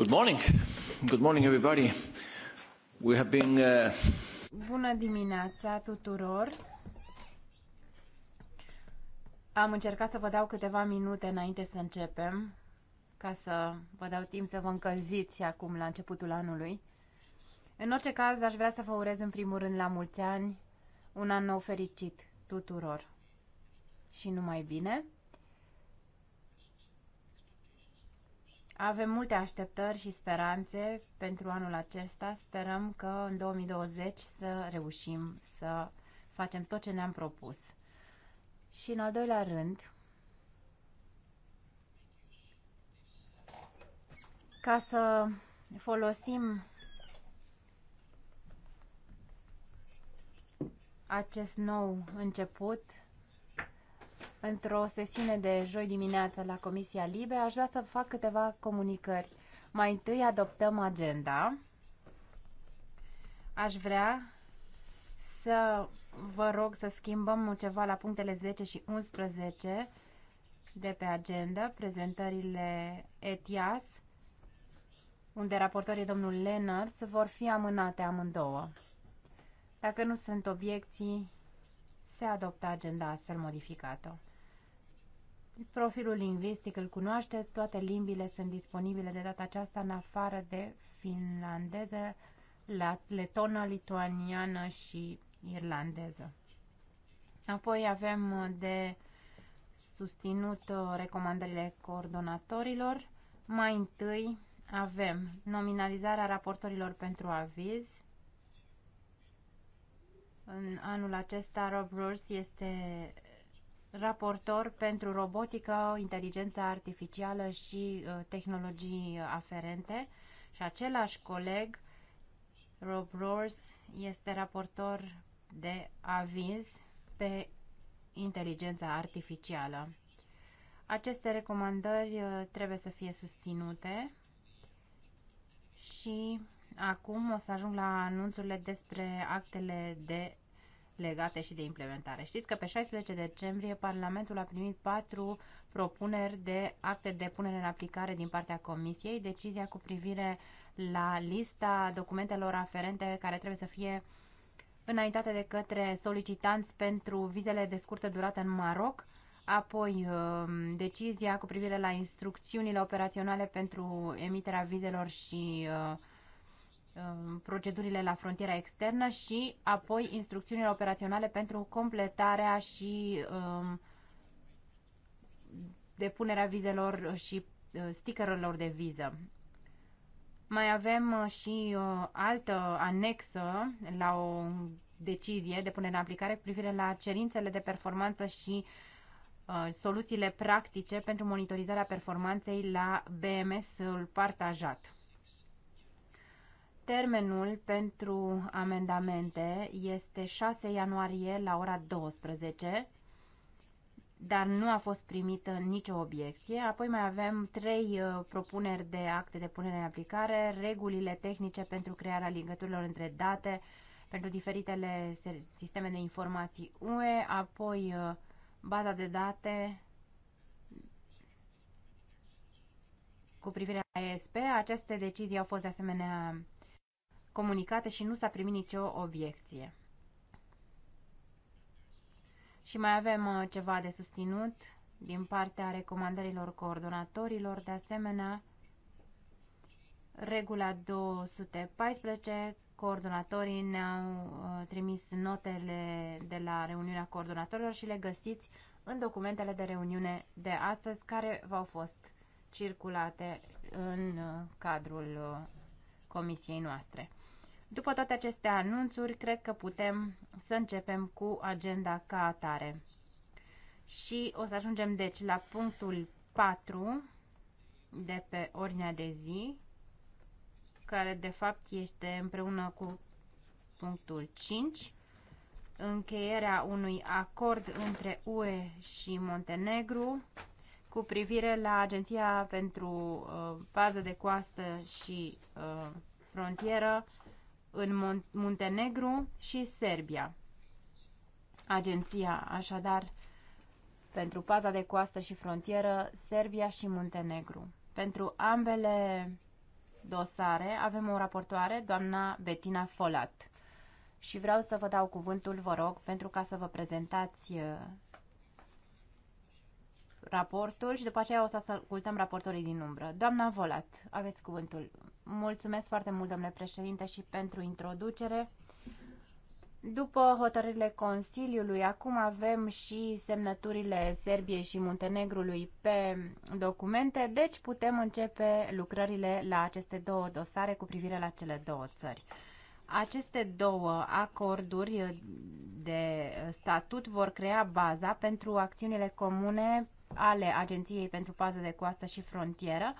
Good morning. Good morning, everybody. We have been. Uh, Bună dimineața tuturor. Am încercat să vă dau câteva minute înainte să începem, ca să vă dau timp să vă încălziți acum la începutul anului. În orice caz, aș vrea să vă urez în primul rând la mulți ani, un an nou fericit tuturor și numai bine. Avem multe așteptări și speranțe pentru anul acesta. Sperăm că în 2020 să reușim să facem tot ce ne-am propus. Și în al doilea rând, ca să folosim acest nou început într-o sesiune de joi dimineață la Comisia Libe, aș vrea să fac câteva comunicări. Mai întâi adoptăm agenda. Aș vrea să vă rog să schimbăm ceva la punctele 10 și 11 de pe agenda, prezentările ETIAS, unde raportorii domnul Lenners vor fi amânate amândouă. Dacă nu sunt obiecții, se adoptă agenda astfel modificată. Profilul lingvistic îl cunoașteți, toate limbile sunt disponibile de data aceasta în afară de finlandeză, letonă, lituaniană și irlandeză. Apoi avem de susținut uh, recomandările coordonatorilor. Mai întâi avem nominalizarea raportorilor pentru aviz. În anul acesta Rob Rose este raportor pentru robotică, inteligența artificială și uh, tehnologii aferente și același coleg, Rob Roars, este raportor de aviz pe inteligența artificială. Aceste recomandări uh, trebuie să fie susținute și acum o să ajung la anunțurile despre actele de legate și de implementare. Știți că pe 16 decembrie Parlamentul a primit patru propuneri de acte de punere în aplicare din partea Comisiei, decizia cu privire la lista documentelor aferente care trebuie să fie înaintate de către solicitanți pentru vizele de scurtă durată în Maroc, apoi um, decizia cu privire la instrucțiunile operaționale pentru emiterea vizelor și uh, Um, procedurile la frontiera externă și apoi instrucțiunile operaționale pentru completarea și um, depunerea vizelor și uh, stickerelor de viză. Mai avem uh, și o uh, altă anexă la o decizie de punere în aplicare cu privire la cerințele de performanță și uh, soluțiile practice pentru monitorizarea performanței la BMS-ul partajat. Termenul pentru amendamente este 6 ianuarie la ora 12, dar nu a fost primită nicio obiecție. Apoi mai avem trei uh, propuneri de acte de punere în aplicare, regulile tehnice pentru crearea legăturilor între date pentru diferitele sisteme de informații UE, apoi uh, baza de date cu privire la ESP. Aceste decizii au fost de asemenea comunicate și nu s-a primit nicio obiecție. Și mai avem uh, ceva de susținut din partea recomandărilor coordonatorilor, de asemenea, regula 214, coordonatorii ne-au uh, trimis notele de la reuniunea coordonatorilor și le găsiți în documentele de reuniune de astăzi care v-au fost circulate în uh, cadrul comisiei noastre. După toate aceste anunțuri, cred că putem să începem cu agenda ca atare. Și o să ajungem deci la punctul 4 de pe ordinea de zi, care de fapt este împreună cu punctul 5, încheierea unui acord între UE și Montenegru cu privire la Agenția pentru uh, Pază de Coastă și uh, Frontieră în Muntenegru și Serbia. Agenția, așadar, pentru paza de coastă și frontieră, Serbia și Muntenegru. Pentru ambele dosare avem o raportoare, doamna Betina Folat. Și vreau să vă dau cuvântul, vă rog, pentru ca să vă prezentați raportul și după aceea o să ascultăm raportorii din umbră. Doamna Volat, aveți cuvântul. Mulțumesc foarte mult, domnule președinte, și pentru introducere. După hotărârile Consiliului, acum avem și semnăturile Serbiei și Muntenegrului pe documente, deci putem începe lucrările la aceste două dosare cu privire la cele două țări. Aceste două acorduri de statut vor crea baza pentru acțiunile comune ale Agenției pentru Pază de Coastă și Frontieră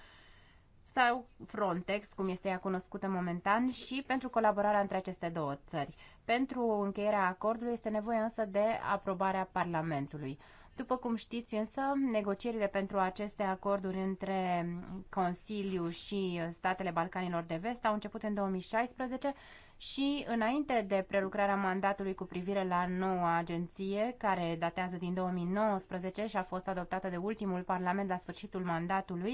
sau Frontex, cum este ea cunoscută momentan, și pentru colaborarea între aceste două țări. Pentru încheierea acordului este nevoie însă de aprobarea Parlamentului. După cum știți însă, negocierile pentru aceste acorduri între Consiliu și statele Balcanilor de Vest au început în 2016 și înainte de prelucrarea mandatului cu privire la noua agenție, care datează din 2019 și a fost adoptată de ultimul Parlament la sfârșitul mandatului,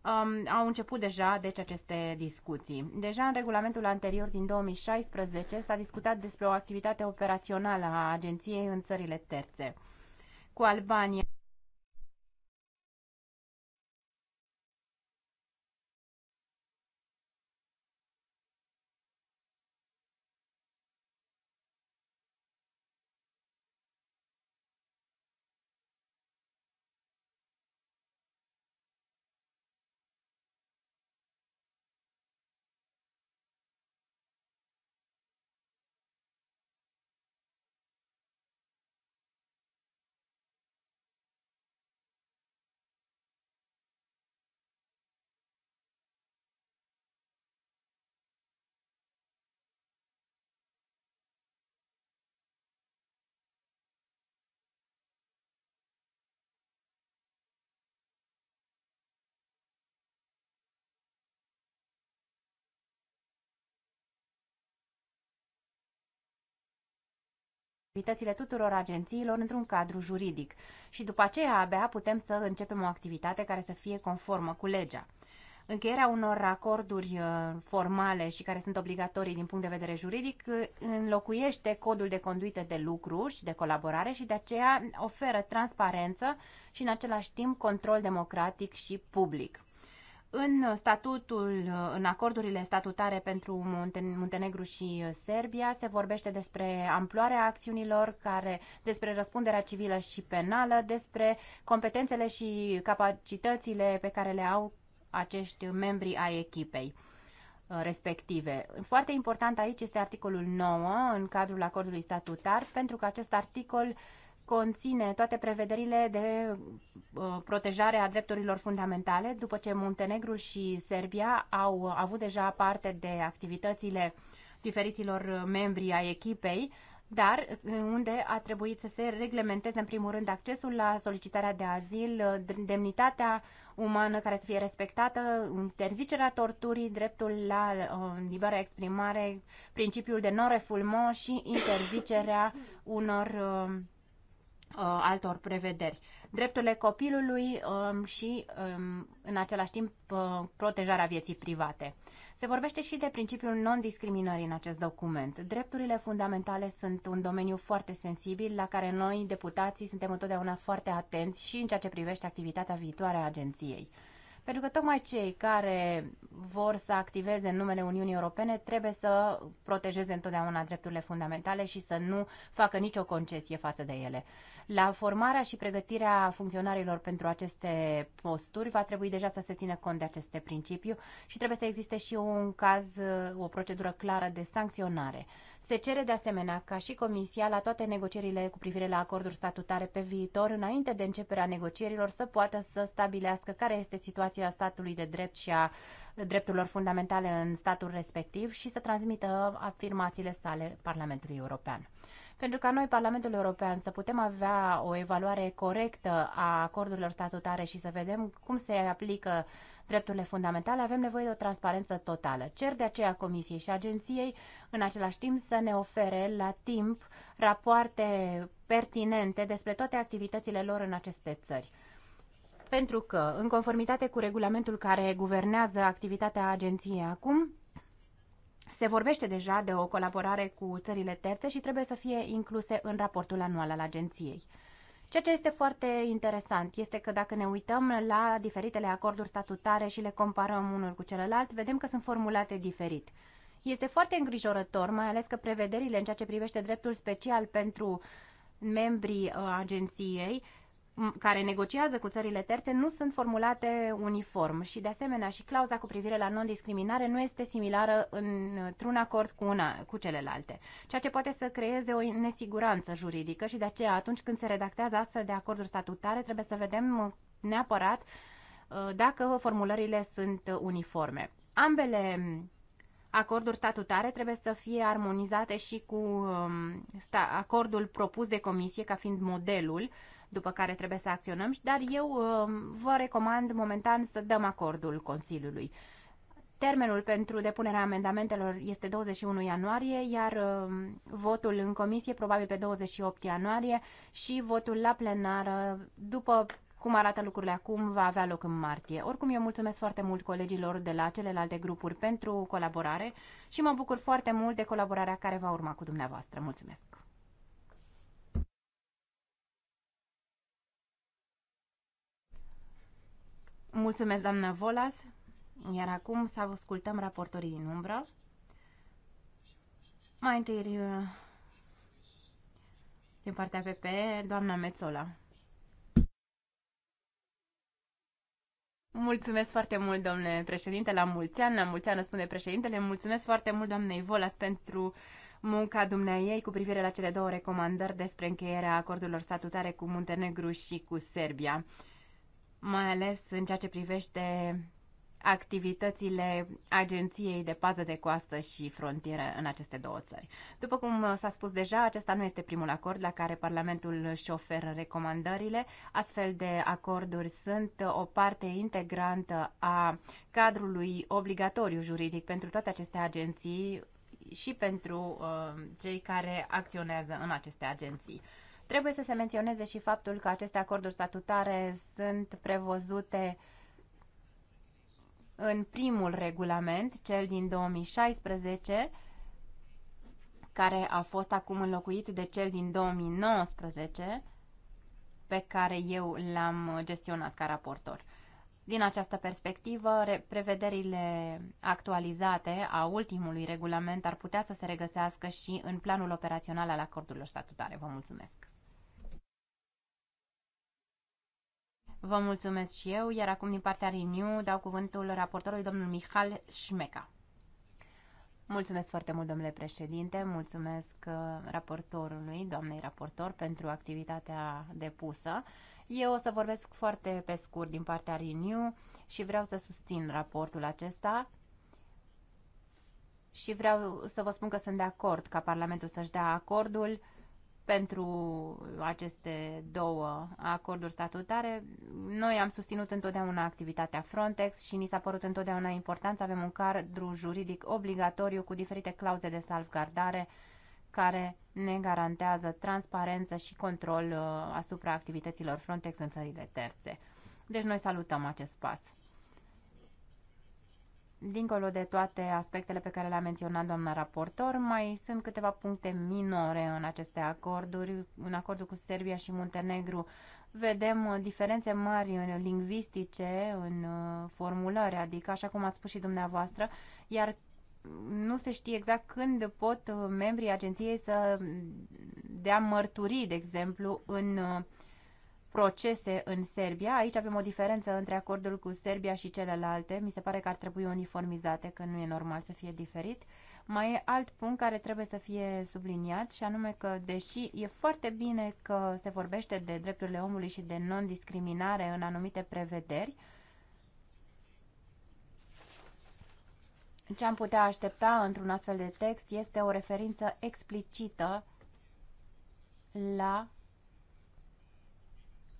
um, au început deja deci aceste discuții. Deja în regulamentul anterior din 2016 s-a discutat despre o activitate operațională a agenției în țările terțe. Cu Albania activitățile tuturor agențiilor într-un cadru juridic și după aceea abia putem să începem o activitate care să fie conformă cu legea. Încheierea unor acorduri uh, formale și care sunt obligatorii din punct de vedere juridic uh, înlocuiește codul de conduită de lucru și de colaborare și de aceea oferă transparență și în același timp control democratic și public. În statutul, în acordurile statutare pentru Muntenegru și Serbia se vorbește despre amploarea acțiunilor, care, despre răspunderea civilă și penală, despre competențele și capacitățile pe care le au acești membri ai echipei uh, respective. Foarte important aici este articolul 9 în cadrul acordului statutar, pentru că acest articol uh, conține toate prevederile de uh, protejare a drepturilor fundamentale, după ce Muntenegru și Serbia au avut deja parte de activitățile diferiților uh, membri ai echipei, dar uh, unde a trebuit să se reglementeze în primul rând accesul la solicitarea de azil, demnitatea umană care să fie respectată, interzicerea torturii, dreptul la uh, liberă exprimare, principiul de non-refulmo și interzicerea unor uh, Uh, altor prevederi. Drepturile copilului um, și, um, în același timp, uh, protejarea vieții private. Se vorbește și de principiul non-discriminării în acest document. Drepturile fundamentale sunt un domeniu foarte sensibil la care noi, deputații, suntem întotdeauna foarte atenți și în ceea ce privește activitatea viitoare a agenției. Pentru că tocmai cei care vor să activeze în numele Uniunii Europene trebuie să protejeze întotdeauna drepturile fundamentale și să nu facă nicio concesie față de ele. La formarea și pregătirea funcționarilor pentru aceste posturi va trebui deja să se țină cont de aceste principiu și trebuie să existe și un caz, uh, o procedură clară de sancționare. Se cere de asemenea ca și Comisia la toate negocierile cu privire la acorduri statutare pe viitor, înainte de începerea negocierilor, să poată să stabilească care este situația statului de drept și a drepturilor fundamentale în statul respectiv și să transmită afirmațiile sale Parlamentului European pentru ca noi, Parlamentul European, să putem avea o evaluare corectă a acordurilor statutare și să vedem cum se aplică drepturile fundamentale, avem nevoie de o transparență totală. Cer de aceea Comisiei și Agenției, în același timp, să ne ofere la timp rapoarte pertinente despre toate activitățile lor în aceste țări. Pentru că, în conformitate cu regulamentul care guvernează activitatea agenției acum, se vorbește deja de o colaborare cu țările terțe și trebuie să fie incluse în raportul anual al agenției. Ceea ce este foarte interesant este că dacă ne uităm la diferitele acorduri statutare și le comparăm unul cu celălalt, vedem că sunt formulate diferit. Este foarte îngrijorător, mai ales că prevederile în ceea ce privește dreptul special pentru membrii uh, agenției care negociază cu țările terțe nu sunt formulate uniform și, de asemenea, și clauza cu privire la non-discriminare nu este similară într-un acord cu, una, cu celelalte, ceea ce poate să creeze o nesiguranță juridică și, de aceea, atunci când se redactează astfel de acorduri statutare, trebuie să vedem neapărat uh, dacă formulările sunt uniforme. Ambele acorduri statutare trebuie să fie armonizate și cu um, acordul propus de comisie ca fiind modelul după care trebuie să acționăm, dar eu um, vă recomand momentan să dăm acordul Consiliului. Termenul pentru depunerea amendamentelor este 21 ianuarie, iar um, votul în comisie probabil pe 28 ianuarie și votul la plenară după cum arată lucrurile acum, va avea loc în martie. Oricum, eu mulțumesc foarte mult colegilor de la celelalte grupuri pentru colaborare și mă bucur foarte mult de colaborarea care va urma cu dumneavoastră. Mulțumesc! Mulțumesc, doamna Volas. Iar acum să ascultăm raportorii în umbră. Mai întâi, uh, din partea P.P. doamna Mețola. Mulțumesc foarte mult, domnule președinte, la mulți ani, la mulți ani, spune președintele. Mulțumesc foarte mult, doamnei Volat, pentru munca dumneaei cu privire la cele două recomandări despre încheierea acordurilor statutare cu Muntenegru și cu Serbia mai ales în ceea ce privește activitățile Agenției de Pază de Coastă și Frontieră în aceste două țări. După cum s-a spus deja, acesta nu este primul acord la care Parlamentul își oferă recomandările. Astfel de acorduri sunt o parte integrantă a cadrului obligatoriu juridic pentru toate aceste agenții și pentru uh, cei care acționează în aceste agenții. Trebuie să se menționeze și faptul că aceste acorduri statutare sunt prevăzute în primul regulament, cel din 2016, care a fost acum înlocuit de cel din 2019, pe care eu l-am gestionat ca raportor. Din această perspectivă, prevederile actualizate a ultimului regulament ar putea să se regăsească și în planul operațional al acordurilor statutare. Vă mulțumesc! Vă mulțumesc și eu, iar acum din partea Renew dau cuvântul raportorului domnul Mihal Șmeca. Mulțumesc foarte mult, domnule președinte, mulțumesc uh, raportorului, doamnei raportor, pentru activitatea depusă. Eu o să vorbesc foarte pe scurt din partea Renew și vreau să susțin raportul acesta și vreau să vă spun că sunt de acord ca Parlamentul să-și dea acordul uh, pentru aceste două acorduri statutare. Noi am susținut întotdeauna activitatea Frontex și ni s-a părut întotdeauna important să avem un cadru juridic obligatoriu cu diferite clauze de salvgardare care ne garantează transparență și control uh, asupra activităților Frontex în țările terțe. Deci noi salutăm acest pas. Dincolo de toate aspectele pe care le-a menționat doamna raportor, mai sunt câteva puncte minore în aceste acorduri. În acordul cu Serbia și Muntenegru vedem uh, diferențe mari în lingvistice, în uh, formulări, adică așa cum ați spus și dumneavoastră, iar nu se știe exact când pot uh, membrii agenției să dea mărturii, de exemplu, în uh, procese în Serbia. Aici avem o diferență între acordul cu Serbia și celelalte. Mi se pare că ar trebui uniformizate, că nu e normal să fie diferit. Mai e alt punct care trebuie să fie subliniat și anume că, deși e foarte bine că se vorbește de drepturile omului și de non-discriminare în anumite prevederi, ce am putea aștepta într-un astfel de text este o referință explicită la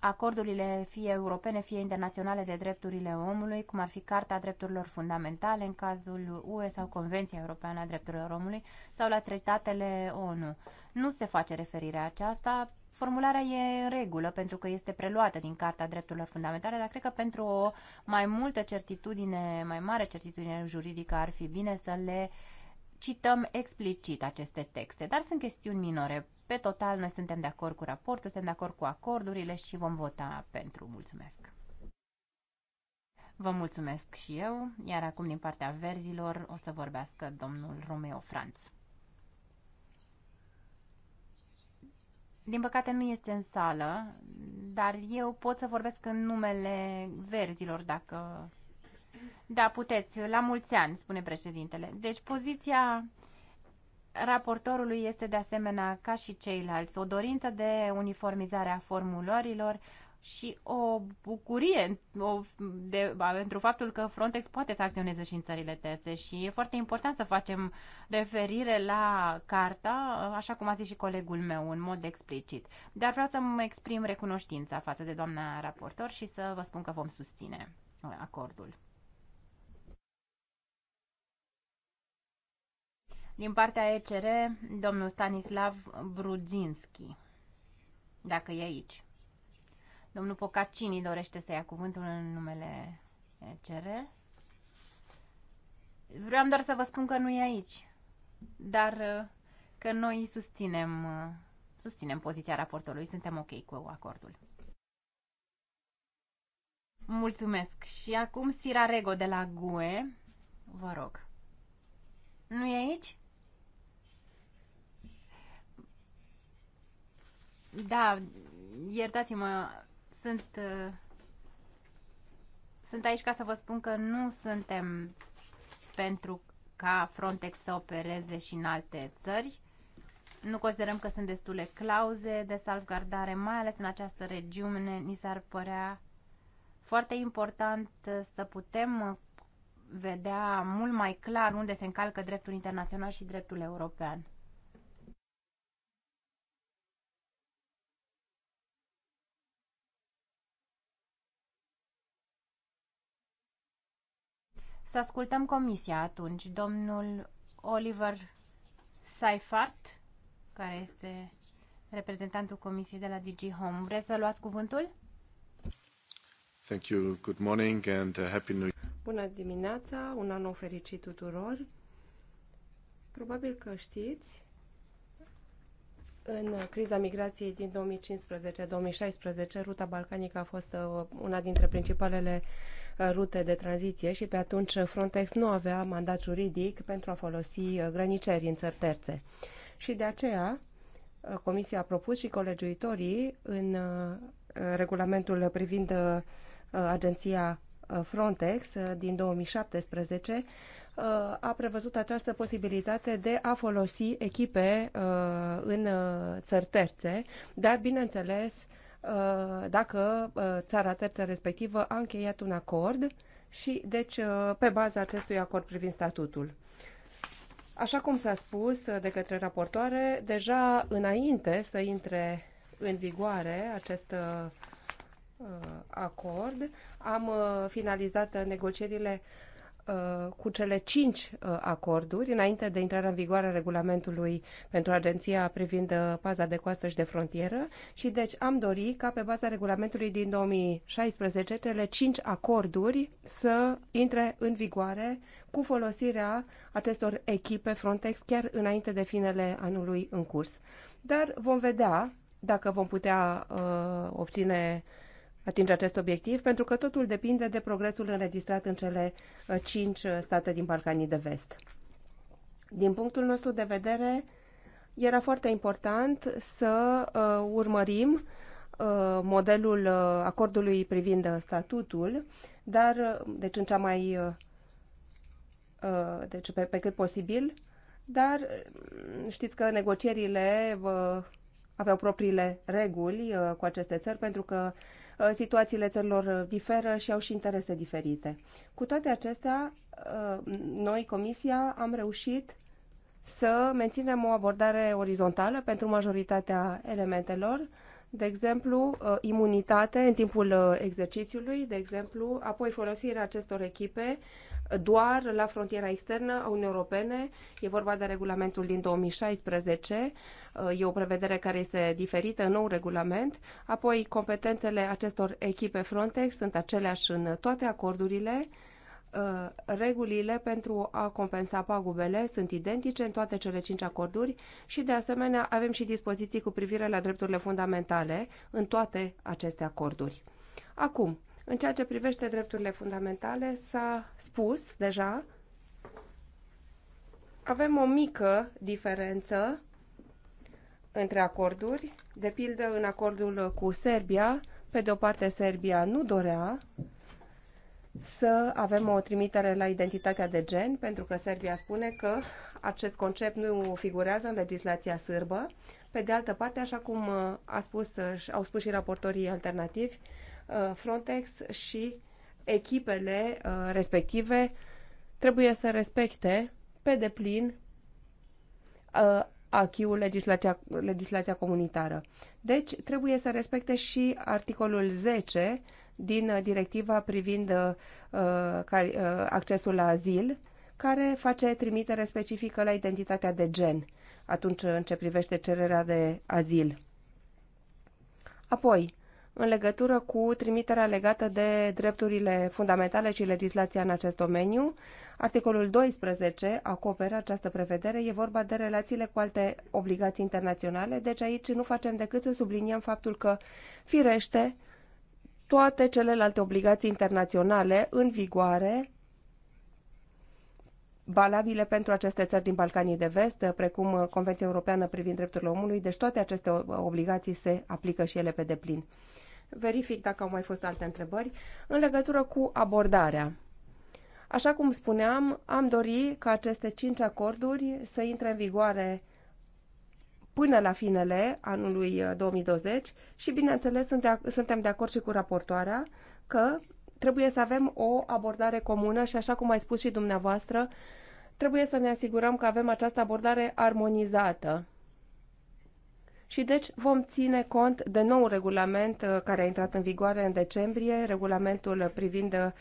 acordurile fie europene, fie internaționale de drepturile omului, cum ar fi Carta Drepturilor Fundamentale în cazul UE sau Convenția Europeană a Drepturilor Omului sau la tratatele ONU. Nu se face referire aceasta. Formularea e în regulă pentru că este preluată din Carta Drepturilor Fundamentale, dar cred că pentru o mai multă certitudine, mai mare certitudine juridică ar fi bine să le uh, cităm explicit aceste texte, dar sunt chestiuni minore. Pe total, noi suntem de acord cu raportul, suntem de acord cu acordurile și vom vota pentru. Mulțumesc! Vă mulțumesc și eu, iar acum din partea verzilor o să vorbească domnul Romeo Franț. Din păcate nu este în sală, dar eu pot să vorbesc în numele verzilor dacă da, puteți. La mulți ani, spune președintele. Deci poziția raportorului este de asemenea, ca și ceilalți, o dorință de uniformizare a formulărilor și o bucurie o, de, ba, pentru faptul că Frontex poate să acționeze și în țările terțe și e foarte important să facem referire la carta, așa cum a zis și colegul meu, în mod explicit. Dar vreau să-mi exprim recunoștința față de doamna raportor și să vă spun că vom susține acordul. Din partea ECR, domnul Stanislav Brudzinski, dacă e aici. Domnul Pocacini dorește să ia cuvântul în numele ECR. Vreau doar să vă spun că nu e aici, dar uh, că noi susținem, uh, susținem poziția raportorului, suntem ok cu acordul. Mulțumesc. Și acum Sira Rego de la GUE, vă rog. Nu e aici? Da, iertați-mă, sunt, uh, sunt aici ca să vă spun că nu suntem pentru ca Frontex să opereze și în alte țări. Nu considerăm că sunt destule clauze de salvgardare, mai ales în această regiune. Ni s-ar părea foarte important să putem vedea mult mai clar unde se încalcă dreptul internațional și dreptul european. Să ascultăm comisia atunci. Domnul Oliver Saifart, care este reprezentantul comisiei de la DG Home. Vreți să luați cuvântul? Thank you. Good morning and uh, happy new year. Bună dimineața, un an nou fericit tuturor. Probabil că știți, în criza migrației din 2015-2016, ruta balcanică a fost uh, una dintre principalele rute de tranziție și pe atunci Frontex nu avea mandat juridic pentru a folosi uh, grăniceri în țări terțe. Și de aceea uh, Comisia a propus și colegiuitorii în uh, regulamentul privind agenția Frontex din 2017 a prevăzut această posibilitate de a folosi echipe în țări terțe, dar bineînțeles Uh, dacă uh, țara terță respectivă a încheiat un acord și, deci, uh, pe baza acestui acord privind statutul. Așa cum s-a spus de către raportoare, deja înainte să intre în vigoare acest acord, am finalizat negocierile Uh, cu cele cinci uh, acorduri înainte de intrarea în vigoare a regulamentului pentru agenția privind uh, paza de coastă și de frontieră și deci am dori ca pe baza regulamentului din 2016 cele cinci acorduri să intre în vigoare cu folosirea acestor echipe Frontex chiar înainte de finele anului în curs. Dar vom vedea dacă vom putea uh, obține uh, atinge acest obiectiv, pentru că totul depinde de progresul înregistrat în cele uh, cinci uh, state din Balcanii de Vest. Din punctul nostru de vedere, era foarte important să uh, urmărim modelul acordului privind statutul, dar, deci în cea mai, deci pe, pe cât posibil, dar știți că negocierile aveau propriile reguli cu aceste țări pentru că Uh, situațiile țărilor uh, diferă și au și interese diferite. Cu toate acestea, uh, noi, Comisia, am reușit să menținem o abordare orizontală pentru majoritatea elementelor de exemplu, uh, imunitate în timpul uh, exercițiului, de exemplu, apoi folosirea acestor echipe uh, doar la frontiera externă a Uniunii Europene. E vorba de regulamentul din 2016, e o prevedere care este diferită în nou regulament. Apoi, competențele acestor echipe Frontex sunt aceleași în toate acordurile Uh, regulile pentru a compensa pagubele sunt identice în toate cele cinci acorduri și, de asemenea, avem și dispoziții cu privire la drepturile fundamentale în toate aceste acorduri. Acum, în ceea ce privește drepturile fundamentale, s-a spus deja, avem o mică diferență între acorduri. De pildă, în acordul cu Serbia, pe de o parte, Serbia nu dorea să avem o trimitere la identitatea de gen, pentru că Serbia spune că acest concept nu figurează în legislația sârbă. Pe de altă parte, așa cum uh, a spus, uh, au spus și raportorii alternativi, uh, Frontex și echipele respective trebuie să respecte pe deplin achiul legislația, legislația comunitară. Deci, trebuie să respecte și articolul 10 din uh, directiva privind uh, uh, accesul la azil, care face trimitere specifică la identitatea de gen atunci în ce privește cererea de azil. Apoi, în legătură cu trimiterea legată de drepturile fundamentale și legislația în acest domeniu. Articolul 12 acoperă această prevedere, e vorba de relațiile cu alte obligații internaționale, deci aici nu facem decât să subliniem faptul că, firește, toate celelalte obligații internaționale în vigoare valabile pentru aceste țări din Balcanii de Vest, precum uh, Convenția Europeană privind drepturile omului, deci toate aceste uh, obligații se aplică și ele pe deplin. Verific dacă au mai fost alte întrebări în legătură cu abordarea. Așa cum spuneam, am dori ca aceste cinci acorduri să intre în vigoare până la finele anului 2020 uh, și, bineînțeles, suntem de acord și cu raportoarea că trebuie să avem o abordare comună și, așa cum ai spus și dumneavoastră, trebuie să ne asigurăm că avem această abordare armonizată. Și deci vom ține cont de nou regulament uh, care a intrat în vigoare în decembrie, regulamentul privind uh,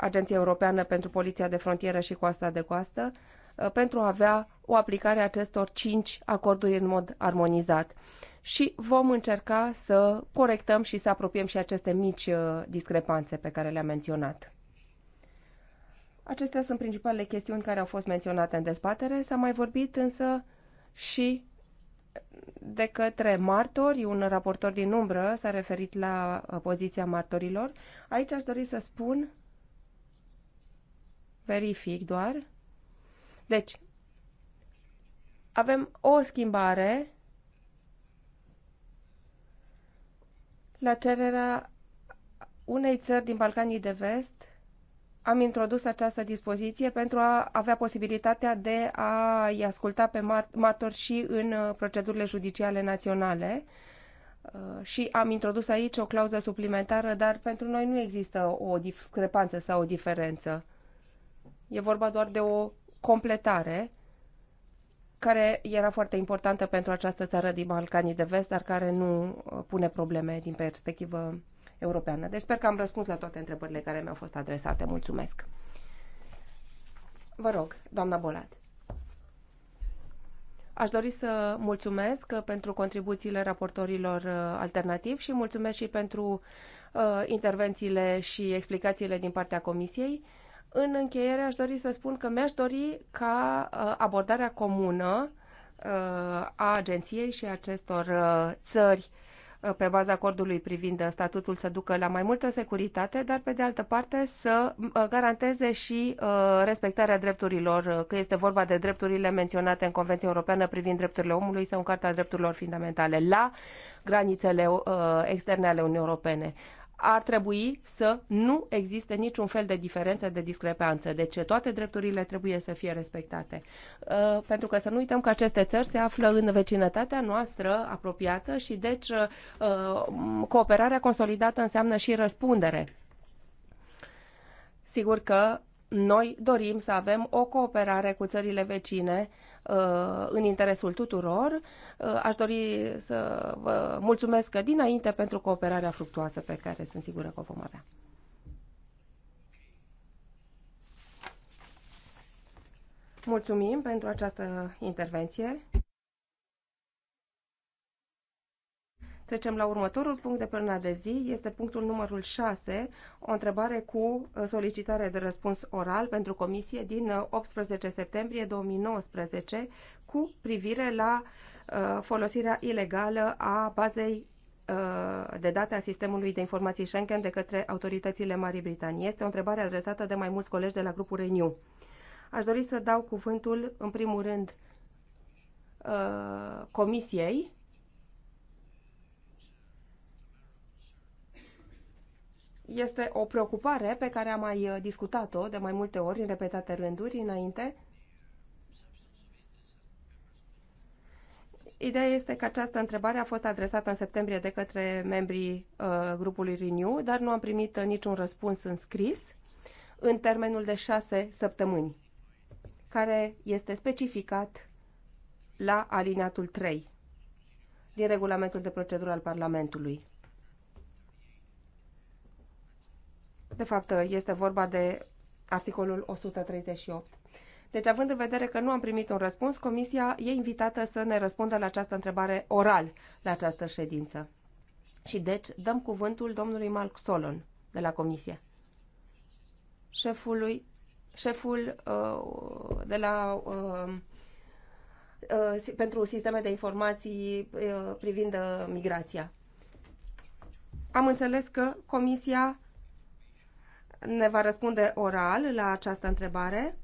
Agenția Europeană pentru Poliția de Frontieră și Coasta de Coastă, Uh, pentru a avea o aplicare a acestor cinci acorduri în mod armonizat. Și vom încerca să corectăm și să apropiem și aceste mici uh, discrepanțe pe care le-am menționat. Acestea sunt principalele chestiuni care au fost menționate în dezbatere. S-a mai vorbit însă și de către martori, un raportor din umbră s-a referit la uh, poziția martorilor. Aici aș dori să spun, verific doar, deci, avem o schimbare la cererea unei țări din Balcanii de Vest am introdus această dispoziție pentru a avea posibilitatea de a-i asculta pe martori și în uh, procedurile judiciale naționale uh, și am introdus aici o clauză suplimentară, dar pentru noi nu există o discrepanță sau o diferență. E vorba doar de o completare care era foarte importantă pentru această țară din Balcanii de Vest, dar care nu uh, pune probleme din perspectivă europeană. Deci sper că am răspuns la toate întrebările care mi-au fost adresate. Mulțumesc. Vă rog, doamna Bolat. Aș dori să mulțumesc uh, pentru contribuțiile raportorilor uh, alternativ și mulțumesc și pentru intervențiile și explicațiile din partea Comisiei. În încheiere aș dori să spun că mi-aș dori ca uh, abordarea comună uh, a agenției și acestor uh, țări pe baza acordului privind statutul să ducă la mai multă securitate, dar pe de altă parte să garanteze și respectarea drepturilor, că este vorba de drepturile menționate în Convenția Europeană privind drepturile omului sau în Carta Drepturilor Fundamentale, la granițele externe ale Uniunii Europene ar trebui să nu existe niciun fel de diferență, de discrepanță. ce toate drepturile trebuie să fie respectate. Uh, pentru că să nu uităm că aceste țări se află în vecinătatea noastră apropiată și deci uh, cooperarea consolidată înseamnă și răspundere. Sigur că noi dorim să avem o cooperare cu țările vecine uh, în interesul tuturor Uh, aș dori să vă mulțumesc dinainte pentru cooperarea fructuoasă pe care sunt sigură că o vom avea. Mulțumim pentru această intervenție. Trecem la următorul punct de până de zi. Este punctul numărul 6, o întrebare cu uh, solicitare de răspuns oral pentru comisie din 18 uh, septembrie 2019 cu privire la uh, Uh, folosirea ilegală a bazei uh, de date a sistemului de informații Schengen de către autoritățile Marii Britanii. Este o întrebare adresată de mai mulți colegi de la grupul Renew. Aș dori să dau cuvântul, în primul rând, uh, Comisiei, este o preocupare pe care am mai discutat-o de mai multe ori în repetate rânduri înainte Ideea este că această întrebare a fost adresată în septembrie de către membrii uh, grupului Renew, dar nu am primit uh, niciun răspuns în scris în termenul de șase săptămâni, care este specificat la alineatul 3 din regulamentul de procedură al Parlamentului. De fapt, uh, este vorba de articolul 138. Deci, având în vedere că nu am primit un răspuns, Comisia e invitată să ne răspundă la această întrebare oral la această ședință. Și deci dăm cuvântul domnului Malc Solon de la Comisie, șefului, șeful uh, de la uh, uh pentru sisteme de informații uh, privind uh, migrația. Am înțeles că Comisia ne va răspunde oral la această întrebare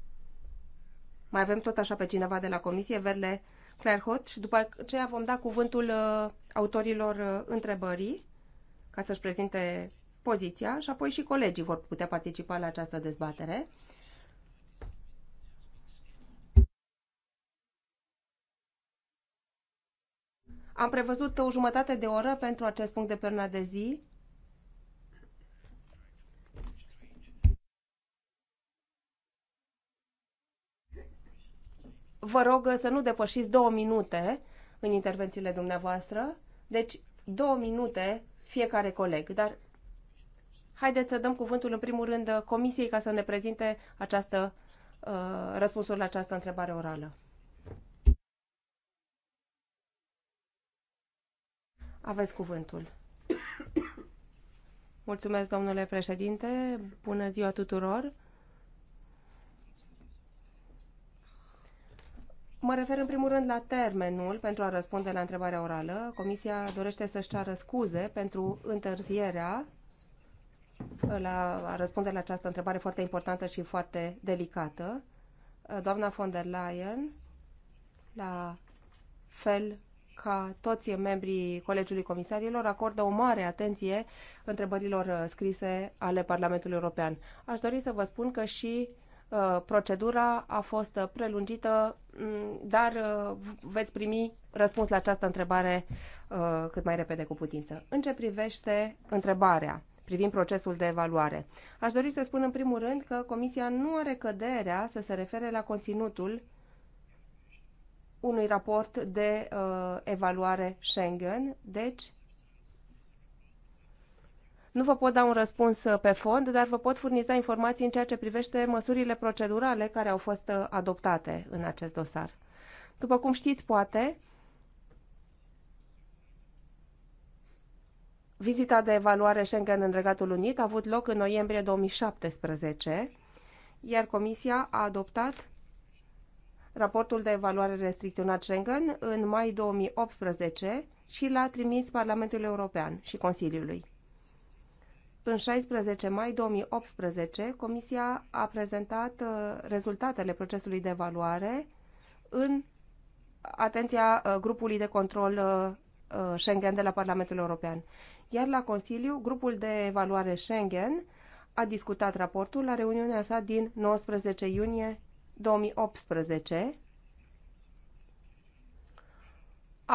mai avem tot așa pe cineva de la comisie, Verle Clairhot, și după aceea vom da cuvântul uh, autorilor uh, întrebării ca să-și prezinte poziția și apoi și colegii vor putea participa la această dezbatere. Am prevăzut o jumătate de oră pentru acest punct de pe de zi vă rog să nu depășiți două minute în intervențiile dumneavoastră. Deci, două minute fiecare coleg, dar haideți să dăm cuvântul în primul rând comisiei ca să ne prezinte această, uh, răspunsul la această întrebare orală. Aveți cuvântul. Mulțumesc, domnule președinte. Bună ziua tuturor. Mă refer în primul rând la termenul pentru a răspunde la întrebarea orală. Comisia dorește să-și ceară scuze pentru întârzierea la a răspunde la această întrebare foarte importantă și foarte delicată. Doamna von der Leyen, la fel ca toți membrii Colegiului Comisarilor, acordă o mare atenție întrebărilor scrise ale Parlamentului European. Aș dori să vă spun că și Uh, procedura a fost uh, prelungită, mm, dar uh, veți primi răspuns la această întrebare cât mai repede cu putință. În ce privește întrebarea privind procesul de evaluare, aș dori să spun în primul rând că Comisia nu are căderea să se refere la conținutul unui raport de evaluare Schengen, deci nu vă pot da un răspuns uh, pe fond, dar vă pot furniza informații în ceea ce privește măsurile procedurale care au fost uh, adoptate în acest dosar. După cum știți, poate, vizita de evaluare Schengen în Regatul Unit a avut loc în noiembrie 2017, iar Comisia a adoptat raportul de evaluare restricționat Schengen în mai 2018 și l-a trimis Parlamentului European și Consiliului. În 16 mai 2018, Comisia a prezentat uh, rezultatele procesului de evaluare în atenția uh, grupului de control uh, Schengen de la Parlamentul European. Iar la Consiliu, grupul de evaluare Schengen a discutat raportul la reuniunea sa din 19 iunie 2018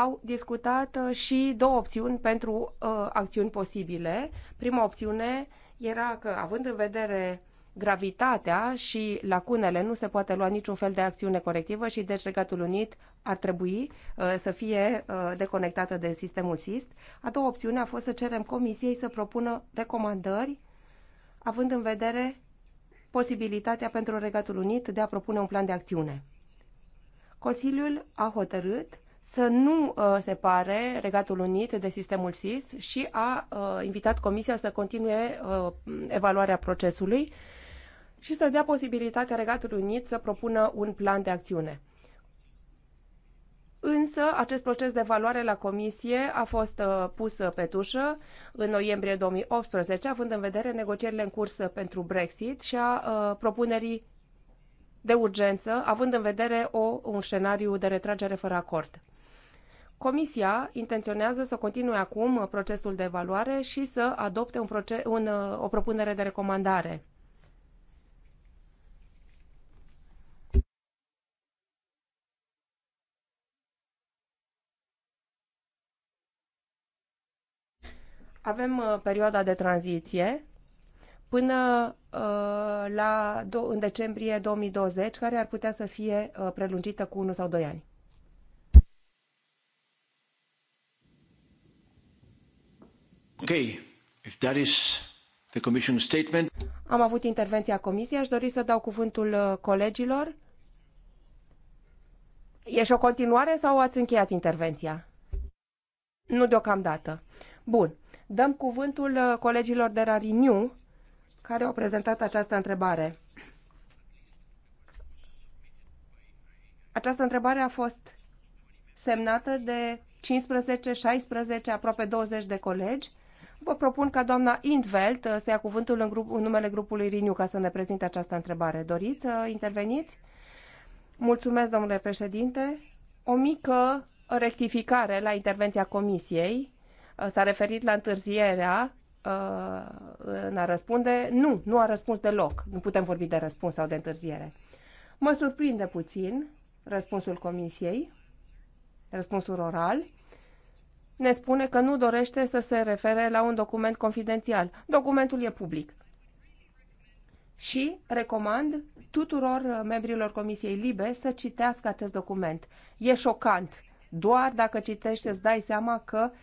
au discutat uh, și două opțiuni pentru uh, acțiuni posibile. Prima opțiune era că, având în vedere gravitatea și lacunele, nu se poate lua niciun fel de acțiune corectivă și deci Regatul Unit ar trebui uh, să fie uh, deconectată de sistemul SIST. A doua opțiune a fost să cerem Comisiei să propună recomandări, având în vedere posibilitatea pentru Regatul Unit de a propune un plan de acțiune. Consiliul a hotărât să nu uh, separe Regatul Unit de sistemul SIS și a uh, invitat Comisia să continue uh, evaluarea procesului și să dea posibilitatea Regatului Unit să propună un plan de acțiune. Însă, acest proces de evaluare la comisie a fost pus pe tușă în noiembrie 2018, având în vedere negocierile în curs pentru Brexit și a propunerii de urgență, având în vedere o, un scenariu de retragere fără acord. Comisia intenționează să continue acum procesul de evaluare și să adopte un proces, un, uh, o propunere de recomandare. Avem uh, perioada de tranziție până uh, la do- în decembrie 2020, care ar putea să fie uh, prelungită cu unul sau doi ani. If that is the commission statement... Am avut intervenția comisiei, aș dori să dau cuvântul uh, colegilor. E și o continuare sau ați încheiat intervenția? Nu deocamdată. Bun. Dăm cuvântul uh, colegilor de la Renew care au prezentat această întrebare. Această întrebare a fost semnată de 15, 16, aproape 20 de colegi vă propun ca doamna Intveld să ia cuvântul în, grup, în numele grupului Riniu ca să ne prezinte această întrebare. Doriți să interveniți? Mulțumesc, domnule președinte. O mică rectificare la intervenția comisiei. Uh, s-a referit la întârzierea uh, în a răspunde. Nu, nu a răspuns deloc. Nu putem vorbi de răspuns sau de întârziere. Mă surprinde puțin răspunsul comisiei, răspunsul oral ne spune că nu dorește să se refere la un document confidențial. Documentul e public. Și recomand tuturor uh, membrilor Comisiei Libe să citească acest document. E șocant. Doar dacă citești îți dai seama că uh,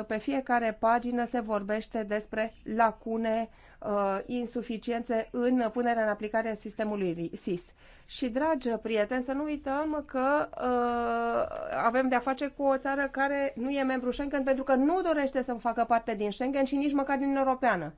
Ă, pe fiecare pagină se vorbește despre lacune, ă, insuficiențe în punerea în aplicare a sistemului SIS. Și, dragi prieteni, să nu uităm că uh, avem de-a face cu o țară care nu e membru Schengen pentru că nu dorește să facă parte din Schengen și nici măcar din Europeană.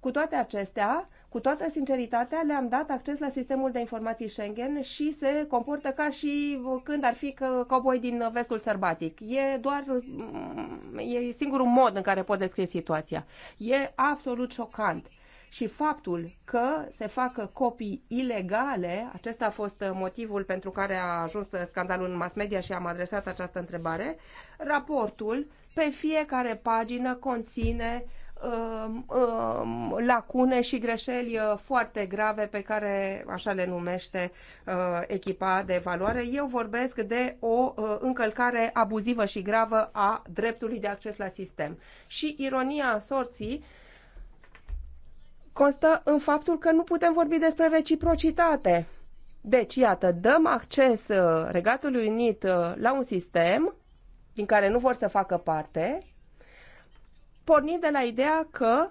Cu toate acestea, cu toată sinceritatea, le-am dat acces la sistemul de informații Schengen și se comportă ca și când ar fi cowboy din vestul sărbatic. E doar mm, e singurul mod în care pot descrie situația. E absolut șocant și faptul că se facă copii ilegale, acesta a fost motivul pentru care a ajuns scandalul în mass media și am adresat această întrebare, raportul pe fiecare pagină conține uh, Um, um, lacune și greșeli uh, foarte grave pe care așa le numește uh, echipa de valoare. Eu vorbesc de o uh, încălcare abuzivă și gravă a dreptului de acces la sistem. Și ironia sorții constă în faptul că nu putem vorbi despre reciprocitate. Deci, iată, dăm acces Regatului Unit la un sistem din care nu vor să facă parte pornind de la ideea că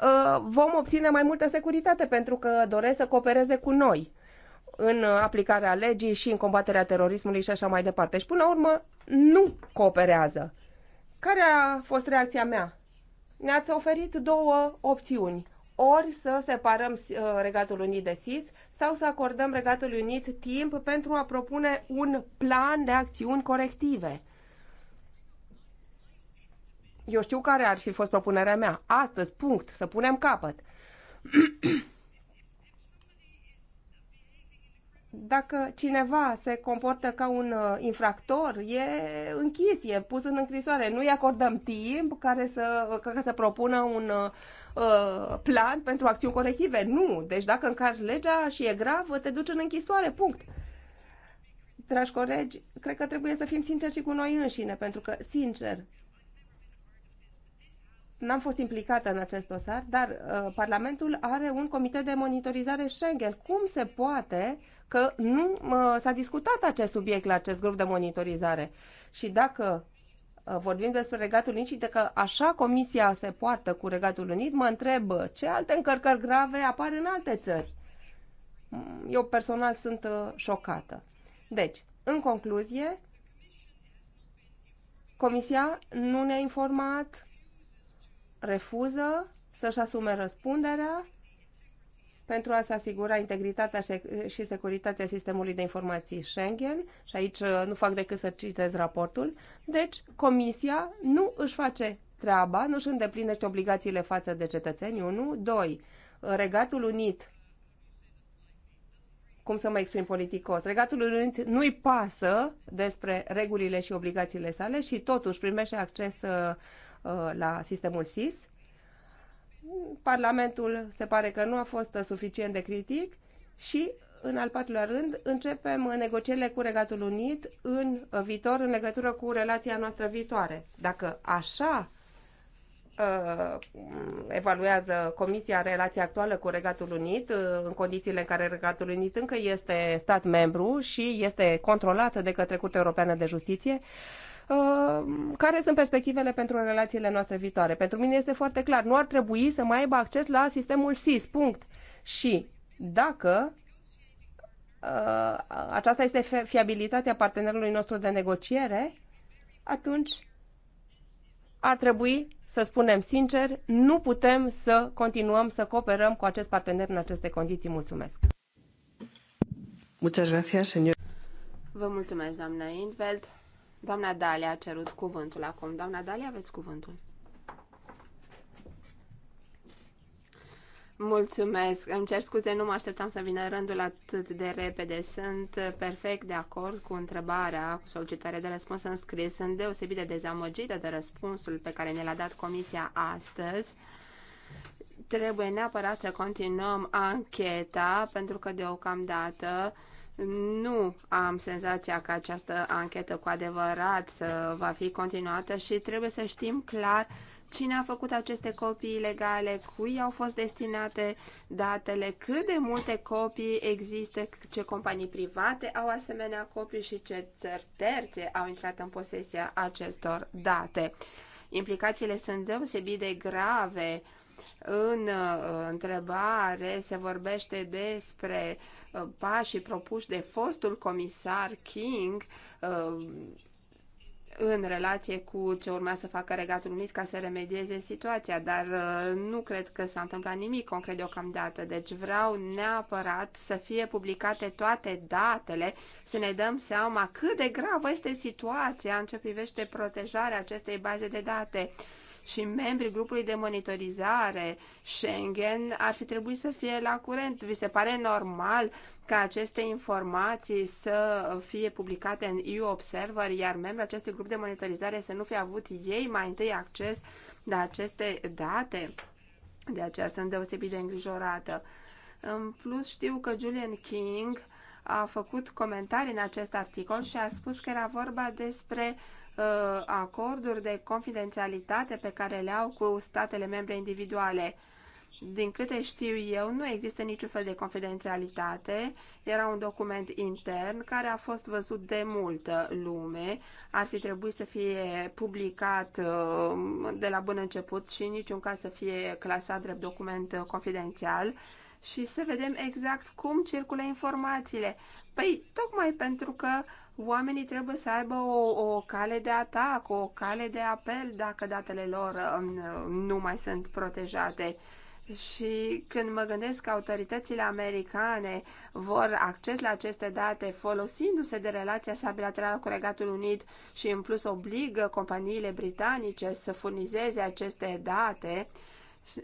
uh, vom obține mai multă securitate pentru că doresc să coopereze cu noi în aplicarea legii și în combaterea terorismului și așa mai departe. Și până la urmă nu cooperează. Care a fost reacția mea? Ne-ați oferit două opțiuni. Ori să separăm uh, Regatul Unit de SIS sau să acordăm Regatului Unit timp pentru a propune un plan de acțiuni corective eu știu care ar fi fost propunerea mea. Astăzi, punct, să punem capăt. Dacă cineva se comportă ca un uh, infractor, e închis, e pus în închisoare. Nu-i acordăm timp care să, ca să propună un uh, uh, plan pentru acțiuni colective. Nu. Deci dacă încarci legea și e grav, te duci în închisoare. Punct dragi colegi, cred că trebuie să fim sinceri și cu noi înșine, pentru că, sincer, n-am fost implicată în acest dosar, dar uh, Parlamentul are un comitet de monitorizare Schengen. Cum se poate că nu uh, s-a discutat acest subiect la acest grup de monitorizare? Și dacă uh, vorbim despre Regatul Unit și de că așa Comisia se poartă cu Regatul Unit, mă întreb uh, ce alte încărcări grave apar în alte țări. Mm, eu personal sunt uh, șocată. Deci, în concluzie, Comisia nu ne-a informat refuză să-și asume răspunderea pentru a se asigura integritatea și securitatea sistemului de informații Schengen, și aici uh, nu fac decât să citez raportul, deci Comisia nu își face treaba, nu își îndeplinește obligațiile față de cetățeni, 1. 2. Regatul Unit, cum să mă exprim politicos, Regatul Unit nu-i pasă despre regulile și obligațiile sale și totuși primește acces uh, Uh, la sistemul SIS. Parlamentul se pare că nu a fost suficient de critic și, în al patrulea rând, începem negocierile cu Regatul Unit în viitor în legătură cu relația noastră viitoare. Dacă așa uh, evaluează Comisia relația actuală cu Regatul Unit uh, în condițiile în care Regatul Unit încă este stat membru și este controlată de către Curtea Europeană de Justiție. Uh, care sunt perspectivele pentru relațiile noastre viitoare. Pentru mine este foarte clar, nu ar trebui să mai aibă acces la sistemul SIS, punct. Și dacă uh, aceasta este fiabilitatea partenerului nostru de negociere, atunci ar trebui să spunem sincer, nu putem să continuăm să cooperăm cu acest partener în aceste condiții. Mulțumesc! Muchas gracias, señor. Vă mulțumesc, doamna Intveld. Doamna Dalia a cerut cuvântul acum. Doamna Dalia, aveți cuvântul. Mulțumesc. Îmi cer scuze, nu mă așteptam să vină rândul atât de repede. Sunt perfect de acord cu întrebarea, cu solicitarea de răspuns în scris. Sunt deosebit de dezamăgită de răspunsul pe care ne l-a dat comisia astăzi. Trebuie neapărat să continuăm ancheta, pentru că deocamdată nu am senzația că această anchetă cu adevărat uh, va fi continuată și trebuie să știm clar cine a făcut aceste copii ilegale, cui au fost destinate datele, cât de multe copii există, ce companii private au asemenea copii și ce țări terțe au intrat în posesia acestor date. Implicațiile sunt deosebit de grave în uh, întrebare se vorbește despre uh, pașii propuși de fostul comisar King uh, în relație cu ce urma să facă Regatul Unit ca să remedieze situația, dar nu cred că s-a întâmplat nimic concret deocamdată. Deci vreau neapărat să fie publicate toate datele, să ne dăm seama cât de gravă este situația în ce privește protejarea acestei baze de date și membrii grupului de monitorizare Schengen ar fi trebuit să fie la curent. Vi se pare normal ca aceste informații să fie publicate în EU Observer, iar membrii acestui grup de monitorizare să nu fie avut ei mai întâi acces la aceste date? De aceea sunt deosebit de îngrijorată. În plus, știu că Julian King a făcut comentarii în acest articol și a spus că era vorba despre uh, Uh, acorduri de confidențialitate pe care le au cu statele membre individuale. Din câte știu eu, nu există niciun fel de confidențialitate. Era un document intern care a fost văzut de multă lume. Ar fi trebuit să fie publicat uh, de la bun început și în niciun caz să fie clasat drept document confidențial și să vedem exact cum circulă informațiile. Păi, tocmai pentru că oamenii trebuie să aibă o, o cale de atac, o cale de apel dacă datele lor um, nu mai sunt protejate. Și când mă gândesc că autoritățile americane vor acces la aceste date folosindu-se de relația sa bilaterală cu Regatul Unit și în plus obligă companiile britanice să furnizeze aceste date,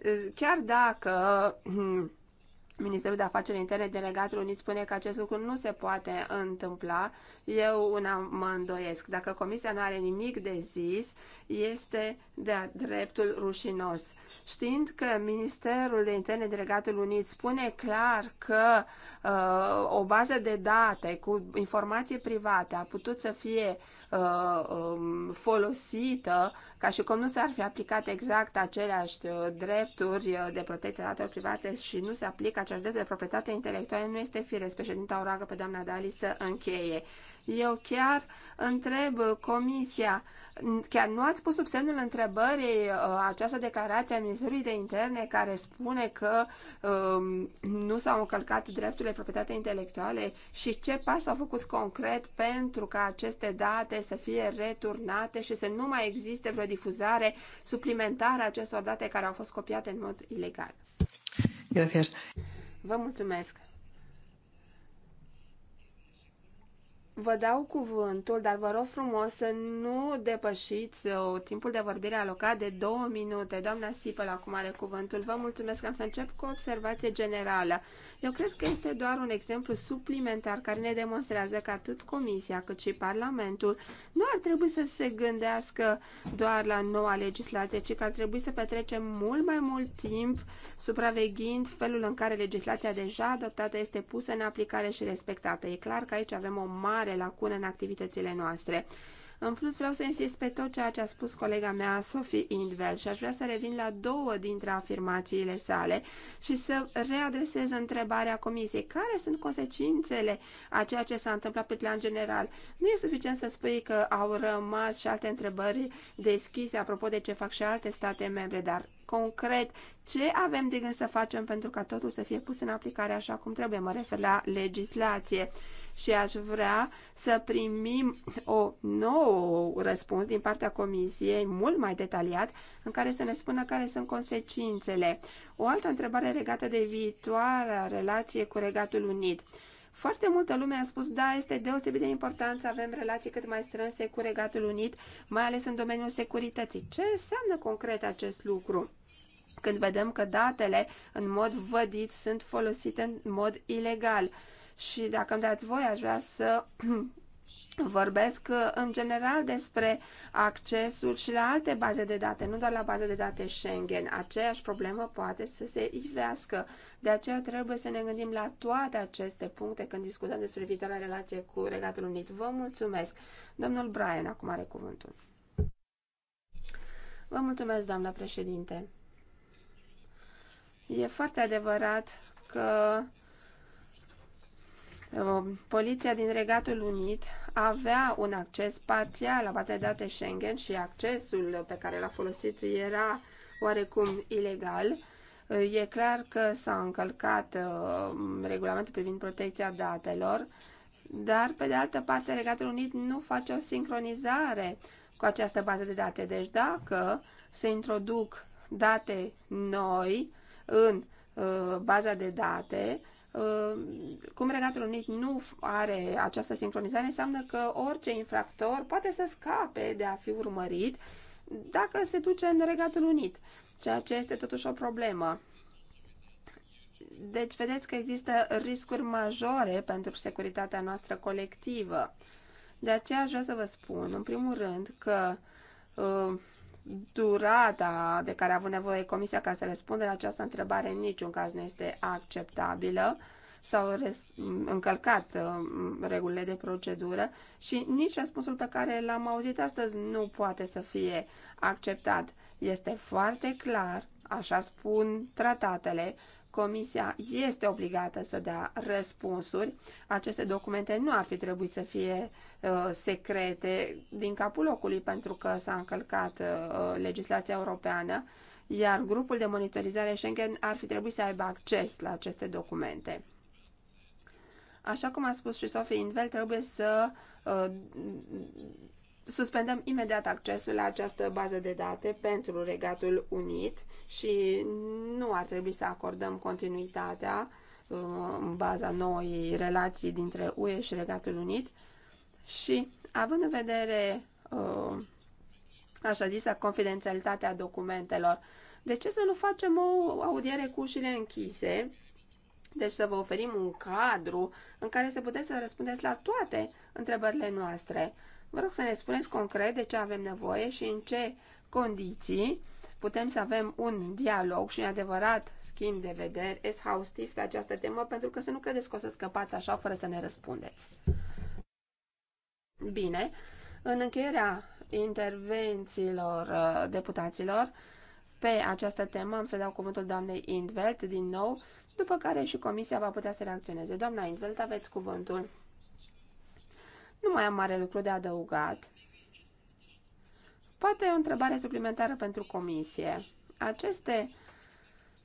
uh, chiar dacă Ministerul de Afaceri Interne Delegatul Unit spune că acest lucru nu se poate întâmpla. Eu una mă îndoiesc. Dacă Comisia nu are nimic de zis, este de dreptul rușinos. Știind că Ministerul de Interne Delegatul Unit spune clar că uh, o bază de date cu informații private a putut să fie uh, Uh, um, folosită ca și cum nu s-ar fi aplicat exact aceleași uh, drepturi uh, de protecție a datelor private și nu se aplică aceleași drepturi de proprietate intelectuală, nu este firesc. Președinta o roagă pe doamna Dali să încheie. Eu chiar întreb comisia, chiar nu ați pus sub semnul întrebării uh, această declarație a Ministerului de Interne care spune că um, nu s-au încălcat drepturile proprietate intelectuale și ce pași s-au făcut concret pentru ca aceste date să fie returnate și să nu mai existe vreo difuzare suplimentară a acestor date care au fost copiate în mod ilegal. Gracias. Vă mulțumesc. Vă dau cuvântul, dar vă rog frumos să nu depășiți uh, timpul de vorbire alocat de două minute. Doamna la acum are cuvântul. Vă mulțumesc. Am să încep cu o observație generală. Eu cred că este doar un exemplu suplimentar care ne demonstrează că atât Comisia cât și Parlamentul nu ar trebui să se gândească doar la noua legislație, ci că ar trebui să petrecem mult mai mult timp supraveghind felul în care legislația deja adoptată este pusă în aplicare și respectată. E clar că aici avem o mare mare lacună în activitățile noastre. În plus, vreau să insist pe tot ceea ce a spus colega mea, Sophie Indwell, și aș vrea să revin la două dintre afirmațiile sale și să readresez întrebarea comisiei. Care sunt consecințele a ceea ce s-a întâmplat pe plan general? Nu e suficient să spui că au rămas și alte întrebări deschise apropo de ce fac și alte state membre, dar concret, ce avem de gând să facem pentru ca totul să fie pus în aplicare așa cum trebuie, mă refer la legislație și aș vrea să primim o nouă răspuns din partea Comisiei, mult mai detaliat, în care să ne spună care sunt consecințele. O altă întrebare legată de viitoarea relație cu Regatul Unit. Foarte multă lume a spus, da, este deosebit de important să avem relații cât mai strânse cu Regatul Unit, mai ales în domeniul securității. Ce înseamnă concret acest lucru? Când vedem că datele, în mod vădit, sunt folosite în mod ilegal și dacă îmi dați voi, aș vrea să vorbesc uh, în general despre accesul și la alte baze de date, nu doar la baze de date Schengen. Aceeași problemă poate să se ivească. De aceea trebuie să ne gândim la toate aceste puncte când discutăm despre viitoarea relație cu Regatul Unit. Vă mulțumesc. Domnul Brian acum are cuvântul. Vă mulțumesc, doamna președinte. E foarte adevărat că Um, poliția din Regatul Unit avea un acces parțial la baza de date Schengen și accesul pe care l-a folosit era oarecum ilegal. Uh, e clar că s-a încălcat um, regulamentul privind protecția datelor, dar pe de altă parte Regatul Unit nu face o sincronizare cu această bază de date. Deci dacă se introduc date noi în uh, baza de date, Uh, cum Regatul Unit nu are această sincronizare, înseamnă că orice infractor poate să scape de a fi urmărit dacă se duce în Regatul Unit, ceea ce este totuși o problemă. Deci vedeți că există riscuri majore pentru securitatea noastră colectivă. De aceea aș vrea să vă spun, în primul rând, că uh, durata de care a avut nevoie Comisia ca să răspundă la această întrebare în niciun caz nu este acceptabilă. S-au încălcat uh, regulile de procedură și nici răspunsul pe care l-am auzit astăzi nu poate să fie acceptat. Este foarte clar, așa spun tratatele, Comisia este obligată să dea răspunsuri. Aceste documente nu ar fi trebuit să fie uh, Uh, secrete din capul locului pentru că s-a încălcat uh, legislația europeană, iar grupul de monitorizare Schengen ar fi trebuit să aibă acces la aceste documente. Așa cum a spus și Sofie Invel, trebuie să uh, suspendăm imediat accesul la această bază de date pentru Regatul Unit și nu ar trebui să acordăm continuitatea uh, în baza noii relații dintre UE și Regatul Unit și, având în vedere, uh, așa zisă, confidențialitatea documentelor, de ce să nu facem o audiere cu ușile închise? Deci să vă oferim un cadru în care să puteți să răspundeți la toate întrebările noastre. Vă rog să ne spuneți concret de ce avem nevoie și în ce condiții putem să avem un dialog și un adevărat schimb de vederi exhaustiv pe această temă, pentru că să nu credeți că o să scăpați așa fără să ne răspundeți. Bine, în încheierea intervențiilor uh, deputaților pe această temă am să dau cuvântul doamnei Indvelt din nou, după care și comisia va putea să reacționeze. Doamna Indvelt, aveți cuvântul. Nu mai am mare lucru de adăugat. Poate o întrebare suplimentară pentru comisie. Aceste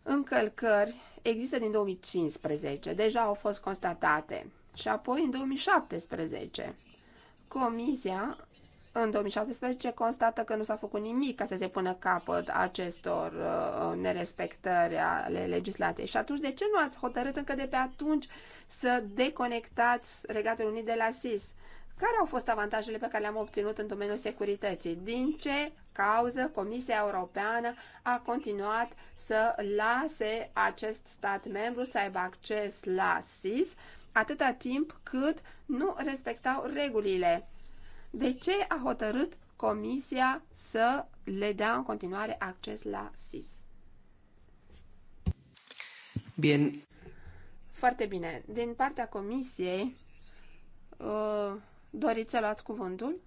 încălcări există din 2015, deja au fost constatate, și apoi în 2017. Comisia în 2017 constată că nu s-a făcut nimic ca să se pună capăt acestor uh, nerespectări ale legislației. Și atunci, de ce nu ați hotărât încă de pe atunci să deconectați Regatul Unit de la SIS? Care au fost avantajele pe care le-am obținut în domeniul securității? Din ce cauză Comisia Europeană a continuat să lase acest stat membru să aibă acces la SIS atâta timp cât nu respectau regulile. De ce a hotărât Comisia să le dea în continuare acces la SIS? Bine. Foarte bine. Din partea Comisiei, uh, doriți să luați cuvântul?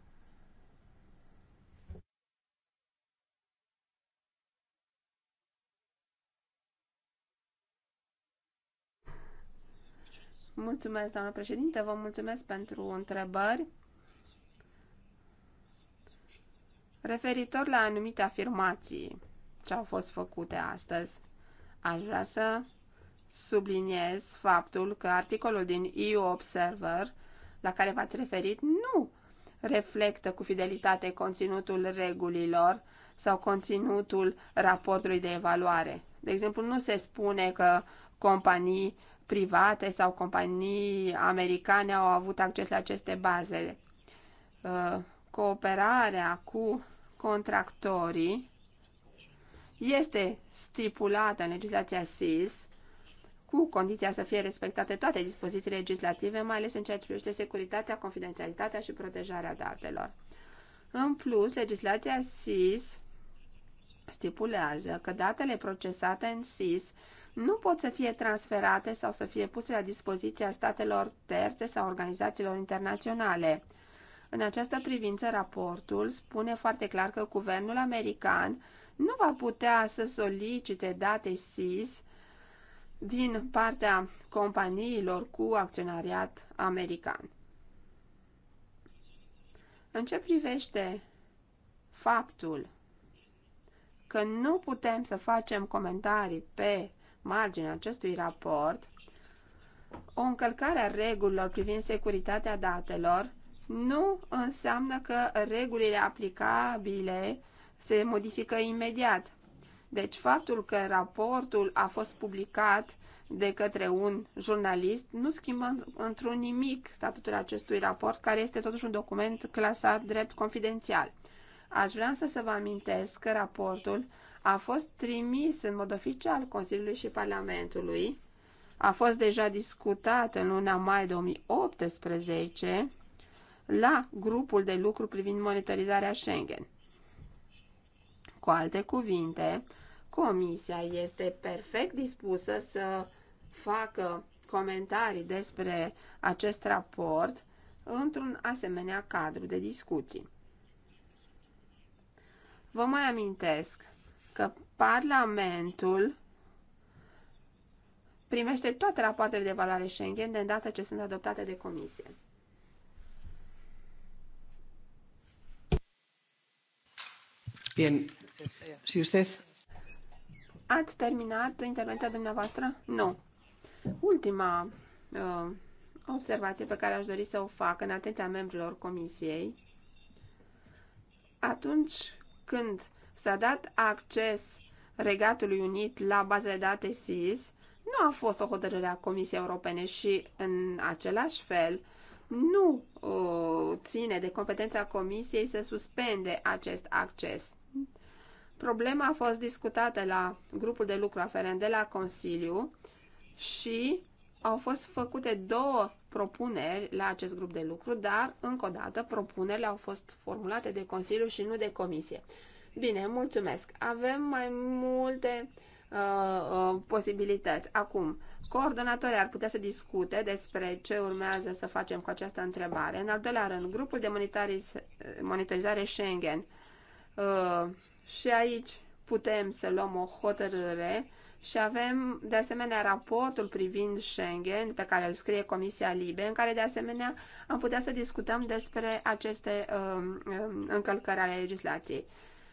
Mulțumesc, doamnă președinte, vă mulțumesc pentru întrebări. Referitor la anumite afirmații ce au fost făcute astăzi, aș vrea să subliniez faptul că articolul din EU Observer la care v-ați referit nu reflectă cu fidelitate conținutul regulilor sau conținutul raportului de evaluare. De exemplu, nu se spune că companii private sau companii americane au avut acces la aceste baze. Uh, cooperarea cu contractorii este stipulată în legislația SIS cu condiția să fie respectate toate dispozițiile legislative, mai ales în ceea ce privește securitatea, confidențialitatea și protejarea datelor. În plus, legislația SIS stipulează că datele procesate în SIS nu pot să fie transferate sau să fie puse la dispoziția statelor terțe sau organizațiilor internaționale. În această privință, raportul spune foarte clar că guvernul american nu va putea să solicite date SIS din partea companiilor cu acționariat american. În ce privește faptul că nu putem să facem comentarii pe marginea acestui raport, o încălcare a regulilor privind securitatea datelor nu înseamnă că regulile aplicabile se modifică imediat. Deci faptul că raportul a fost publicat de către un jurnalist nu schimbă într-un nimic statutul acestui raport, care este totuși un document clasat drept confidențial. Aș vrea să vă amintesc că raportul a fost trimis în mod oficial Consiliului și Parlamentului, a fost deja discutat în luna mai 2018 la grupul de lucru privind monitorizarea Schengen. Cu alte cuvinte, Comisia este perfect dispusă să facă comentarii despre acest raport într-un asemenea cadru de discuții. Vă mai amintesc că Parlamentul primește toate rapoartele de valoare Schengen de îndată ce sunt adoptate de comisie. Bien. Si usted... Ați terminat intervenția dumneavoastră? Nu. Ultima uh, observație pe care aș dori să o fac în atenția membrilor comisiei, atunci când s-a dat acces Regatului Unit la baza de date SIS, nu a fost o hotărâre a Comisiei Europene și, în același fel, nu uh, ține de competența Comisiei să suspende acest acces. Problema a fost discutată la grupul de lucru aferent de la Consiliu și au fost făcute două propuneri la acest grup de lucru, dar, încă o dată, propunerile au fost formulate de Consiliu și nu de Comisie. Bine, mulțumesc. Avem mai multe uh, uh, posibilități. Acum, coordonatorii ar putea să discute despre ce urmează să facem cu această întrebare. În al doilea rând, grupul de monitorizare Schengen. Uh, și aici putem să luăm o hotărâre și avem de asemenea raportul privind Schengen pe care îl scrie Comisia Libe, în care de asemenea am putea să discutăm despre aceste uh, uh încălcări ale legislației.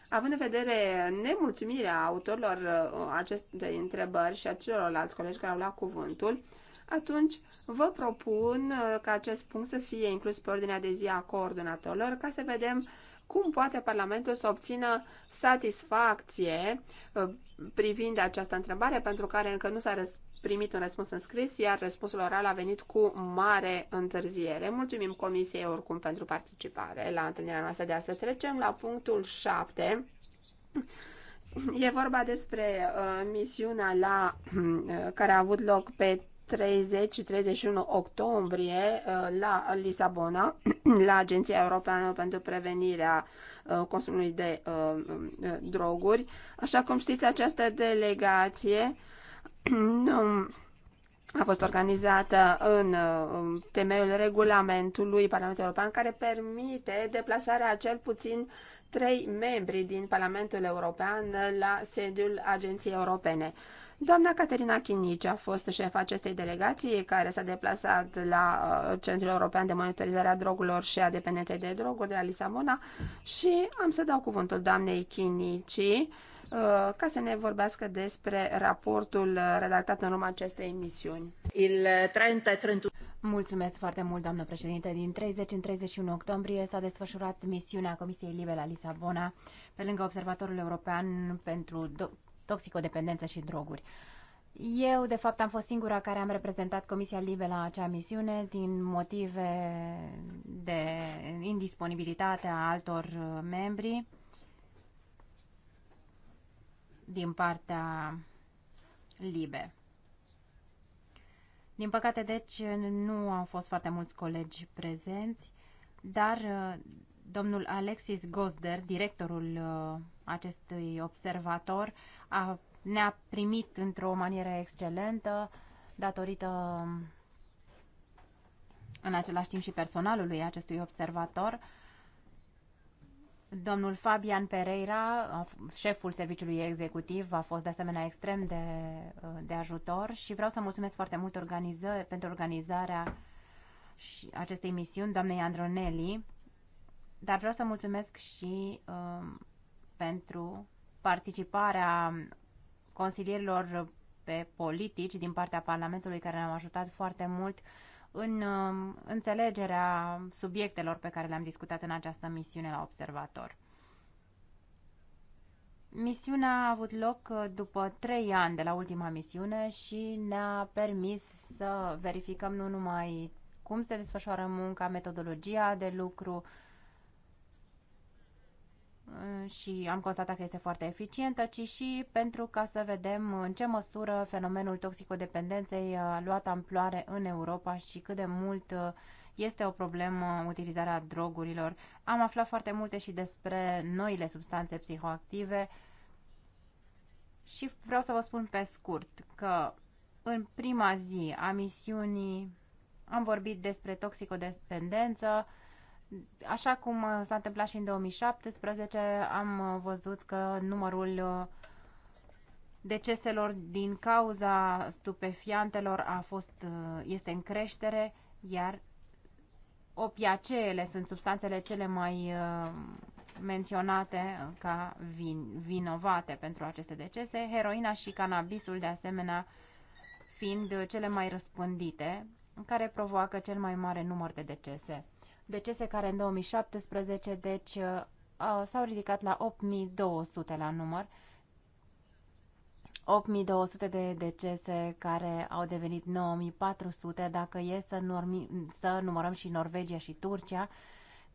Având în vedere nemulțumirea autorilor uh, acestei întrebări și a celorlalți colegi care au luat cuvântul, atunci vă propun uh, ca acest punct să fie inclus pe ordinea de zi a coordonatorilor ca să vedem cum poate Parlamentul să obțină satisfacție uh, privind această întrebare pentru care încă nu s-a răspuns primit un răspuns în scris, iar răspunsul oral a venit cu mare întârziere. Mulțumim Comisiei oricum pentru participare la întâlnirea noastră de astăzi. Trecem la punctul 7. E vorba despre uh, misiunea la, uh, care a avut loc pe 30-31 octombrie uh, la Lisabona, la Agenția Europeană pentru Prevenirea uh, Consumului de uh, uh droguri. Așa cum știți, această delegație uh, Um, a fost organizată în um, temeiul regulamentului Parlamentului European care permite deplasarea cel puțin trei membri din Parlamentul European la sediul Agenției Europene. Doamna Caterina Chinici a fost șefa acestei delegații care s-a deplasat la uh, Centrul European de Monitorizare a Drogurilor și a Dependenței de Droguri de la Lisabona și am să dau cuvântul doamnei Chinici Uh, ca să ne vorbească despre raportul uh, redactat în urma acestei emisiuni. Il 30, 30... Mulțumesc foarte mult, doamnă președinte. Din 30 în 31 octombrie s-a desfășurat misiunea Comisiei Libe la Lisabona, pe lângă Observatorul European pentru Toxicodependență și Droguri. Eu, de fapt, am fost singura care am reprezentat Comisia Libe la acea misiune din motive de indisponibilitate a altor uh, membri din partea Libe. Din păcate, deci, nu au fost foarte mulți colegi prezenți, dar uh, domnul Alexis Gosder, directorul uh, acestui observator, a, ne-a primit într-o manieră excelentă, datorită în același timp și personalului acestui observator, Domnul Fabian Pereira, șeful serviciului executiv, a fost de asemenea extrem de, uh, de ajutor și vreau să mulțumesc foarte mult organiză, pentru organizarea și acestei misiuni, doamnei Andronelli, dar vreau să mulțumesc și uh, pentru participarea consilierilor pe politici din partea Parlamentului care ne-au ajutat foarte mult uh, în um, înțelegerea subiectelor pe care le-am discutat în această misiune la observator. Misiunea a avut loc uh, după trei ani de la ultima misiune și ne-a permis să verificăm nu numai cum se desfășoară munca, metodologia de lucru, și am constatat că este foarte eficientă, ci și pentru ca să vedem în ce măsură fenomenul toxicodependenței a luat amploare în Europa și cât de mult uh, este o problemă utilizarea drogurilor. Am aflat foarte multe și despre noile substanțe psihoactive și vreau să vă spun pe scurt că în prima zi a misiunii am vorbit despre toxicodependență, Așa cum uh, s-a întâmplat și în 2017, am uh, văzut că numărul uh, deceselor din cauza stupefiantelor a fost, este în creștere, iar opiaceele sunt substanțele cele mai menționate ca vin, vinovate pentru aceste decese, heroina și cannabisul de asemenea fiind cele mai răspândite, care provoacă cel mai mare număr de decese decese care în 2017, deci uh, s-au ridicat la 8200 la număr. 8200 de decese care au devenit 9400 dacă e să, normi, să numărăm și Norvegia și Turcia,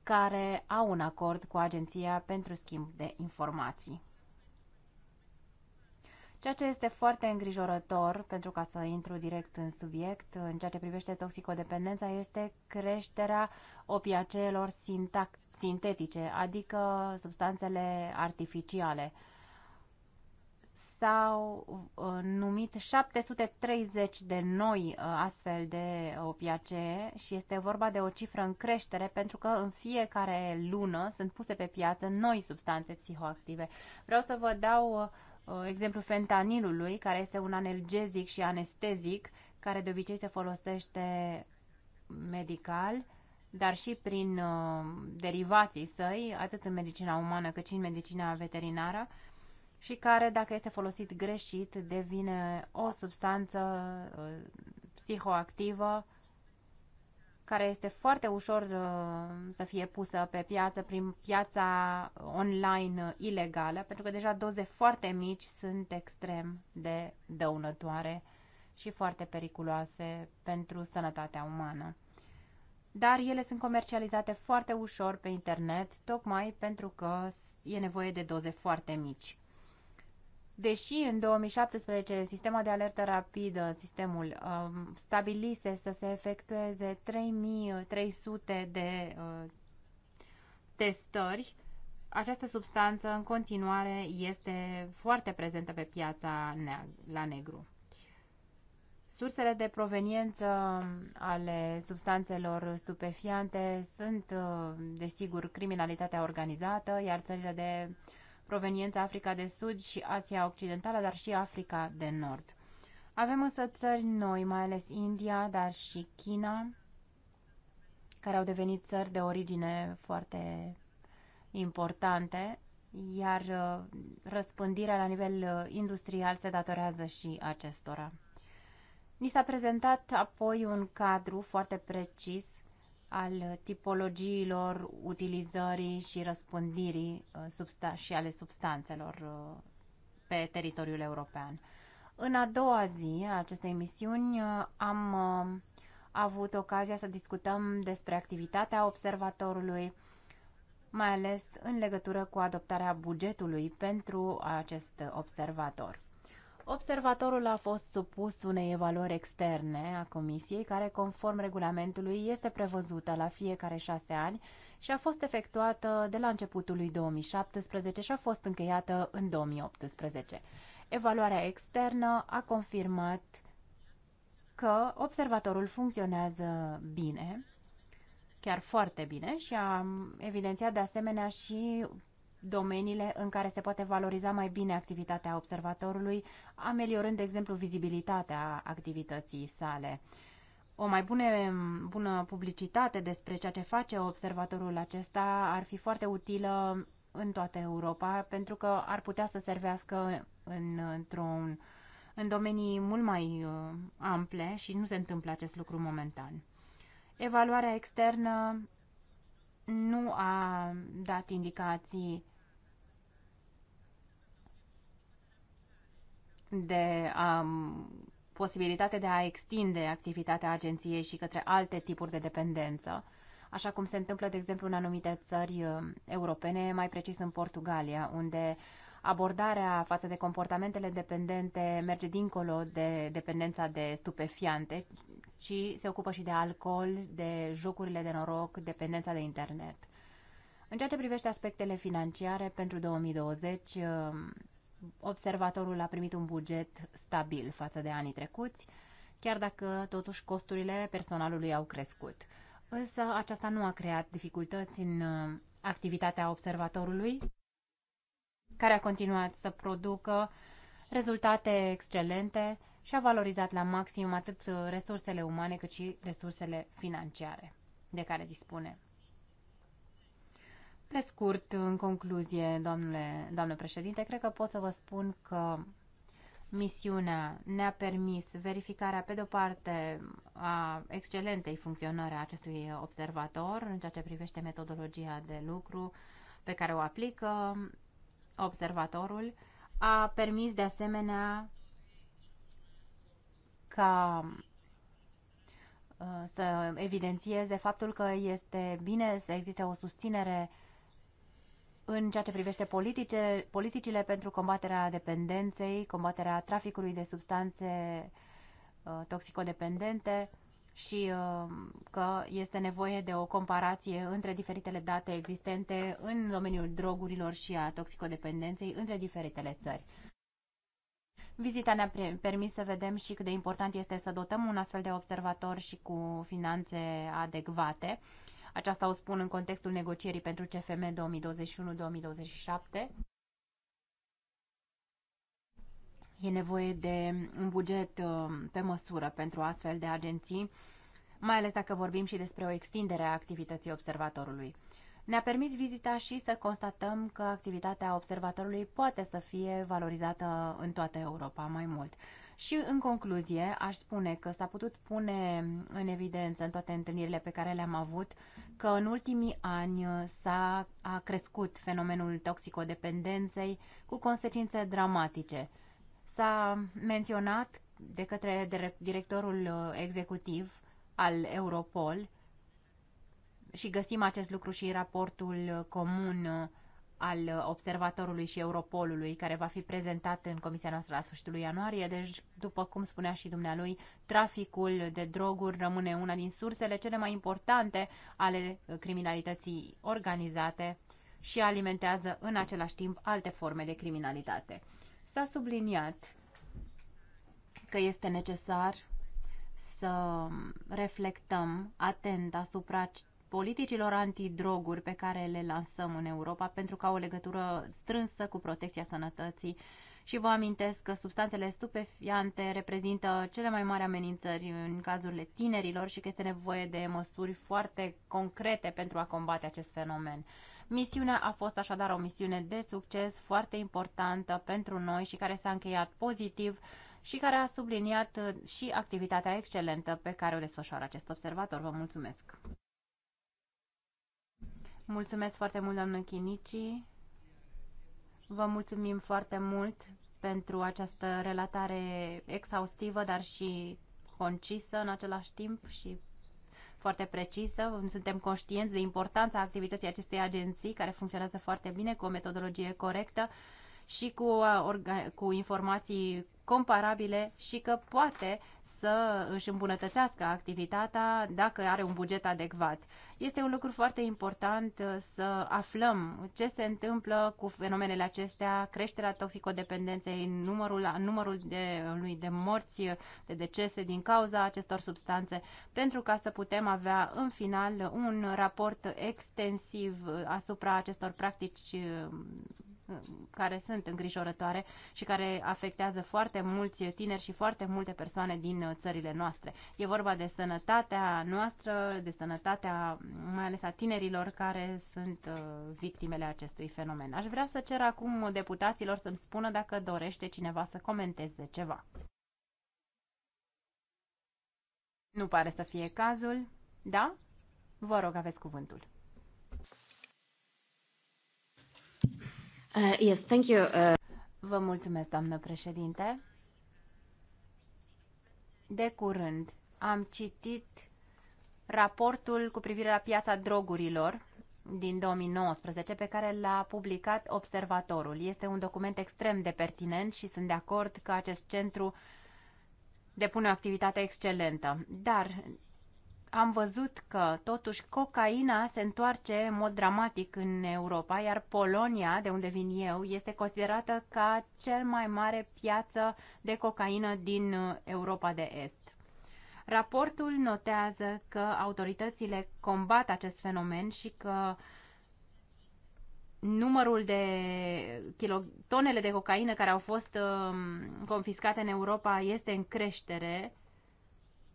care au un acord cu Agenția pentru Schimb de Informații. Ceea ce este foarte îngrijorător, pentru ca să intru direct în subiect, în ceea ce privește toxicodependența, este creșterea opiaceelor sintetice, adică substanțele artificiale. S-au uh, numit 730 de noi uh, astfel de opiacee și este vorba de o cifră în creștere pentru că în fiecare lună sunt puse pe piață noi substanțe psihoactive. Vreau să vă dau uh, Uh, exemplu fentanilului, care este un analgezic și anestezic, care de obicei se folosește medical, dar și prin uh, derivații săi, atât în medicina umană cât și în medicina veterinară, și care, dacă este folosit greșit, devine o substanță uh, psihoactivă care este foarte ușor uh, să fie pusă pe piață prin piața online ilegală, pentru că deja doze foarte mici sunt extrem de dăunătoare și foarte periculoase pentru sănătatea umană. Dar ele sunt comercializate foarte ușor pe internet, tocmai pentru că e nevoie de doze foarte mici. Deși în 2017 sistema de alertă rapidă, sistemul, um, stabilise să se efectueze 3300 de uh, testări, această substanță în continuare este foarte prezentă pe piața la negru. Sursele de proveniență um, ale substanțelor stupefiante sunt, uh, desigur, criminalitatea organizată, iar țările de uh, proveniența Africa de Sud și Asia Occidentală, dar și Africa de Nord. Avem însă țări noi, mai ales India, dar și China, care au devenit țări de origine foarte importante, iar uh, răspândirea la nivel uh, industrial se datorează și acestora. Ni s-a prezentat apoi un cadru foarte precis al tipologiilor, utilizării și răspândirii uh, și ale substanțelor uh, pe teritoriul european. În a doua zi a acestei misiuni uh, am avut ocazia să discutăm despre activitatea observatorului, mai ales în legătură cu adoptarea bugetului pentru acest observator. Observatorul a fost supus unei evaluări externe a comisiei, care, conform regulamentului, este prevăzută la fiecare șase ani și a fost efectuată de la începutul lui 2017 și a fost încheiată în 2018. Evaluarea externă a confirmat că observatorul funcționează bine, chiar foarte bine și a evidențiat de asemenea și domeniile în care se poate valoriza mai bine activitatea observatorului, ameliorând, de exemplu, vizibilitatea activității sale. O mai bune, bună publicitate despre ceea ce face observatorul acesta ar fi foarte utilă în toată Europa, pentru că ar putea să servească în, într-un, în domenii mult mai uh, ample și nu se întâmplă acest lucru momentan. Evaluarea externă nu a dat indicații de um, posibilitate de a extinde activitatea agenției și către alte tipuri de dependență, așa cum se întâmplă, de exemplu, în anumite țări uh, europene, mai precis în Portugalia, unde abordarea față de comportamentele dependente merge dincolo de dependența de stupefiante, ci se ocupă și de alcool, de jocurile de noroc, dependența de internet. În ceea ce privește aspectele financiare, pentru 2020 observatorul a primit un buget stabil față de anii trecuți, chiar dacă totuși costurile personalului au crescut. Însă aceasta nu a creat dificultăți în uh, activitatea observatorului, care a continuat să producă rezultate excelente și a valorizat la maxim atât resursele umane cât și resursele financiare de care dispune. Pe scurt, în concluzie, domnule, doamnă președinte, cred că pot să vă spun că misiunea ne-a permis verificarea, pe de-o parte, a excelentei funcționări a acestui observator în ceea ce privește metodologia de lucru pe care o aplică observatorul, a permis de asemenea ca uh, să evidențieze faptul că este bine să existe o susținere în ceea ce privește politice, politicile pentru combaterea dependenței, combaterea traficului de substanțe uh, toxicodependente și uh, că este nevoie de o comparație între diferitele date existente în domeniul drogurilor și a toxicodependenței între diferitele țări. Vizita ne-a permis să vedem și cât de important este să dotăm un astfel de observator și cu finanțe adecvate aceasta o spun în contextul negocierii pentru CFM 2021-2027. E nevoie de un buget uh, pe măsură pentru astfel de agenții, mai ales dacă vorbim și despre o extindere a activității observatorului. Ne-a permis vizita și să constatăm că activitatea observatorului poate să fie valorizată în toată Europa mai mult. Și în concluzie, aș spune că s-a putut pune în evidență în toate întâlnirile pe care le-am avut că în ultimii ani s-a a crescut fenomenul toxicodependenței cu consecințe dramatice. S-a menționat de către directorul uh, executiv al Europol și găsim acest lucru și raportul uh, comun uh, al observatorului și Europolului, care va fi prezentat în comisia noastră la sfârșitul lui ianuarie. Deci, după cum spunea și dumnealui, traficul de droguri rămâne una din sursele cele mai importante ale criminalității organizate și alimentează în același timp alte forme de criminalitate. S-a subliniat că este necesar să reflectăm atent asupra politicilor antidroguri pe care le lansăm în Europa pentru că au o legătură strânsă cu protecția sănătății și vă amintesc că substanțele stupefiante reprezintă cele mai mari amenințări în cazurile tinerilor și că este nevoie de măsuri foarte concrete pentru a combate acest fenomen. Misiunea a fost așadar o misiune de succes foarte importantă pentru noi și care s-a încheiat pozitiv și care a subliniat și activitatea excelentă pe care o desfășoară acest observator. Vă mulțumesc! Mulțumesc foarte mult, doamnă Chinici. Vă mulțumim foarte mult pentru această relatare exhaustivă, dar și concisă în același timp și foarte precisă. Suntem conștienți de importanța activității acestei agenții, care funcționează foarte bine, cu o metodologie corectă și cu, uh, cu informații comparabile și că poate să își îmbunătățească activitatea dacă are un buget adecvat. Este un lucru foarte important uh, să aflăm ce se întâmplă cu fenomenele acestea, creșterea toxicodependenței, numărul, numărul de, lui de morți, de decese din cauza acestor substanțe, pentru ca să putem avea în final un raport extensiv uh, asupra acestor practici uh, care sunt îngrijorătoare și care afectează foarte mulți tineri și foarte multe persoane din țările noastre. E vorba de sănătatea noastră, de sănătatea mai ales a tinerilor care sunt uh, victimele acestui fenomen. Aș vrea să cer acum deputaților să-mi spună dacă dorește cineva să comenteze ceva. Nu pare să fie cazul, da? Vă rog, aveți cuvântul. Uh, yes, thank you. Uh... Vă mulțumesc, doamnă președinte. De curând am citit raportul cu privire la piața drogurilor din 2019 pe care l-a publicat Observatorul. Este un document extrem de pertinent și sunt de acord că acest centru depune o activitate excelentă. Dar am văzut că totuși cocaina se întoarce în mod dramatic în Europa, iar Polonia, de unde vin eu, este considerată ca cel mai mare piață de cocaină din Europa de Est. Raportul notează că autoritățile combat acest fenomen și că numărul de tonele de cocaină care au fost um, confiscate în Europa este în creștere.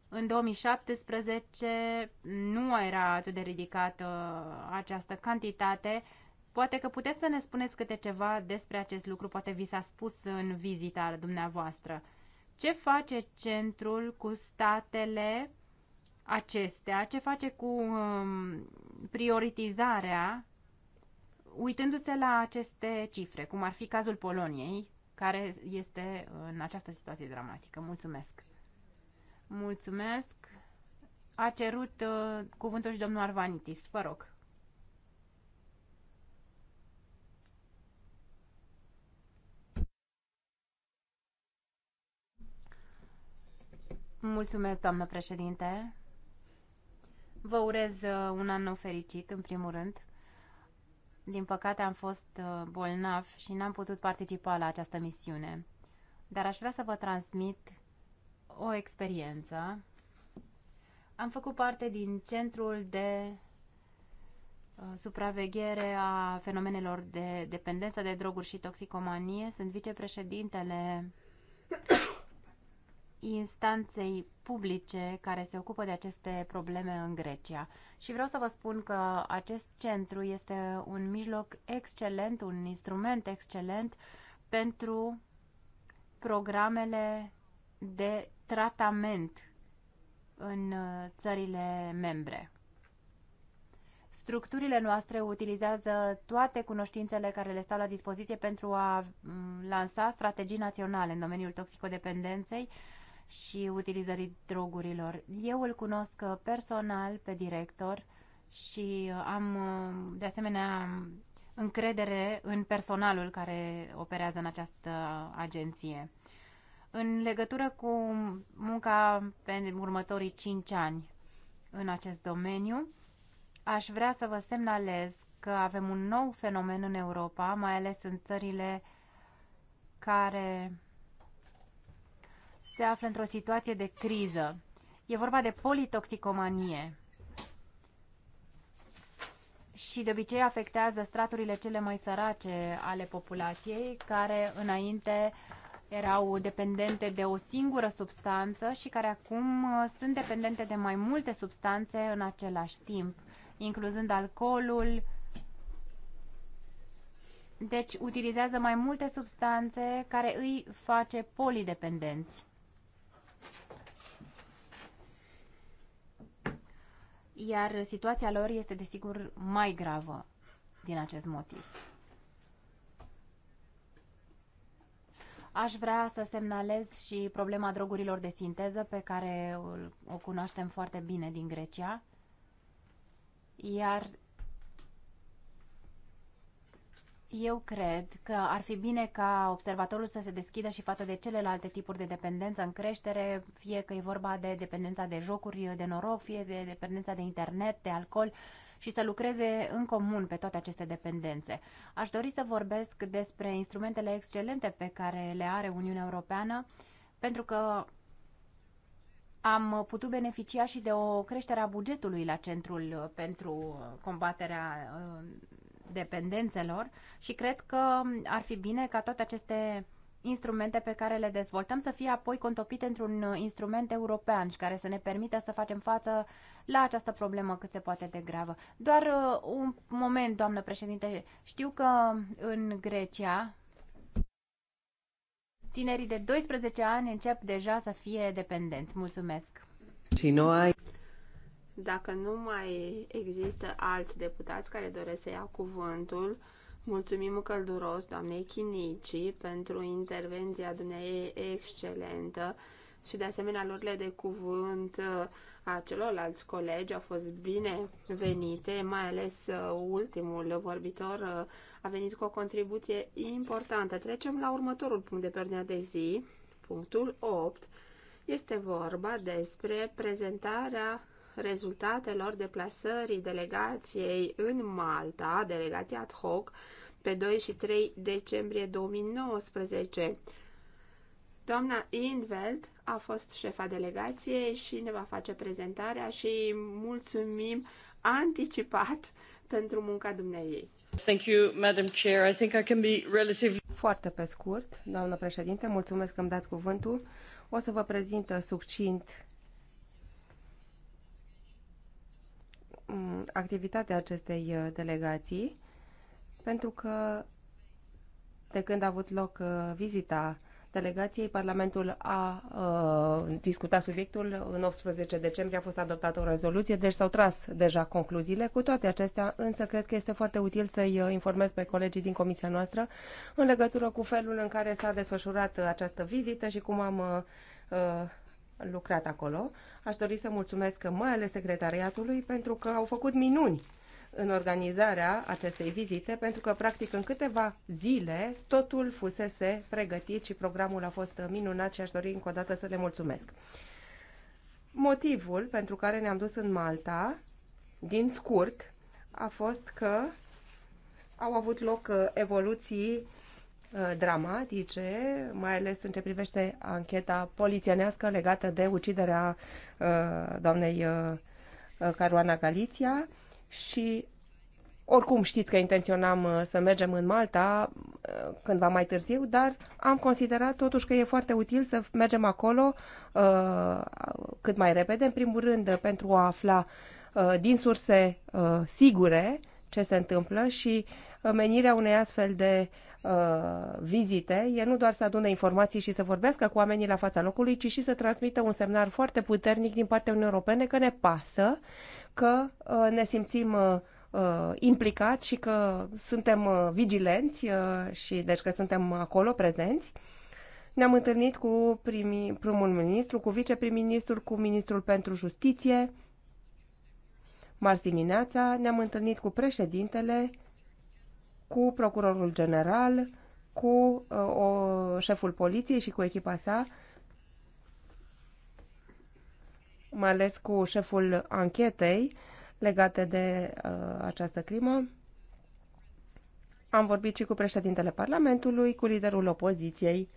În 2017 nu era atât de ridicată uh, această cantitate. Poate că puteți să ne spuneți câte ceva despre acest lucru, poate vi s-a spus în vizita dumneavoastră. Ce face centrul cu statele acestea? Ce face cu um, prioritizarea uitându-se la aceste cifre, cum ar fi cazul Poloniei, care este în această situație dramatică? Mulțumesc! Mulțumesc! A cerut uh, cuvântul și domnul Arvanitis. Vă rog. Mulțumesc, doamnă președinte. Vă urez uh, un an nou fericit, în primul rând. Din păcate am fost uh, bolnav și n-am putut participa la această misiune. Dar aș vrea să vă transmit o experiență. Am făcut parte din centrul de uh, supraveghere a fenomenelor de dependență de droguri și toxicomanie. Sunt vicepreședintele instanței publice care se ocupă de aceste probleme în Grecia. Și vreau să vă spun că acest centru este un mijloc excelent, un instrument excelent pentru programele de tratament în uh, țările membre. Structurile noastre utilizează toate cunoștințele care le stau la dispoziție pentru a mm, lansa strategii naționale în domeniul toxicodependenței, și utilizării drogurilor. Eu îl cunosc personal pe director și am de asemenea încredere în personalul care operează în această agenție. În legătură cu munca pe următorii 5 ani în acest domeniu, aș vrea să vă semnalez că avem un nou fenomen în Europa, mai ales în țările care se află într-o situație de criză. E vorba de politoxicomanie și de obicei afectează straturile cele mai sărace ale populației, care înainte erau dependente de o singură substanță și care acum uh, sunt dependente de mai multe substanțe în același timp, incluzând alcoolul. Deci utilizează mai multe substanțe care îi face polidependenți. iar situația lor este desigur mai gravă din acest motiv. Aș vrea să semnalez și problema drogurilor de sinteză pe care o cunoaștem foarte bine din Grecia, iar Eu cred că ar fi bine ca observatorul să se deschidă și față de celelalte tipuri de dependență în creștere, fie că e vorba de dependența de jocuri de noroc, fie de dependența de internet, de alcool și să lucreze în comun pe toate aceste dependențe. Aș dori să vorbesc despre instrumentele excelente pe care le are Uniunea Europeană, pentru că am putut beneficia și de o creștere a bugetului la Centrul pentru combaterea uh, dependențelor și cred că ar fi bine ca toate aceste instrumente pe care le dezvoltăm să fie apoi contopite într-un uh, instrument european și care să ne permită să facem față la această problemă cât se poate de gravă. Doar uh, un moment, doamnă președinte, știu că în Grecia tinerii de 12 ani încep deja să fie dependenți. Mulțumesc! Și nu ai... Dacă nu mai există alți deputați care doresc să ia cuvântul, mulțumim călduros doamnei Chinici pentru intervenția dumneavoastră excelentă și de asemenea lorile de cuvânt uh, a celorlalți colegi au fost bine venite, mai ales uh, ultimul vorbitor uh, a venit cu o contribuție importantă. Trecem la următorul punct de pernea de zi, punctul 8. Este vorba despre prezentarea rezultatelor deplasării delegației în Malta, delegația ad hoc, pe 2 și 3 decembrie 2019. Doamna Indveld a fost șefa delegației și ne va face prezentarea și mulțumim anticipat pentru munca dumneiei. Thank you, Madam Chair. I think I can be relatively... Foarte pe scurt, doamnă președinte, mulțumesc că îmi dați cuvântul. O să vă prezint succint Mm, activitatea acestei uh, delegații, pentru că de când a avut loc uh, vizita delegației, Parlamentul a uh, discutat subiectul. În 18 decembrie a fost adoptată o rezoluție, deci s-au tras deja concluziile. Cu toate acestea, însă, cred că este foarte util să-i uh, informez pe colegii din comisia noastră în legătură cu felul în care s-a desfășurat această vizită și cum am uh, lucrat acolo. Aș dori să mulțumesc mai ales secretariatului pentru că au făcut minuni în organizarea acestei vizite, pentru că, practic, în câteva zile totul fusese pregătit și programul a fost minunat și aș dori încă o dată să le mulțumesc. Motivul pentru care ne-am dus în Malta, din scurt, a fost că au avut loc uh, evoluții Uh, dramatice, mai ales în ce privește ancheta polițienească legată de uciderea uh, doamnei uh, Caruana Galiția și oricum știți că intenționam să mergem în Malta cândva mai târziu, dar am considerat totuși că e foarte util să mergem acolo cât mai repede, în primul rând pentru a afla din surse sigure ce se întâmplă și uh, menirea unei astfel de uh, vizite e nu doar să adune informații și să vorbească cu oamenii la fața locului, ci și să transmită un semnal foarte puternic din partea Uniunii Europene că ne pasă, că uh, ne simțim uh, uh implicați și că suntem uh, vigilenți uh, și deci că suntem acolo prezenți. Ne-am întâlnit cu primi, primul ministru, cu viceprim-ministrul, cu ministrul pentru justiție. Marți dimineața ne-am întâlnit cu președintele cu procurorul general, cu uh, o, șeful poliției și cu echipa sa, mai ales cu șeful anchetei legate de uh, această crimă. Am vorbit și cu președintele Parlamentului, cu liderul opoziției,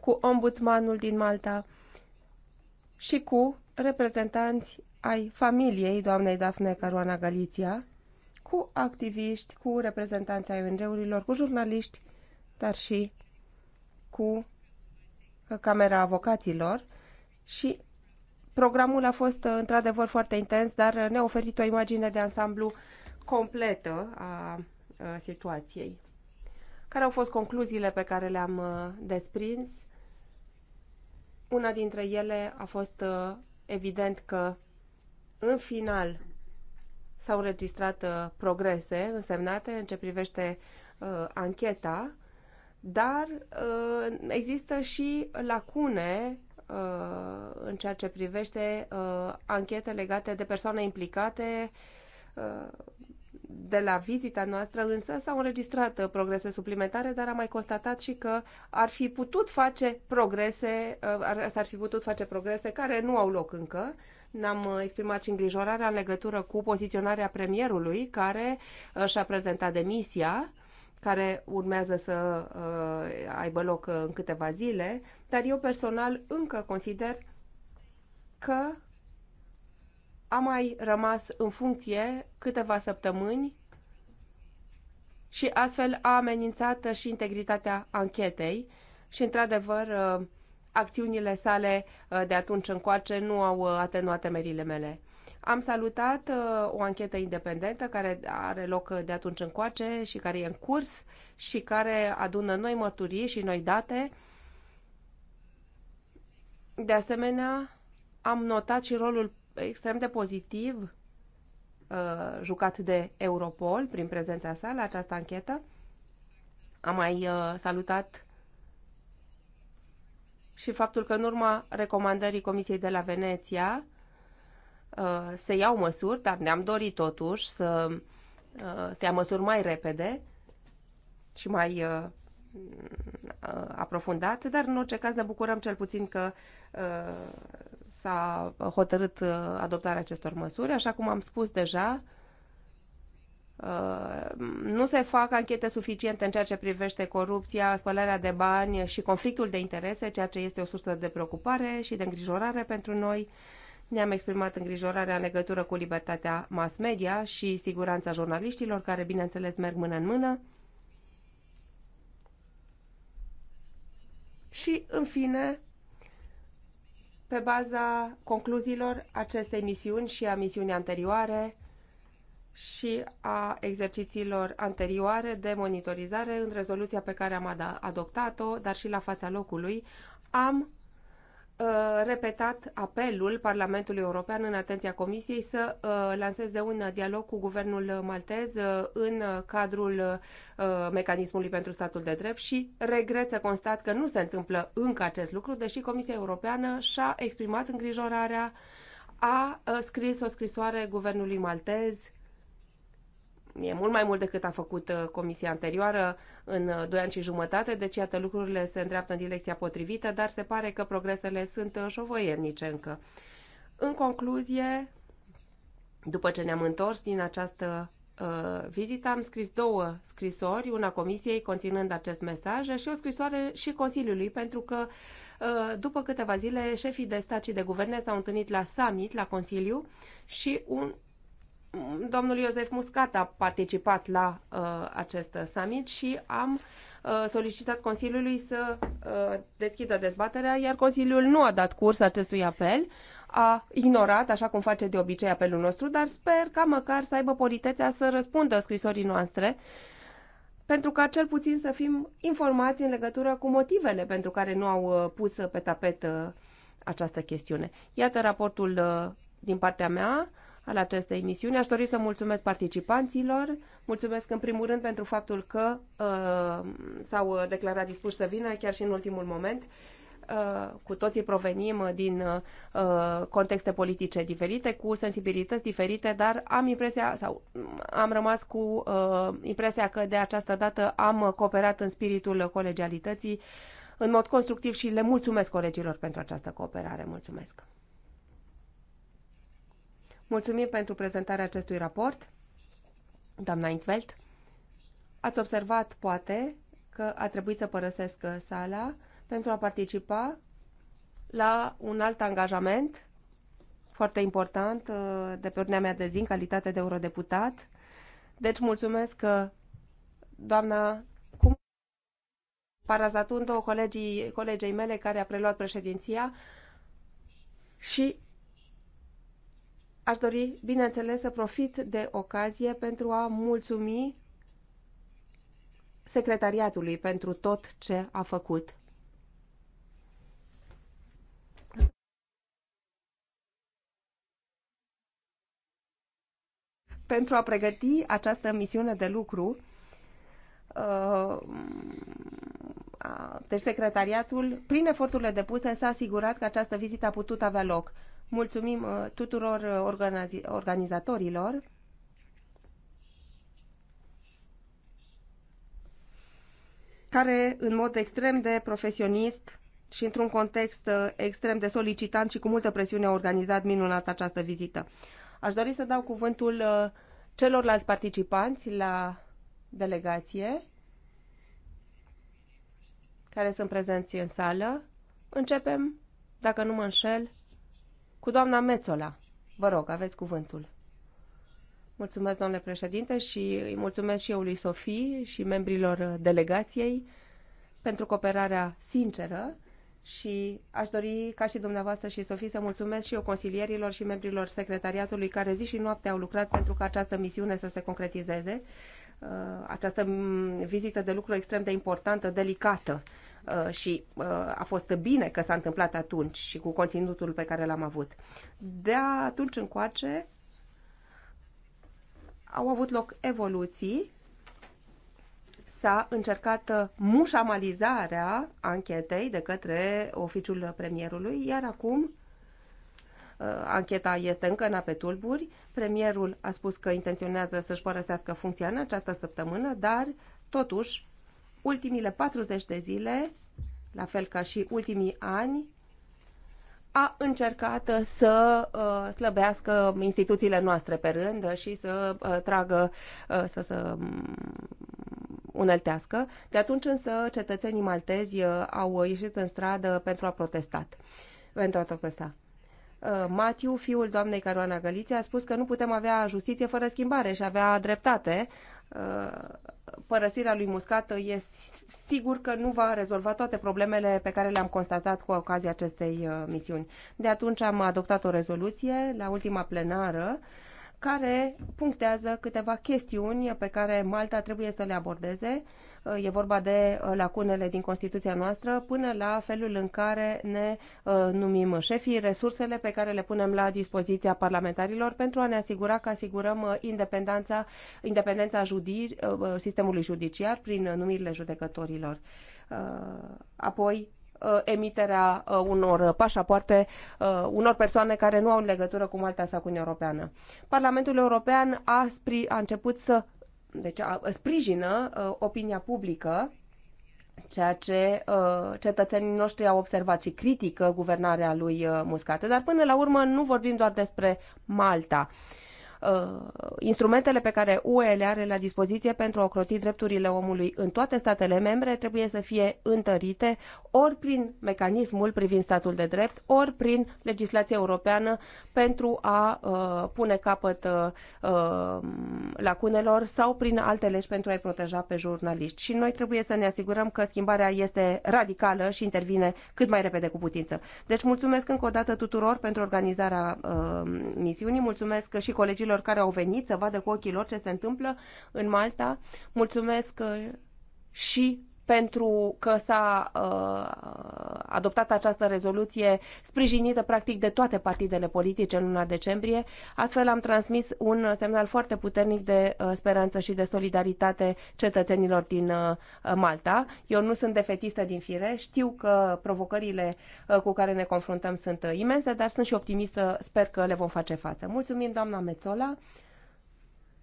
cu ombudsmanul din Malta și cu reprezentanți ai familiei doamnei Dafne Caruana Galiția, cu activiști, cu reprezentanții ONG-urilor, cu jurnaliști, dar și cu uh, Camera Avocaților și programul a fost uh, într-adevăr foarte intens, dar uh, ne-a oferit o imagine de ansamblu completă a situației. Care au fost concluziile pe care le-am desprins? Una dintre ele a fost evident că în final S-au înregistrat uh, progrese însemnate în ce privește uh, ancheta, dar uh, există și lacune uh, în ceea ce privește uh, anchete legate de persoane implicate uh, de la vizita noastră, însă s-au înregistrat uh, progrese suplimentare, dar am mai constatat și că ar fi putut face progrese, uh, s-ar fi putut face progrese care nu au loc încă, ne-am uh, exprimat și îngrijorarea în legătură cu poziționarea premierului care uh, și-a prezentat demisia care urmează să uh, aibă loc în câteva zile, dar eu personal încă consider că a mai rămas în funcție câteva săptămâni și astfel a amenințat și integritatea anchetei și, într-adevăr, uh, acțiunile sale uh, de atunci încoace nu au uh, atenuat temerile mele. Am salutat uh, o anchetă independentă care are loc de atunci încoace și care e în curs și care adună noi mărturii și noi date. De asemenea, am notat și rolul extrem de pozitiv jucat de Europol prin prezența sa la această anchetă. Am mai salutat și faptul că în urma recomandării Comisiei de la Veneția uh, se iau măsuri, dar ne-am dorit totuși să uh, se ia măsuri mai repede și mai uh, aprofundat, dar în orice caz ne bucurăm cel puțin că s-a hotărât adoptarea acestor măsuri. Așa cum am spus deja, Uh, nu se fac anchete suficiente în ceea ce privește corupția, spălarea de bani și conflictul de interese, ceea ce este o sursă de preocupare și de îngrijorare pentru noi. Ne-am exprimat îngrijorarea în legătură cu libertatea mass media și siguranța jurnaliștilor, care, bineînțeles, merg mână în mână. Și, în fine, pe baza concluziilor acestei misiuni și a misiunii anterioare, și a exercițiilor anterioare de monitorizare în rezoluția pe care am adoptat-o, dar și la fața locului, am uh, repetat apelul Parlamentului European în atenția Comisiei să uh, lanseze un dialog cu guvernul maltez uh, în cadrul mecanismului pentru statul de drept și regret să constat că nu se întâmplă încă acest lucru, deși Comisia Europeană și-a exprimat îngrijorarea, a scris o scrisoare guvernului maltez e mult mai mult decât a făcut uh, comisia anterioară în 2 uh, ani și jumătate, deci iată lucrurile se îndreaptă în direcția potrivită, dar se pare că progresele sunt uh, șovăiernice încă. În concluzie, după ce ne-am întors din această uh, vizită, am scris două scrisori, una comisiei conținând acest mesaj și o scrisoare și Consiliului, pentru că după câteva zile șefii de stat și de guverne s-au întâlnit la summit, la Consiliu și un Domnul Iosef Muscat a participat la uh, acest summit și am uh, solicitat Consiliului să uh, deschidă dezbaterea, iar Consiliul nu a dat curs acestui apel, a ignorat, așa cum face de obicei apelul nostru, dar sper ca măcar să aibă politețea să răspundă scrisorii noastre pentru ca cel puțin să fim informați în legătură cu motivele pentru care nu au uh, pus pe tapet această chestiune. Iată raportul din partea mea al acestei emisiuni. Aș dori să mulțumesc participanților, mulțumesc în primul rând pentru faptul că uh, s-au declarat dispuși să vină chiar și în ultimul moment. Uh, cu toții provenim din uh, contexte politice diferite, cu sensibilități diferite, dar am impresia sau mm, am rămas cu uh, impresia că de această dată am cooperat în spiritul colegialității în mod constructiv și le mulțumesc colegilor pentru această cooperare. Mulțumesc! Mulțumim pentru prezentarea acestui raport, doamna Intveld. Ați observat, poate, că a trebuit să părăsesc sala pentru a participa la un alt angajament foarte important uh, de pe urnea mea de zi în calitate de eurodeputat. Deci mulțumesc că uh, doamna cum Parazatun, colegii, colegei mele care a preluat președinția și Aș dori, bineînțeles, să profit de ocazie pentru a mulțumi secretariatului pentru tot ce a făcut. Pentru a pregăti această misiune de lucru, uh, deci secretariatul, prin eforturile depuse, s-a asigurat că această vizită a putut avea loc. Mulțumim uh, tuturor uh, organiz organizatorilor. care în mod extrem de profesionist și într-un context uh, extrem de solicitant și cu multă presiune au organizat minunat această vizită. Aș dori să dau cuvântul celorlalți participanți la delegație care sunt prezenți în sală. Începem, dacă nu mă înșel, cu doamna Mețola. Vă rog, aveți cuvântul. Mulțumesc, domnule președinte, și îi mulțumesc și eu lui Sofie și membrilor delegației pentru cooperarea sinceră și aș dori ca și dumneavoastră și Sofie să mulțumesc și eu consilierilor și membrilor secretariatului care zi și noapte au lucrat pentru ca această misiune să se concretizeze, uh, această mm, vizită de lucru extrem de importantă, delicată Uh, și uh, a fost bine că s-a întâmplat atunci și cu conținutul pe care l-am avut. De atunci încoace au avut loc evoluții, s-a încercat uh, mușamalizarea anchetei de către oficiul premierului, iar acum ancheta este încă în tulburi. Premierul a spus că intenționează să-și părăsească funcția în această săptămână, dar totuși ultimile 40 de zile, la fel ca și ultimii ani, a încercat uh, să uh, slăbească instituțiile noastre pe rând și să uh, tragă, să, să mm, uneltească. De atunci însă cetățenii maltezi au ieșit în stradă pentru a protesta. Pentru a protesta. Matiu, fiul doamnei Caruana Găliție, a spus că nu putem avea justiție fără schimbare și avea dreptate. Uh, părăsirea lui Muscat e sigur că nu va rezolva toate problemele pe care le-am constatat cu ocazia acestei uh, misiuni. De atunci am adoptat o rezoluție la ultima plenară care punctează câteva chestiuni pe care Malta trebuie să le abordeze e vorba de uh, lacunele din Constituția noastră, până la felul în care ne uh, numim șefii, resursele pe care le punem la dispoziția parlamentarilor pentru a ne asigura că asigurăm uh, independența, independența judi, sistemului judiciar prin numirile judecătorilor. Apoi, emiterea unor pașapoarte unor persoane care nu au legătură cu Malta sau cu Uniunea Europeană. Parlamentul European a, spri, a început să deci a, sprijină uh, opinia publică, ceea ce uh, cetățenii noștri au observat și critică guvernarea lui uh, Muscat. Dar până la urmă nu vorbim doar despre Malta. Uh, Uh, instrumentele pe care UE le are la dispoziție pentru a ocroti drepturile omului în toate statele membre trebuie să fie întărite ori prin mecanismul privind statul de drept, ori prin legislația europeană pentru a uh, pune capăt uh, lacunelor sau prin alte legi pentru a-i proteja pe jurnaliști. Și noi trebuie să ne asigurăm că schimbarea este radicală și intervine cât mai repede cu putință. Deci mulțumesc încă o dată tuturor pentru organizarea uh, misiunii, mulțumesc și colegilor țărilor care au venit să vadă cu ochii lor ce se întâmplă în Malta. Mulțumesc uh, și pentru că s-a uh, adoptat această rezoluție sprijinită practic de toate partidele politice în luna decembrie. Astfel am transmis un semnal foarte puternic de uh, speranță și de solidaritate cetățenilor din uh, Malta. Eu nu sunt defetistă din fire, știu că provocările uh, cu care ne confruntăm sunt uh, imense, dar sunt și optimistă, sper că le vom face față. Mulțumim, doamna Mețola.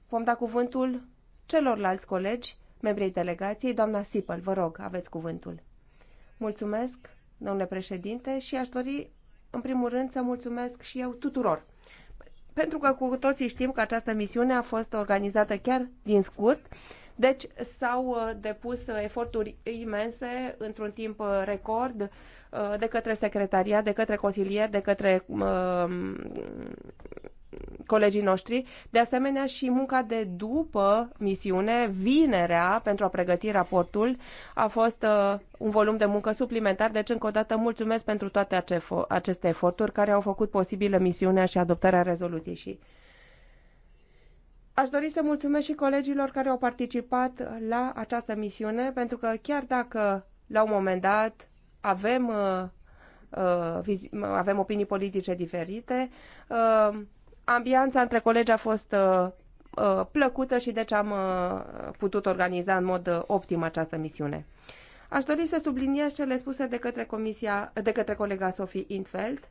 Vom da cuvântul celorlalți colegi membrii delegației. Doamna Sipăl, vă rog, aveți cuvântul. Mulțumesc, domnule președinte, și aș dori, în primul rând, să mulțumesc și eu tuturor. Pentru că cu toții știm că această misiune a fost organizată chiar din scurt, deci s-au uh, depus eforturi imense într-un timp uh, record uh, de către secretariat, de către consilier, de către um, colegii noștri, de asemenea și munca de după misiune, vinerea, pentru a pregăti raportul, a fost uh, un volum de muncă suplimentar, deci încă o dată mulțumesc pentru toate aceste eforturi care au făcut posibilă misiunea și adoptarea rezoluției și Aș dori să mulțumesc și colegilor care au participat la această misiune, pentru că chiar dacă la un moment dat avem, uh, uh, avem opinii politice diferite, uh, ambianța între colegi a fost uh, uh, plăcută și deci am uh, putut organiza în mod optim această misiune. Aș dori să subliniez cele spuse de către, comisia, de către colega Sophie Intfeld.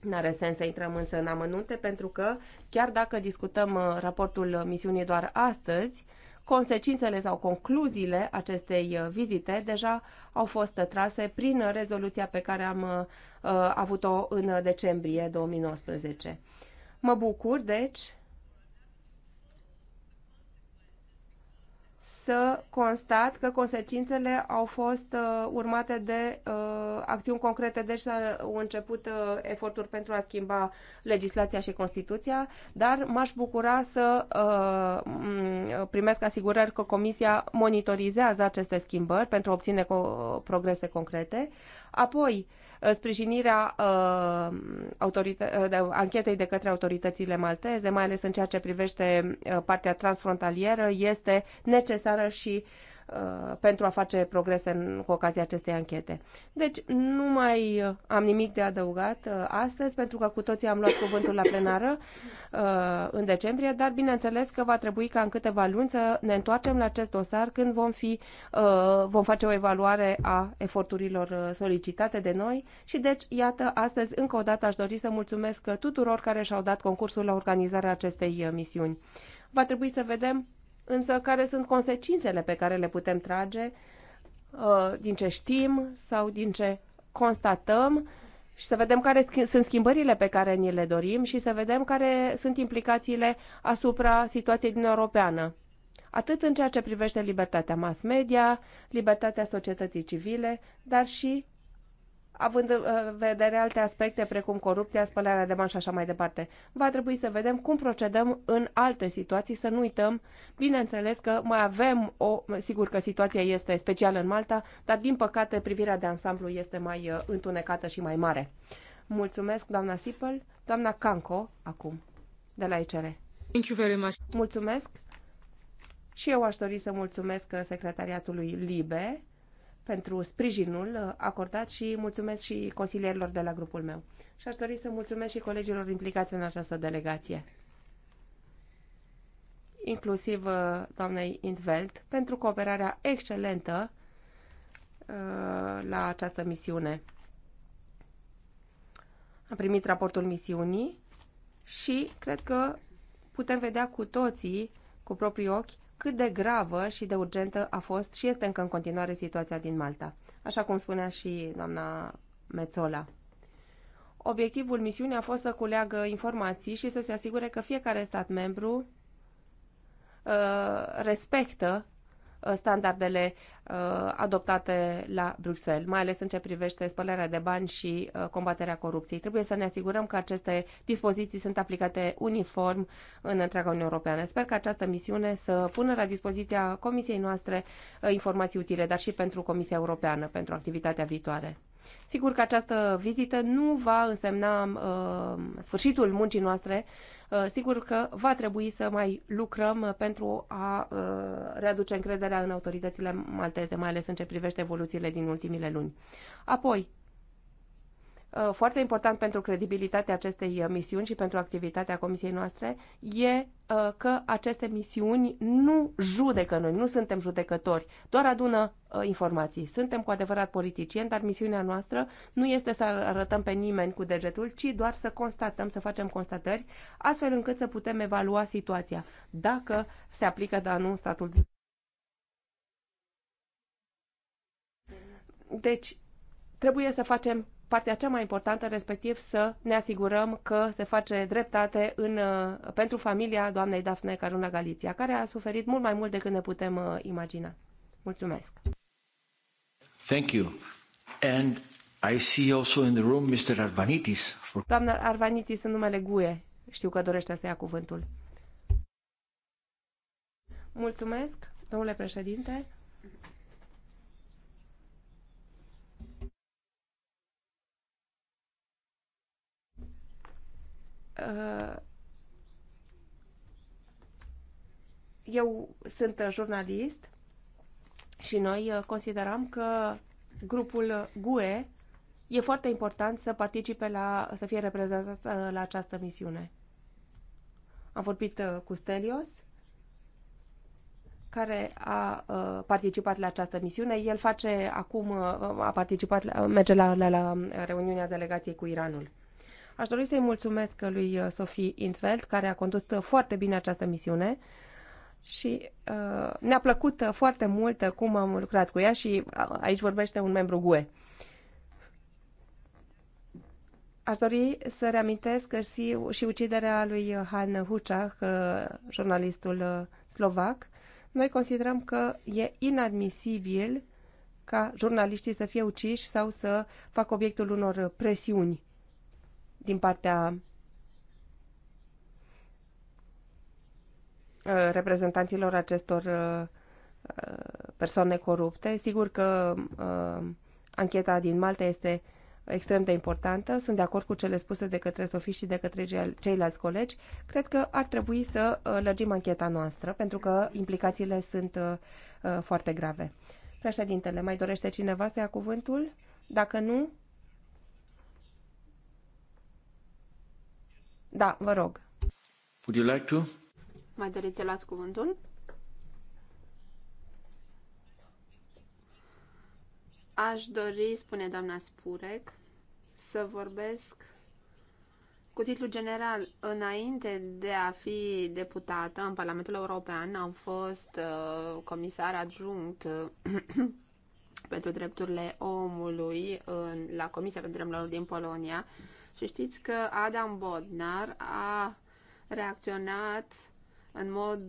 N-are sens să intrăm însă în amănunte pentru că, chiar dacă discutăm raportul misiunii doar astăzi, consecințele sau concluziile acestei vizite deja au fost trase prin rezoluția pe care am avut-o în decembrie 2019. Mă bucur, deci, să constat că consecințele au fost uh, urmate de uh, acțiuni concrete, deci s-au început uh, eforturi pentru a schimba legislația și Constituția, dar m-aș bucura să uh, primesc asigurări că Comisia monitorizează aceste schimbări pentru a obține co progrese concrete. Apoi, uh, Uh, sprijinirea uh, uh anchetei de către autoritățile malteze, mai ales în ceea ce privește uh, partea transfrontalieră, este necesară și uh, Uh, pentru a face progrese în, cu ocazia acestei anchete. Deci nu mai am nimic de adăugat uh, astăzi, pentru că cu toții am luat cuvântul la plenară uh, în decembrie, dar bineînțeles că va trebui ca în câteva luni să ne întoarcem la acest dosar când vom, fi, vom face o evaluare a eforturilor solicitate de noi și deci, iată, astăzi încă o dată aș dori să mulțumesc tuturor care și-au dat concursul la organizarea acestei misiuni. Va trebui să vedem însă care sunt consecințele pe care le putem trage uh, din ce știm sau din ce constatăm și să vedem care sunt schimbările pe care ni le dorim și să vedem care sunt implicațiile asupra situației din Europeană. Atât în ceea ce privește libertatea mass media, libertatea societății civile, dar și având în uh, vedere alte aspecte precum corupția, spălarea de bani și așa mai departe. Va trebui să vedem cum procedăm în alte situații, să nu uităm. Bineînțeles că mai avem o, sigur că situația este specială în Malta, dar din păcate privirea de ansamblu este mai uh, întunecată și mai mare. Mulțumesc, doamna Sipăl, doamna Canco, acum, de la ECR. Thank you very much. Mulțumesc. Și eu aș dori să mulțumesc uh, secretariatului LIBE, pentru sprijinul uh, acordat și mulțumesc și consilierilor de la grupul meu. Și aș dori să mulțumesc și colegilor implicați în această delegație, inclusiv uh, doamnei Intveld, pentru cooperarea excelentă uh, la această misiune. Am primit raportul misiunii și cred că putem vedea cu toții, cu proprii ochi, cât de gravă și de urgentă a fost și este încă în continuare situația din Malta, așa cum spunea și doamna Mețola. Obiectivul misiunii a fost să culeagă informații și să se asigure că fiecare stat membru uh, respectă Uh, standardele uh, adoptate la Bruxelles, mai ales în ce privește spălarea de bani și uh, combaterea corupției. Trebuie să ne asigurăm că aceste dispoziții sunt aplicate uniform în întreaga Uniune Europeană. Sper că această misiune să pună la dispoziția Comisiei noastre informații utile, dar și pentru Comisia Europeană, pentru activitatea viitoare. Sigur că această vizită nu va însemna uh, sfârșitul muncii noastre uh, Uh, sigur că va trebui să mai lucrăm uh, pentru a uh, readuce încrederea în autoritățile malteze, mai ales în ce privește evoluțiile din ultimile luni. Apoi, Uh, foarte important pentru credibilitatea acestei uh, misiuni și pentru activitatea comisiei noastre e uh, că aceste misiuni nu judecă noi, nu suntem judecători, doar adună informații. Suntem cu adevărat politicieni, dar misiunea noastră nu este să arătăm pe nimeni cu degetul, ci doar să constatăm, să facem constatări, astfel încât să putem evalua situația, dacă se aplică, dar nu statul. Deci, trebuie să facem partea cea mai importantă, respectiv să ne asigurăm că se face dreptate în, uh, pentru familia doamnei Dafne Caruna Galiția, care a suferit mult mai mult decât ne putem uh, imagina. Mulțumesc! Thank you. And I see also in the room Mr. Arvanitis. For... Doamna Arvanitis, în numele GUE, știu că dorește să ia cuvântul. Mulțumesc, domnule președinte. Uh, eu sunt jurnalist și noi uh, considerăm că grupul GUE e foarte important să participe la, să fie reprezentat uh, la această misiune. Am vorbit cu Stelios, care a participat la această misiune. El face acum, a participat, merge la, la, la reuniunea delegației cu Iranul. Aș dori să-i mulțumesc lui uh, Sofie Intveld, care a condus uh, foarte bine această misiune și uh, ne-a plăcut uh, foarte mult cum am lucrat cu ea și aici vorbește un membru GUE. Aș dori să reamintesc că și, și uciderea lui Han Huchach, jurnalistul slovac. Noi considerăm că e inadmisibil ca jurnaliștii să fie uciși sau să facă obiectul unor presiuni din partea uh, reprezentanților acestor uh, uh, persoane corupte. Sigur că ancheta din Malta este extrem de importantă. Sunt de acord cu cele spuse de către Sofie și de către ceilalți colegi. Cred că ar trebui să lărgim ancheta noastră, pentru că implicațiile sunt foarte grave. Președintele, mai dorește cineva să ia cuvântul? Dacă nu, Da, vă rog. Would you like to? Mai doriți să luați cuvântul? Aș dori, spune doamna Spurec, să vorbesc cu titlu general. Înainte de a fi deputată în Parlamentul European, am fost uh, comisar adjunct uh, pentru drepturile omului în, la Comisia pentru Drepturile Omului din Polonia, uh, și știți că Adam Bodnar a reacționat în mod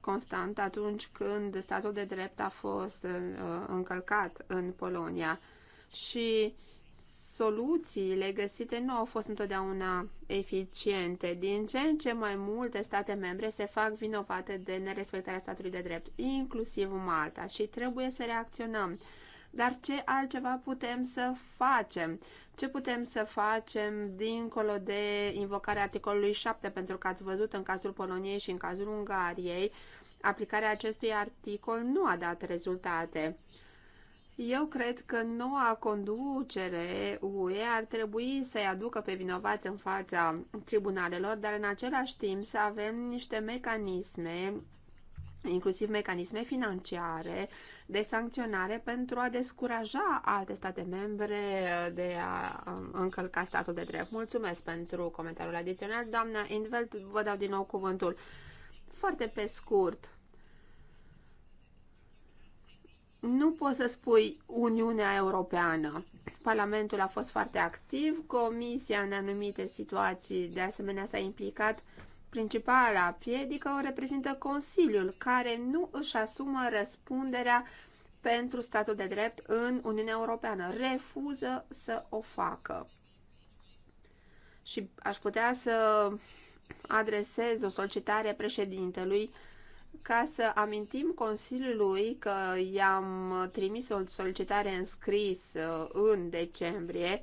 constant atunci când statul de drept a fost uh, încălcat în Polonia și soluțiile găsite nu au fost întotdeauna eficiente. Din ce în ce mai multe state membre se fac vinovate de nerespectarea statului de drept, inclusiv Malta, și trebuie să reacționăm dar ce altceva putem să facem? Ce putem să facem dincolo de invocarea articolului 7? Pentru că ați văzut în cazul Poloniei și în cazul Ungariei, aplicarea acestui articol nu a dat rezultate. Eu cred că noua conducere UE ar trebui să-i aducă pe vinovați în fața tribunalelor, dar în același timp să avem niște mecanisme, inclusiv mecanisme financiare, de sancționare pentru a descuraja alte state membre de a um, încălca statul de drept. Mulțumesc pentru comentariul adițional. Doamna Invelt, vă dau din nou cuvântul. Foarte pe scurt, nu poți să spui Uniunea Europeană. Parlamentul a fost foarte activ, Comisia în anumite situații de asemenea s-a implicat Principala piedică o reprezintă Consiliul, care nu își asumă răspunderea pentru statul de drept în Uniunea Europeană. Refuză să o facă. Și aș putea să adresez o solicitare președintelui ca să amintim Consiliului că i-am trimis o solicitare în scris uh, în decembrie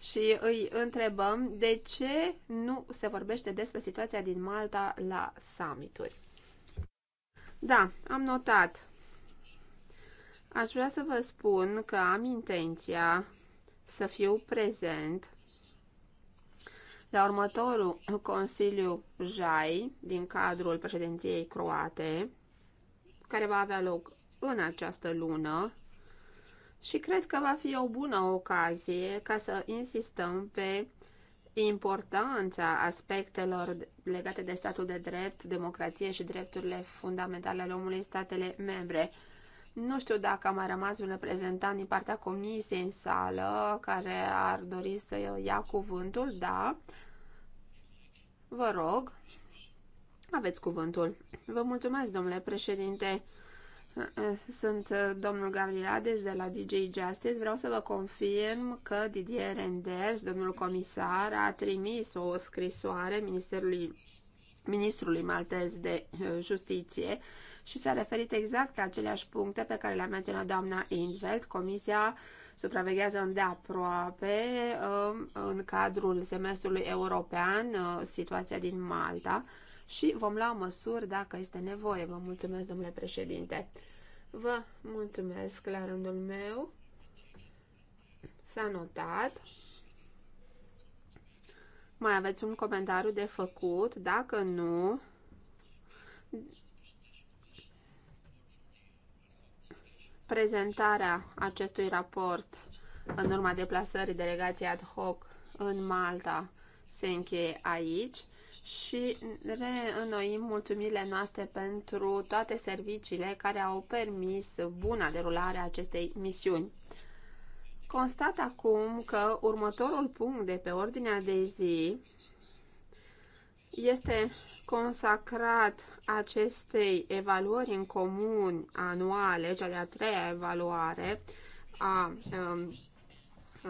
și îi întrebăm de ce nu se vorbește despre situația din Malta la summituri. Da, am notat. Aș vrea să vă spun că am intenția să fiu prezent la următorul Consiliu JAI din cadrul președinției croate, care va avea loc în această lună, și cred că va fi o bună ocazie ca să insistăm pe importanța aspectelor legate de statul de drept, democrație și drepturile fundamentale ale omului în statele membre. Nu știu dacă a mai rămas un reprezentant din partea comisiei în sală care ar dori să ia cuvântul, da. Vă rog, aveți cuvântul. Vă mulțumesc, domnule președinte. Sunt uh, domnul Gavrilades de la DJ Justice. Vreau să vă confirm că Didier Renders, domnul comisar, a trimis o scrisoare Ministerului, Ministrului Maltez de uh, Justiție și s-a referit exact la aceleași puncte pe care le-a menționat doamna Invelt. Comisia supraveghează îndeaproape uh, în cadrul semestrului european situația din Malta și vom lua măsuri dacă este nevoie. Vă mulțumesc, domnule președinte. Vă mulțumesc la rândul meu. S-a notat. Mai aveți un comentariu de făcut? Dacă nu, prezentarea acestui raport în urma deplasării delegației ad hoc în Malta se încheie aici și reînnoim mulțumirile noastre pentru toate serviciile care au permis buna derulare a acestei misiuni. Constat acum că următorul punct de pe ordinea de zi este consacrat acestei evaluări în comun anuale, cea de-a treia evaluare a um,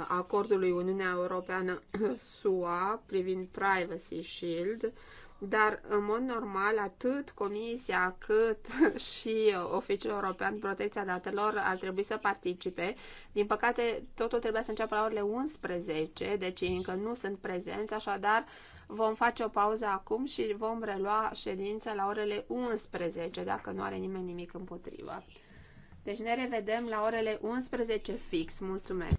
acordului Uniunea Europeană-SUA privind Privacy Shield, dar în mod normal atât Comisia cât și Oficiul European Protecția Datelor ar trebui să participe. Din păcate, totul trebuia să înceapă la orele 11, deci încă nu sunt prezenți, așadar vom face o pauză acum și vom relua ședința la orele 11, dacă nu are nimeni nimic împotrivă. Deci ne revedem la orele 11 fix. Mulțumesc!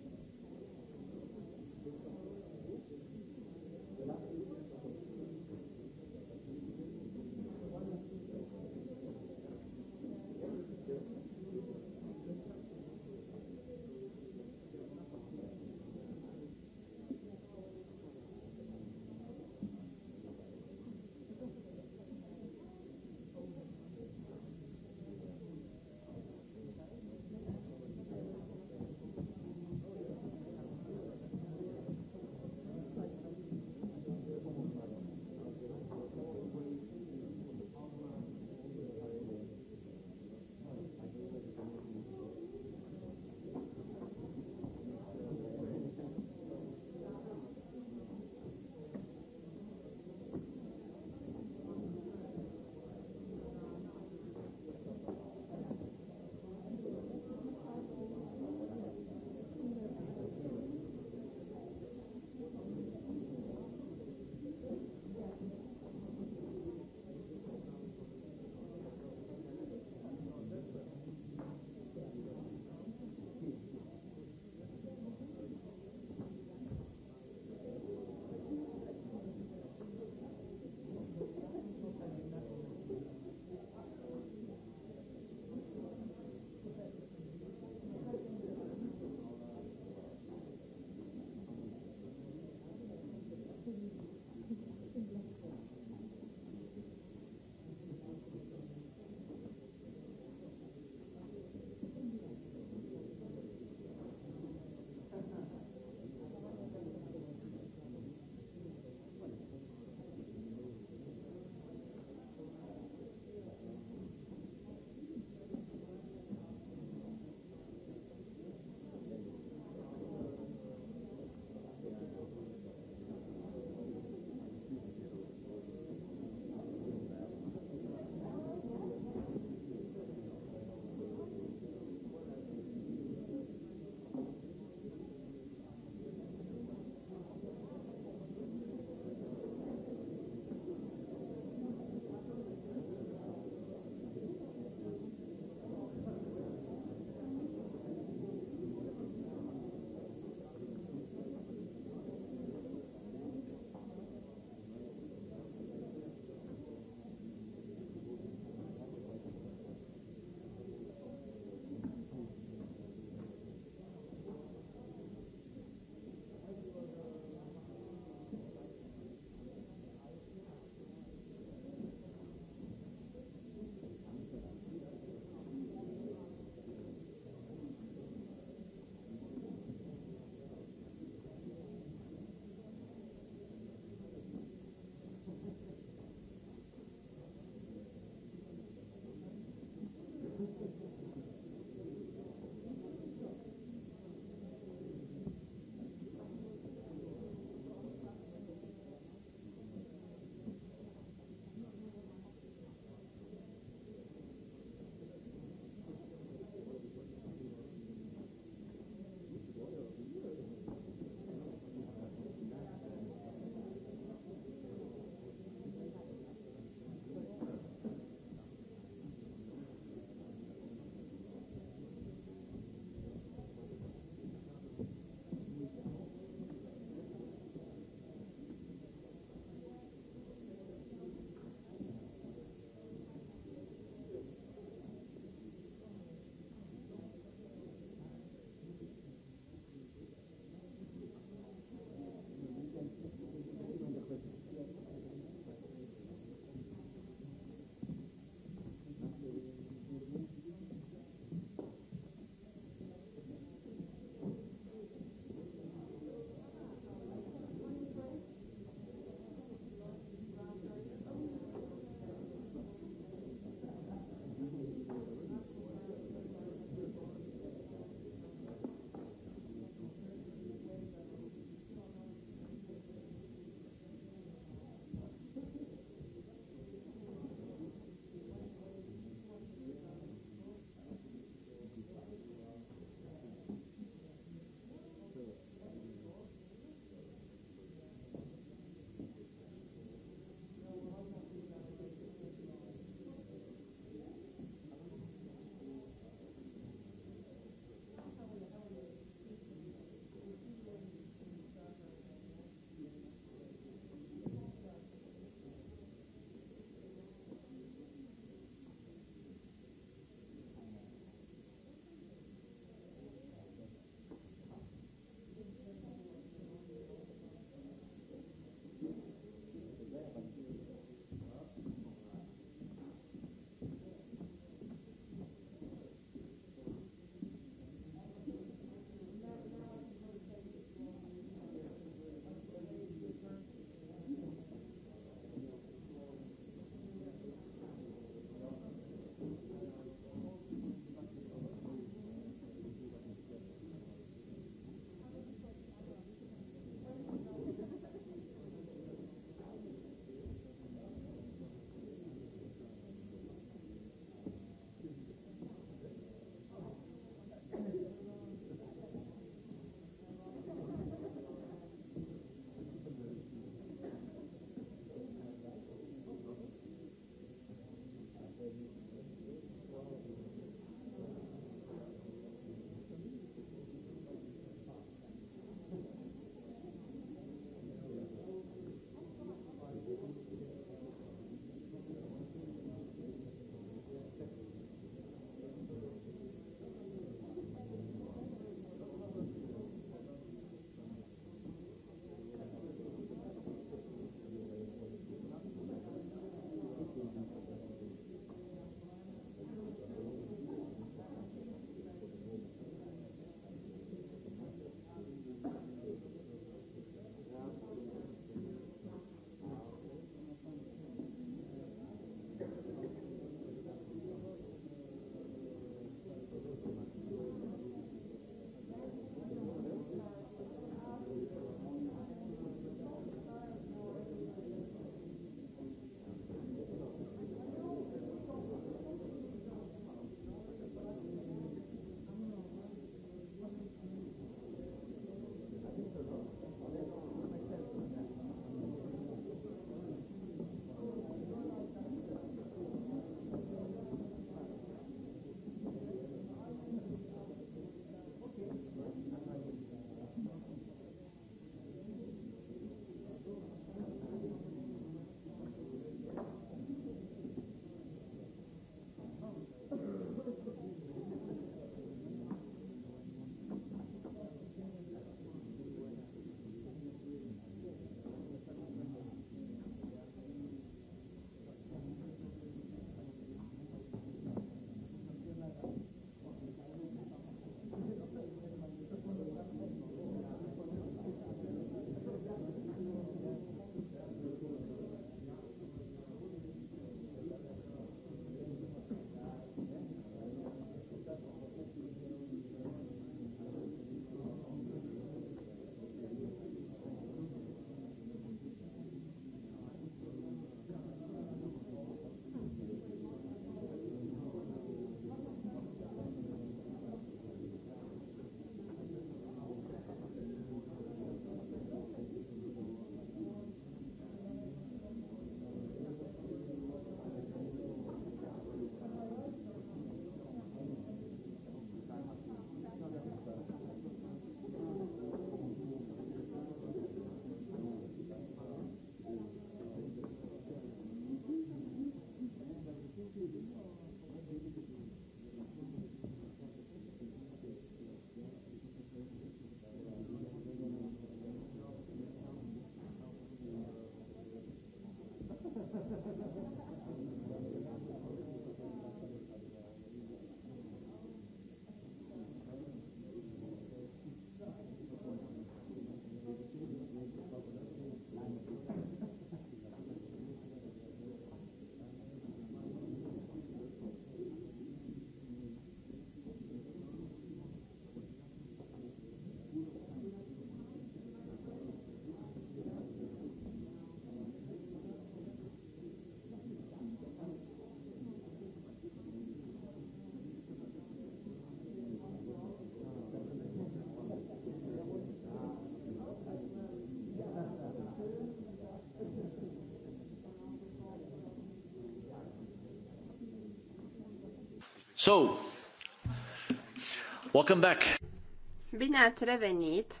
Bine ați revenit.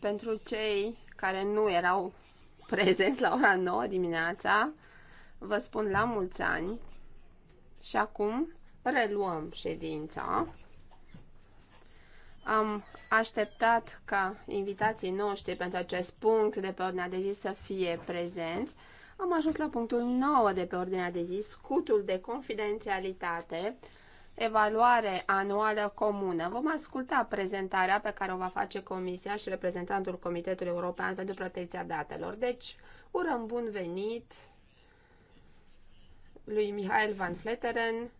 Pentru cei care nu erau prezenți la ora 9 dimineața, vă spun la mulți ani. Și acum reluăm ședința. Am așteptat ca invitații noștri pentru acest punct de pe ordinea de zi să fie prezenți ajuns la punctul 9 de pe ordinea de zi, scutul de confidențialitate, evaluare anuală comună. Vom asculta prezentarea pe care o va face Comisia și reprezentantul Comitetului European pentru Protecția Datelor. Deci, urăm bun venit lui Mihail Van Fleteren.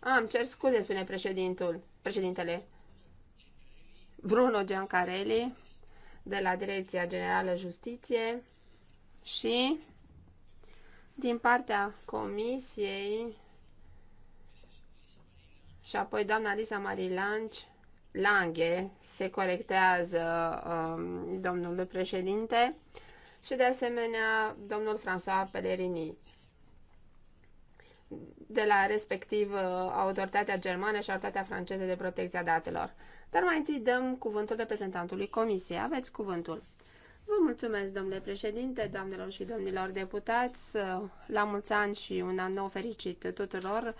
Am ah, cer scuze, spune președintul, președintele Bruno Giancarelli de la Direcția Generală Justiție și din partea comisiei și apoi doamna Lisa Marilanci Lange se corectează um, domnului președinte și de asemenea domnul François Pellerini de la respectiv uh, autoritatea germană și autoritatea franceză de protecție a datelor. Dar mai întâi dăm cuvântul reprezentantului comisiei. Aveți cuvântul. Vă mulțumesc, domnule președinte, doamnelor și domnilor deputați. La mulți ani și un an nou fericit tuturor.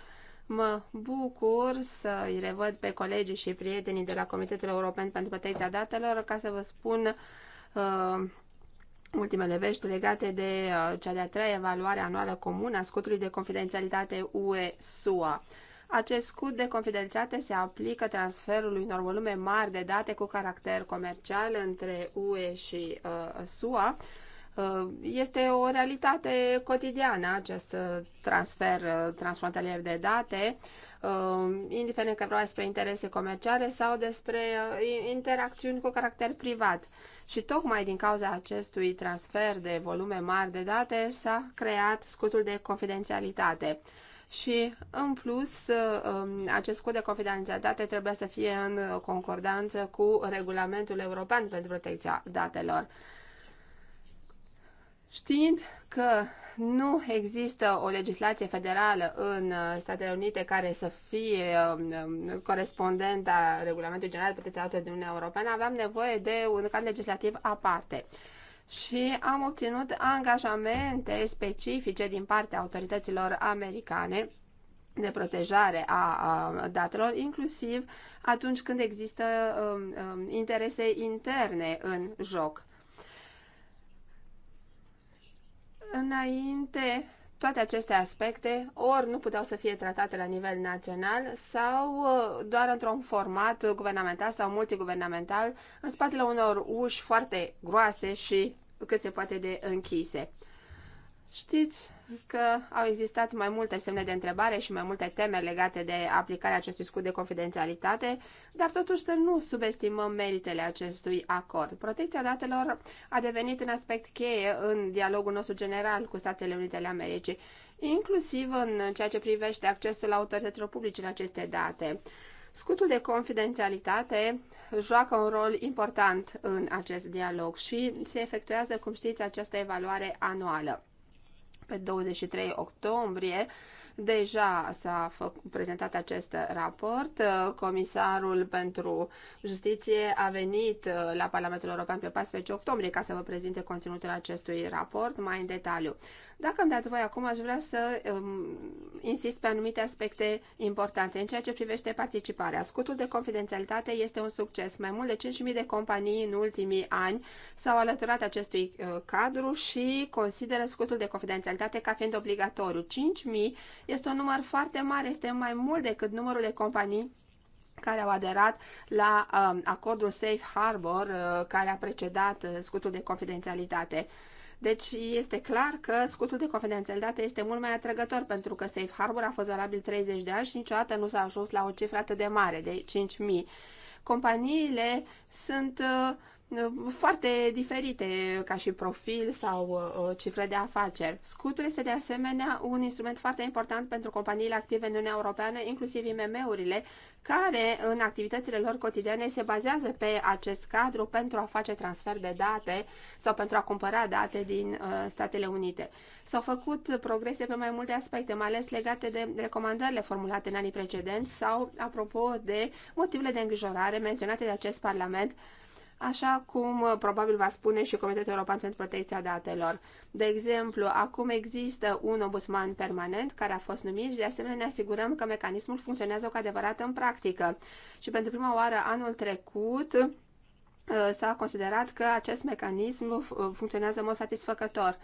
Mă bucur să îi revăd pe colegii și prietenii de la Comitetul European pentru Protecția Datelor ca să vă spun uh, ultimele vești legate de uh, cea de-a treia evaluare anuală comună a scutului de confidențialitate UE-SUA. Acest scut de confidențiate se aplică transferului unor volume mari de date cu caracter comercial între UE și uh, SUA. Uh, este o realitate cotidiană acest uh, transfer uh, transfrontalier de date, uh, indiferent că vreau despre interese comerciale sau despre uh, interacțiuni cu caracter privat. Și tocmai din cauza acestui transfer de volume mari de date s-a creat scutul de confidențialitate și, în plus, um, acest cod de confidențialitate trebuie să fie în concordanță cu regulamentul european pentru protecția datelor. Știind că nu există o legislație federală în Statele Unite care să fie um, um, corespondentă a Regulamentului General de protecția Datelor din Uniunea Europeană, aveam nevoie de un cadru legislativ aparte și am obținut angajamente specifice din partea autorităților americane de protejare a, datelor, inclusiv atunci când există um, um, interese interne în joc. Înainte toate aceste aspecte ori nu puteau să fie tratate la nivel național sau uh, doar într-un format guvernamental sau multiguvernamental în spatele unor uși foarte groase și cât se poate de închise. Știți că au existat mai multe semne de întrebare și mai multe teme legate de aplicarea acestui scut de confidențialitate, dar totuși să nu subestimăm meritele acestui acord. Protecția datelor a devenit un aspect cheie în dialogul nostru general cu Statele Unite ale Americii, inclusiv în ceea ce privește accesul autorităților publice la aceste date. Scutul de confidențialitate joacă un rol important în acest dialog și se efectuează, cum știți, această evaluare anuală. Pe 23 octombrie deja s-a prezentat acest raport. Comisarul pentru Justiție a venit uh, la Parlamentul European pe 14 octombrie ca să vă prezinte conținutul acestui raport mai în detaliu. Dacă îmi dați voi acum, aș vrea să um, insist pe anumite aspecte importante în ceea ce privește participarea. Scutul de confidențialitate este un succes. Mai mult de 5.000 de companii în ultimii ani s-au alăturat acestui uh, cadru și consideră scutul de confidențialitate ca fiind obligatoriu. 5.000 este un număr foarte mare, este mai mult decât numărul de companii care au aderat la uh, acordul Safe Harbor uh, care a precedat uh, scutul de confidențialitate. Uh, deci este clar că scutul de confidențialitate este mult mai atrăgător pentru că Safe Harbor a fost valabil 30 de ani și niciodată nu s-a ajuns la o cifră atât de mare, de 5.000. Companiile sunt uh, foarte diferite ca și profil sau uh, cifre de afaceri. Scutul este de asemenea un instrument foarte important pentru companiile active în Uniunea Europeană, inclusiv IMM-urile, care în activitățile lor cotidiane se bazează pe acest cadru pentru a face transfer de date sau pentru a cumpăra date din uh, Statele Unite. S-au făcut progrese pe mai multe aspecte, mai ales legate de recomandările formulate în anii precedenți sau apropo de motivele de îngrijorare menționate de acest Parlament așa cum uh, probabil va spune și Comitetul European pentru Protecția Datelor. De exemplu, acum există un ombudsman permanent care a fost numit și de asemenea ne asigurăm că mecanismul funcționează cu adevărat în practică. Și pentru prima oară anul trecut uh, s-a considerat că acest mecanism uh, funcționează în mod satisfăcător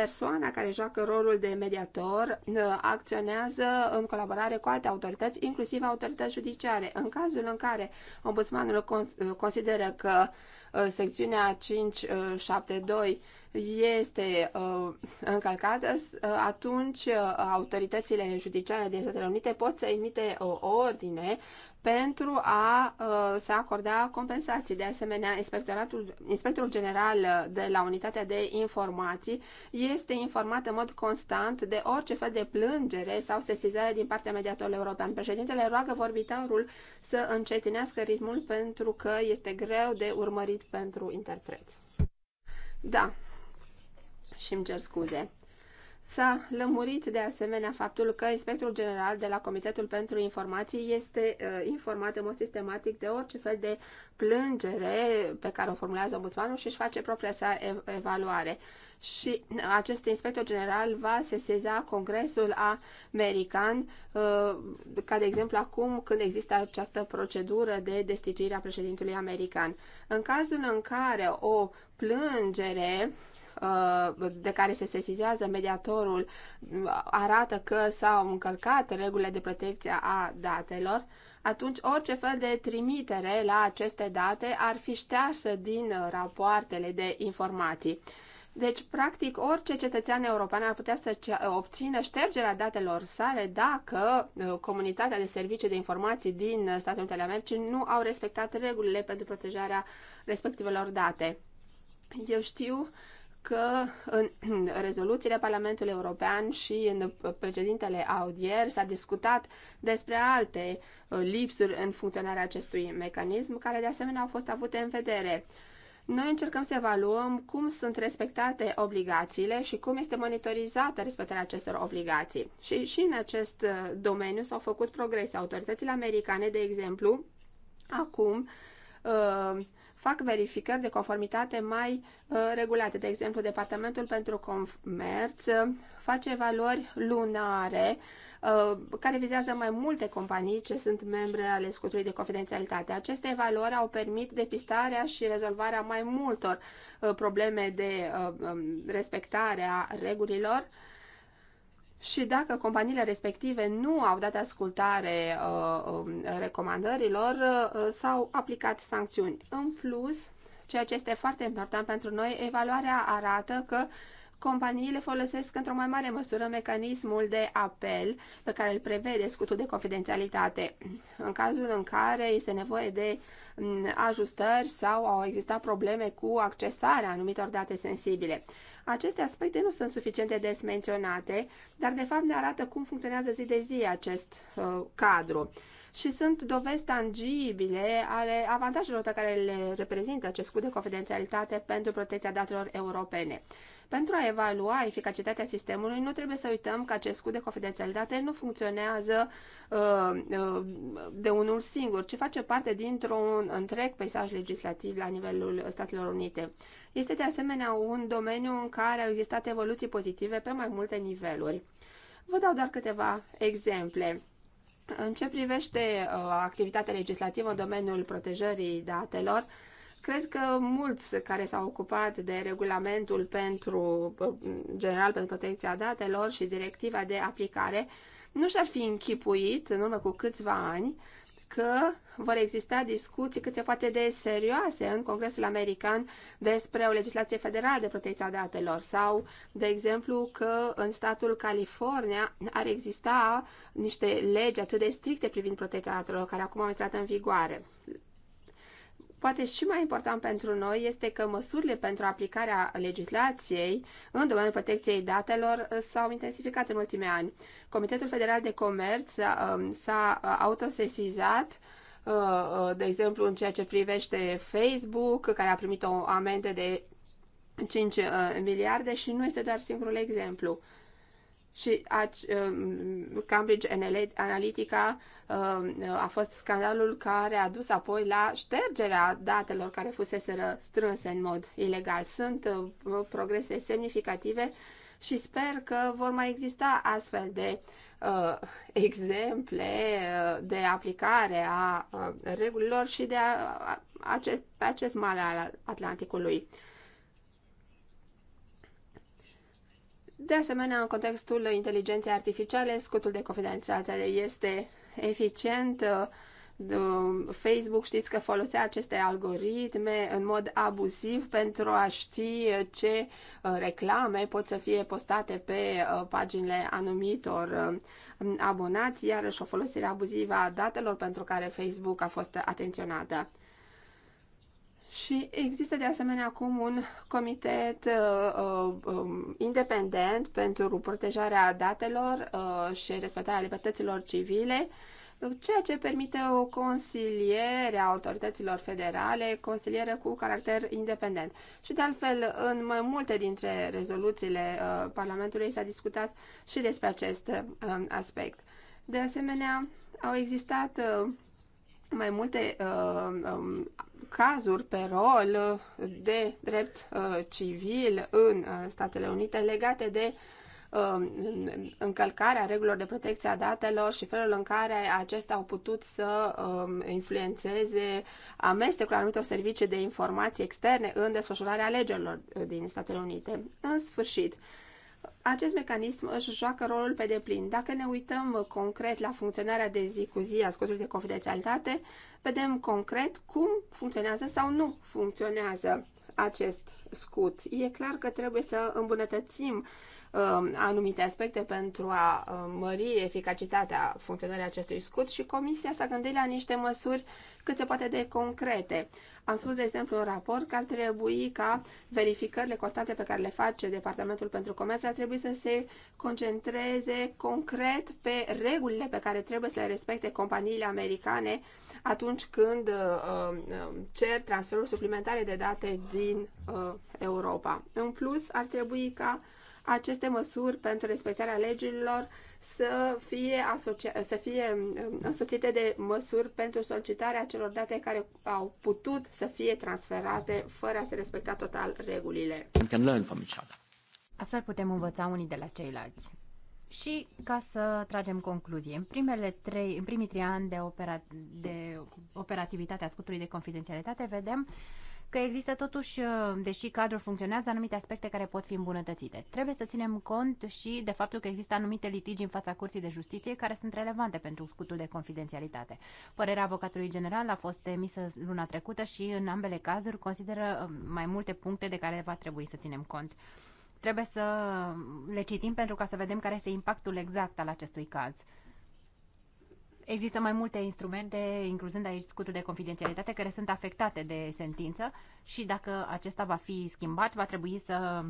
persoana care joacă rolul de mediator uh, acționează în colaborare cu alte autorități, inclusiv autorități judiciare. În cazul în care ombudsmanul uh, consideră că uh, secțiunea 572 este încălcată, atunci autoritățile judiciare din Statele Unite pot să emite o ordine pentru a uh, se acorda compensații. De asemenea, inspectoratul, inspectorul general uh, de la unitatea de informații este informat în mod constant de orice fel de plângere sau sesizare din partea mediatorului european. Președintele roagă vorbitorul să încetinească ritmul pentru că este greu de urmărit pentru interpreți. Da, și îmi cer scuze. S-a lămurit de asemenea faptul că inspectorul general de la Comitetul pentru Informații este uh, informat în mod sistematic de orice fel de plângere pe care o formulează ombudsmanul și își face propria sa evaluare. Și acest inspector general va sesiza Congresul American, uh, ca de exemplu acum când există această procedură de destituire a președintelui american. În cazul în care o plângere Uh, de care se sesizează mediatorul arată că s-au încălcat regulile de protecție a datelor, atunci orice fel de trimitere la aceste date ar fi ștearsă din rapoartele de informații. Deci, practic, orice cetățean european ar putea să obțină ștergerea datelor sale dacă uh, comunitatea de servicii de informații din Statele Unite ale Americii nu au respectat regulile pentru protejarea respectivelor date. Eu știu că în rezoluțiile Parlamentului European și în precedintele audieri s-a discutat despre alte uh, lipsuri în funcționarea acestui mecanism, care de asemenea au fost avute în vedere. Noi încercăm să evaluăm cum sunt respectate obligațiile și cum este monitorizată respectarea acestor obligații. Și, și în acest uh, domeniu s-au făcut progrese. Autoritățile americane, de exemplu, acum uh, fac verificări de conformitate mai uh, regulate. De exemplu, Departamentul pentru Comerț uh, face valori lunare uh, care vizează mai multe companii ce sunt membre ale scutului de confidențialitate. Aceste valori au permit depistarea și rezolvarea mai multor uh, probleme de uh, um, respectare a regulilor și dacă companiile respective nu au dat ascultare uh, um, recomandărilor, uh, s-au aplicat sancțiuni. În plus, ceea ce este foarte important pentru noi, evaluarea arată că companiile folosesc într-o mai mare măsură mecanismul de apel pe care îl prevede scutul de confidențialitate, în cazul în care este nevoie de mm, ajustări sau au existat probleme cu accesarea anumitor date sensibile. Aceste aspecte nu sunt suficiente de menționate, dar de fapt ne arată cum funcționează zi de zi acest uh, cadru și sunt dovezi tangibile ale avantajelor pe care le reprezintă acest scut de confidențialitate pentru protecția datelor europene. Pentru a evalua eficacitatea sistemului, nu trebuie să uităm că acest scut de confidențialitate nu funcționează uh, uh, de unul singur, ci face parte dintr-un întreg peisaj legislativ la nivelul Statelor Unite. Este de asemenea un domeniu în care au existat evoluții pozitive pe mai multe niveluri. Vă dau doar câteva exemple. În ce privește uh, activitatea legislativă în domeniul protejării datelor, cred că mulți care s-au ocupat de regulamentul pentru uh, general pentru protecția datelor și directiva de aplicare nu și-ar fi închipuit în urmă cu câțiva ani că vor exista discuții cât se poate de serioase în Congresul American despre o legislație federală de protecția datelor sau, de exemplu, că în statul California ar exista niște legi atât de stricte privind protecția datelor care acum au intrat în vigoare. Poate și mai important pentru noi este că măsurile pentru aplicarea legislației în domeniul protecției datelor uh, s-au intensificat în ultimii ani. Comitetul Federal de Comerț uh, um, s-a uh, autosesizat de exemplu în ceea ce privește Facebook, care a primit o amendă de 5 miliarde și nu este doar singurul exemplu și um, Cambridge Analytica um, a fost scandalul care a dus apoi la ștergerea datelor care fusese strânse în mod ilegal. Sunt uh, progrese semnificative și sper că vor mai exista astfel de uh, exemple uh, de aplicare a uh, regulilor și de a, a, acest, pe acest mare al Atlanticului. De asemenea, în contextul inteligenței artificiale, scutul de confidențialitate este eficient. Facebook știți că folosea aceste algoritme în mod abuziv pentru a ști ce uh, reclame pot să fie postate pe uh, paginile anumitor um, abonați, iarăși o folosire abuzivă a datelor pentru care Facebook a fost atenționată. Și există de asemenea acum un comitet uh, uh, um, independent pentru protejarea datelor uh, și respectarea libertăților civile, ceea ce permite o consiliere a autorităților federale, consiliere cu caracter independent. Și de altfel, în mai multe dintre rezoluțiile uh, Parlamentului s-a discutat și despre acest uh, aspect. De asemenea, au existat uh, mai multe uh, um, cazuri pe rol uh, de drept uh, civil în uh, Statele Unite legate de uh, încălcarea regulilor de protecție a datelor și felul în care acestea au putut să uh, influențeze amestecul anumitor servicii de informații externe în desfășurarea alegerilor uh, din Statele Unite. În sfârșit, uh, acest mecanism își joacă rolul pe deplin. Dacă ne uităm concret la funcționarea de zi cu zi a scotului de confidențialitate, vedem concret cum funcționează sau nu funcționează acest scut. E clar că trebuie să îmbunătățim Um, anumite aspecte pentru a um, mări eficacitatea funcționării acestui scut și Comisia s-a gândit la niște măsuri cât se poate de concrete. Am spus, de exemplu, în raport că ar trebui ca verificările constante pe care le face Departamentul pentru Comerț ar trebui să se concentreze concret pe regulile pe care trebuie să le respecte companiile americane atunci când uh, um, cer transferuri suplimentare de date din uh, Europa. În plus, ar trebui ca aceste măsuri pentru respectarea legilor să fie, asocia- să fie um, însoțite de măsuri pentru solicitarea celor date care au putut să fie transferate fără a se respecta total regulile. Astfel putem învăța unii de la ceilalți. Și ca să tragem concluzie, în, primele trei, în primii trei ani de, opera, de operativitate a scutului de confidențialitate vedem uh, că există totuși, uh, deși cadrul funcționează, anumite aspecte care pot fi îmbunătățite. Trebuie să ținem cont și de faptul că există anumite litigi în fața Curții de Justiție care sunt relevante pentru scutul de confidențialitate. Părerea avocatului general a fost emisă luna trecută și în ambele cazuri consideră uh, mai multe puncte de care va trebui să ținem cont trebuie să le citim pentru ca să vedem care este impactul exact al acestui caz. Există mai multe instrumente, incluzând aici scutul de confidențialitate, care sunt afectate de sentință și dacă acesta va fi schimbat, va trebui să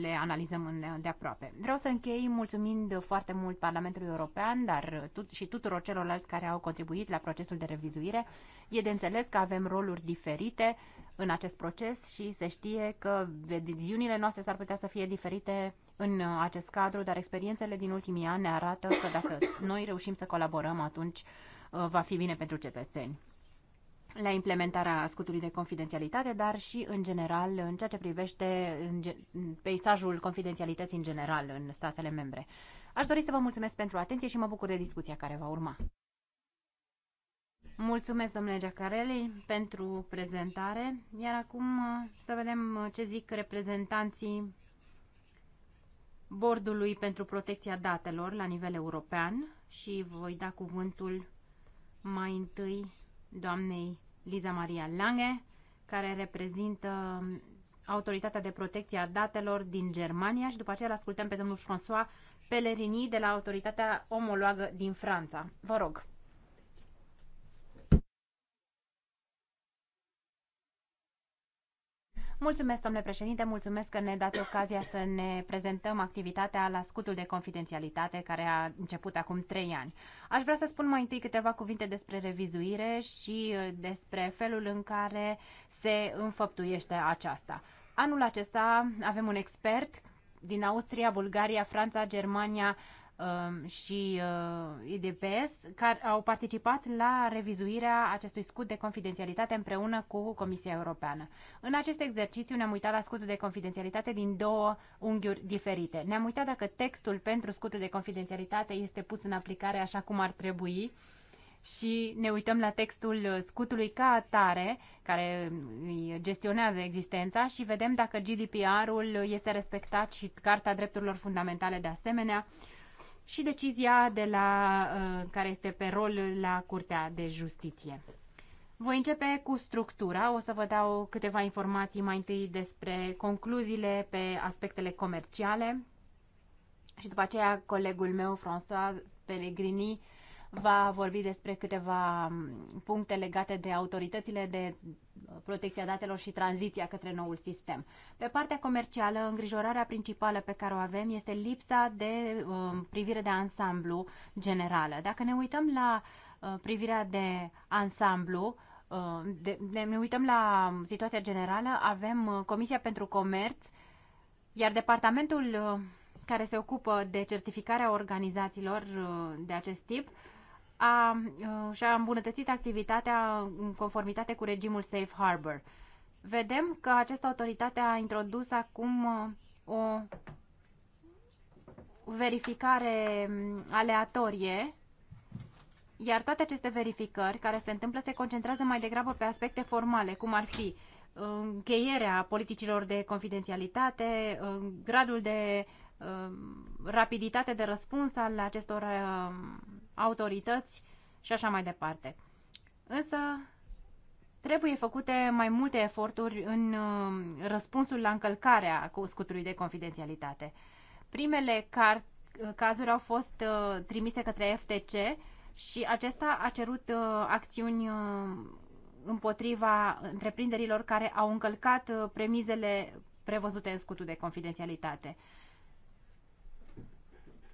le analizăm de aproape. Vreau să închei mulțumind foarte mult Parlamentului European, dar și tuturor celorlalți care au contribuit la procesul de revizuire. E de înțeles că avem roluri diferite în acest proces și se știe că viziunile noastre s-ar putea să fie diferite în acest cadru, dar experiențele din ultimii ani ne arată că dacă noi reușim să colaborăm, atunci uh, va fi bine pentru cetățeni la implementarea scutului de confidențialitate, dar și în general în ceea ce privește peisajul confidențialității în general în statele membre. Aș dori să vă mulțumesc pentru atenție și mă bucur de discuția care va urma. Mulțumesc, domnule Giacarelli, pentru prezentare. Iar acum uh, să vedem uh, ce zic reprezentanții Bordului pentru Protecția Datelor la nivel european și voi da cuvântul mai întâi doamnei Liza Maria Lange, care reprezintă Autoritatea de Protecție a Datelor din Germania și după aceea îl ascultăm pe domnul François Pellerini de la Autoritatea Omologă din Franța. Vă rog! Mulțumesc, domnule președinte, mulțumesc că ne dați ocazia să ne prezentăm activitatea la scutul de confidențialitate care a început acum trei ani. Aș vrea să spun mai întâi câteva cuvinte despre revizuire și uh, despre felul în care se înfăptuiește aceasta. Anul acesta avem un expert din Austria, Bulgaria, Franța, Germania, Um, și uh, IDPS, care au participat la revizuirea acestui scut de confidențialitate împreună cu Comisia Europeană. În acest exercițiu ne-am uitat la scutul de confidențialitate din două unghiuri diferite. Ne-am uitat dacă textul pentru scutul de confidențialitate este pus în aplicare așa cum ar trebui și ne uităm la textul scutului ca atare, care îi gestionează existența și vedem dacă GDPR-ul este respectat și Carta Drepturilor Fundamentale de asemenea și decizia de la, uh, care este pe rol la Curtea de Justiție. Voi începe cu structura, o să vă dau câteva informații mai întâi despre concluziile pe aspectele comerciale și după aceea colegul meu, François Pellegrini, va vorbi despre câteva um, puncte legate de autoritățile de uh, protecția datelor și tranziția către noul sistem. Pe partea comercială, îngrijorarea principală pe care o avem este lipsa de uh, privire de ansamblu generală. Dacă ne uităm la uh, privirea de ansamblu, uh, de, de, ne uităm la um, situația generală, avem uh, Comisia pentru Comerț, iar departamentul care se ocupă de certificarea organizațiilor de acest tip a, uh, și-a îmbunătățit activitatea în conformitate cu regimul Safe Harbor. Vedem că această autoritate a introdus acum uh, o verificare um, aleatorie, iar toate aceste verificări care se întâmplă se concentrează mai degrabă pe aspecte formale, cum ar fi uh, încheierea politicilor de confidențialitate, gradul de rapiditate de răspuns al acestor autorități și așa mai departe. Însă trebuie făcute mai multe eforturi în uh, răspunsul la încălcarea scutului de confidențialitate. Primele car- uh, cazuri au fost uh, trimise către FTC și acesta a cerut acțiuni împotriva întreprinderilor care au încălcat premizele prevăzute în scutul de confidențialitate.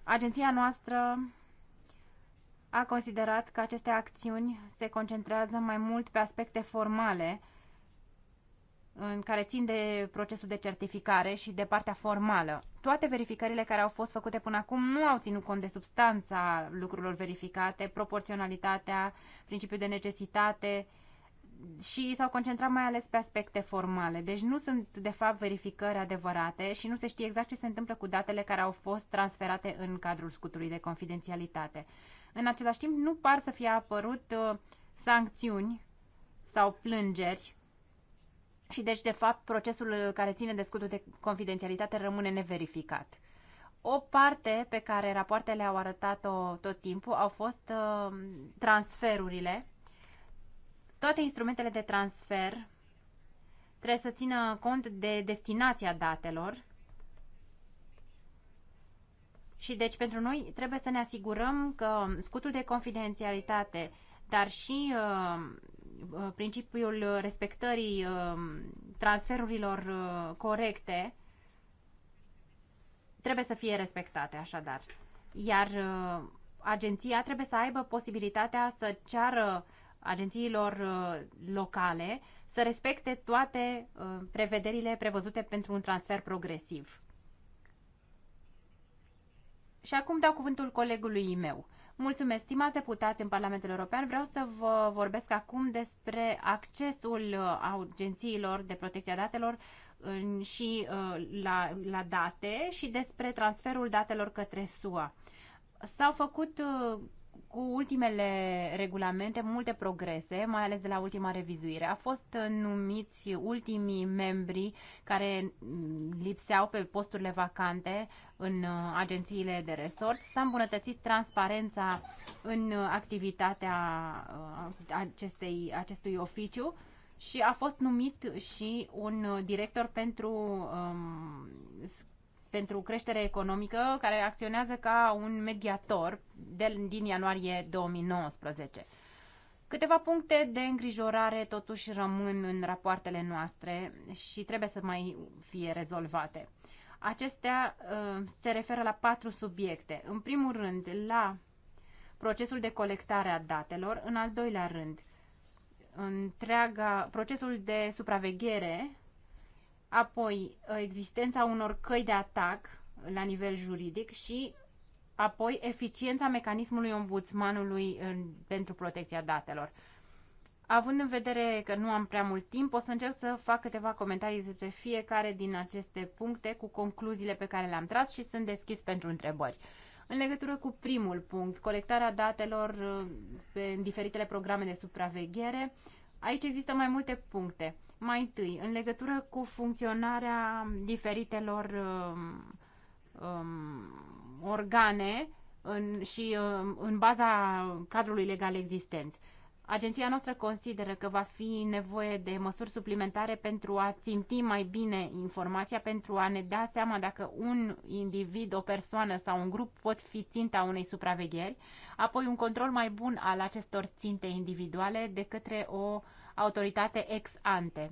Agenția noastră a considerat că aceste acțiuni se concentrează mai mult pe aspecte formale în care țin de procesul de certificare și de partea formală. Toate verificările care au fost făcute până acum nu au ținut cont de substanța lucrurilor verificate, proporționalitatea, principiul de necesitate și s-au concentrat mai ales pe aspecte formale. Deci nu sunt, de fapt, verificări adevărate și nu se știe exact ce se întâmplă cu datele care au fost transferate în cadrul scutului de confidențialitate. În același timp, nu par să fie apărut uh, sancțiuni sau plângeri și deci, de fapt, procesul uh, care ține de scutul de confidențialitate rămâne neverificat. O parte pe care rapoartele au arătat-o tot timpul au fost uh, transferurile. Toate instrumentele de transfer trebuie să țină cont de destinația datelor și deci pentru noi trebuie să ne asigurăm că scutul de confidențialitate, dar și uh, uh, principiul respectării uh, transferurilor uh, corecte trebuie să fie respectate așadar. Iar uh, agenția trebuie să aibă posibilitatea să ceară agențiilor uh, locale să respecte toate uh, prevederile prevăzute pentru un transfer progresiv. Și acum dau cuvântul colegului meu. Mulțumesc, stimați deputați în Parlamentul European. Vreau să vă vorbesc acum despre accesul uh, agențiilor de protecție a datelor și uh, la, la date și despre transferul datelor către SUA. S-au făcut uh, cu ultimele regulamente multe progrese, mai ales de la ultima revizuire. A fost uh, numiți ultimii membri care mm, lipseau pe posturile vacante în uh, agențiile de resort. S-a îmbunătățit transparența în uh, activitatea acestei, acestui oficiu și a fost numit și un director pentru um, pentru creștere economică, care acționează ca un mediator de, din ianuarie 2019. Câteva puncte de îngrijorare totuși rămân în rapoartele noastre și trebuie să mai fie rezolvate. Acestea uh, se referă la patru subiecte. În primul rând, la procesul de colectare a datelor, în al doilea rând, întreaga procesul de supraveghere apoi uh, existența unor căi de atac la nivel juridic și apoi eficiența mecanismului ombudsmanului în, pentru protecția datelor. Având în vedere că nu am prea mult timp, o să încerc să fac câteva comentarii despre fiecare din aceste puncte cu concluziile pe care le-am tras și sunt deschis pentru întrebări. În legătură cu primul punct, colectarea datelor uh, în diferitele programe de supraveghere, aici există mai multe puncte. Mai întâi, în legătură cu funcționarea diferitelor um, um, organe în, și um, în baza cadrului legal existent. Agenția noastră consideră că va fi nevoie de măsuri suplimentare pentru a ținti mai bine informația, pentru a ne da seama dacă un individ, o persoană sau un grup pot fi ținta unei supravegheri, apoi un control mai bun al acestor ținte individuale de către o uh, autoritate ex ante.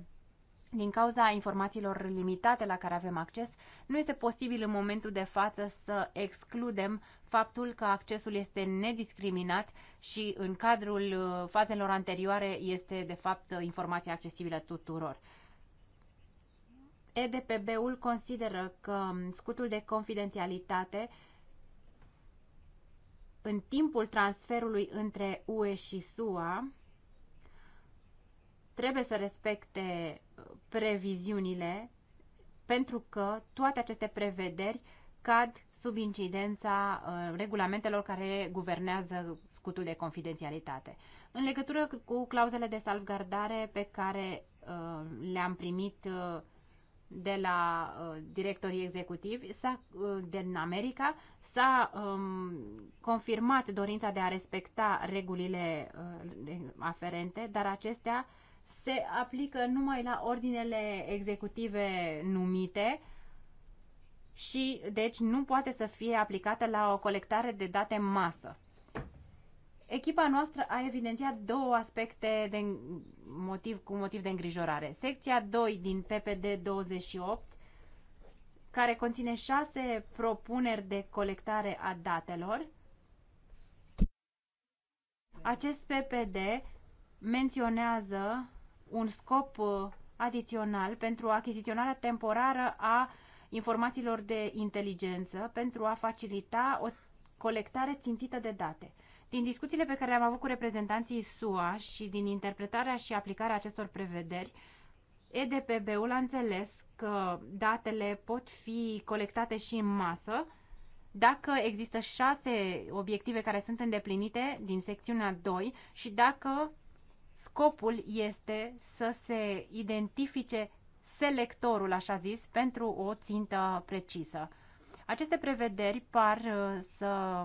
Din cauza informațiilor limitate la care avem acces, nu este posibil în momentul de față să excludem faptul că accesul este nediscriminat și în cadrul uh, fazelor anterioare este de fapt uh, informația accesibilă tuturor. EDPB-ul consideră că um, scutul de confidențialitate în timpul transferului între UE și SUA trebuie să respecte uh, previziunile pentru că toate aceste prevederi cad sub incidența uh, regulamentelor care guvernează scutul de confidențialitate. În legătură cu clauzele de salvgardare pe care uh, le-am primit de la directorii executivi s-a, din America s-a um, confirmat dorința de a respecta regulile uh, aferente, dar acestea uh, se aplică numai la ordinele executive numite și deci nu poate să fie aplicată la o colectare de date în masă. Echipa noastră a evidențiat două aspecte de motiv, cu motiv de îngrijorare. Secția 2 din PPD 28, care conține șase propuneri de colectare a datelor. Acest PPD menționează un scop uh, adițional pentru achiziționarea temporară a informațiilor de inteligență pentru a facilita o colectare țintită de date. Din discuțiile pe care le-am avut cu reprezentanții SUA și din interpretarea și aplicarea acestor prevederi, EDPB-ul a înțeles că datele pot fi colectate și în masă dacă există șase obiective care sunt îndeplinite din secțiunea 2 și dacă Scopul este să se identifice selectorul, așa zis, pentru o țintă precisă. Aceste prevederi par uh, să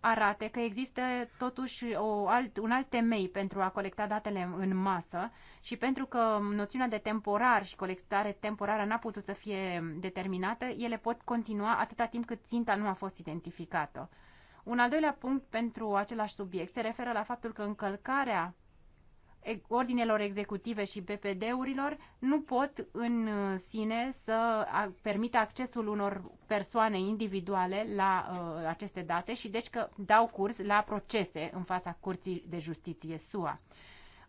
arate că există totuși o alt, un alt temei pentru a colecta datele în masă și pentru că noțiunea de temporar și colectare temporară n-a putut să fie determinată, ele pot continua atâta timp cât ținta nu a fost identificată. Un al doilea punct pentru același subiect se referă la faptul că încălcarea ordinelor executive și PPD-urilor nu pot în uh, sine să permită accesul unor persoane individuale la uh, aceste date și deci că dau curs la procese în fața Curții de Justiție SUA.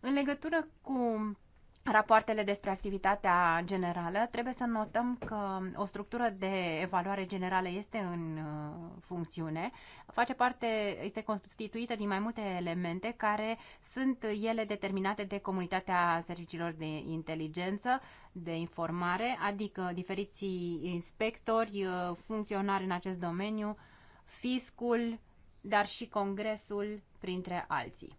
În legătură cu rapoartele despre activitatea generală, trebuie să notăm că o structură de evaluare generală este în uh, funcțiune. Face parte, este constituită din mai multe elemente care sunt ele determinate de comunitatea serviciilor de inteligență, de informare, adică diferiții inspectori, uh, funcționari în acest domeniu, fiscul, dar și congresul, printre alții.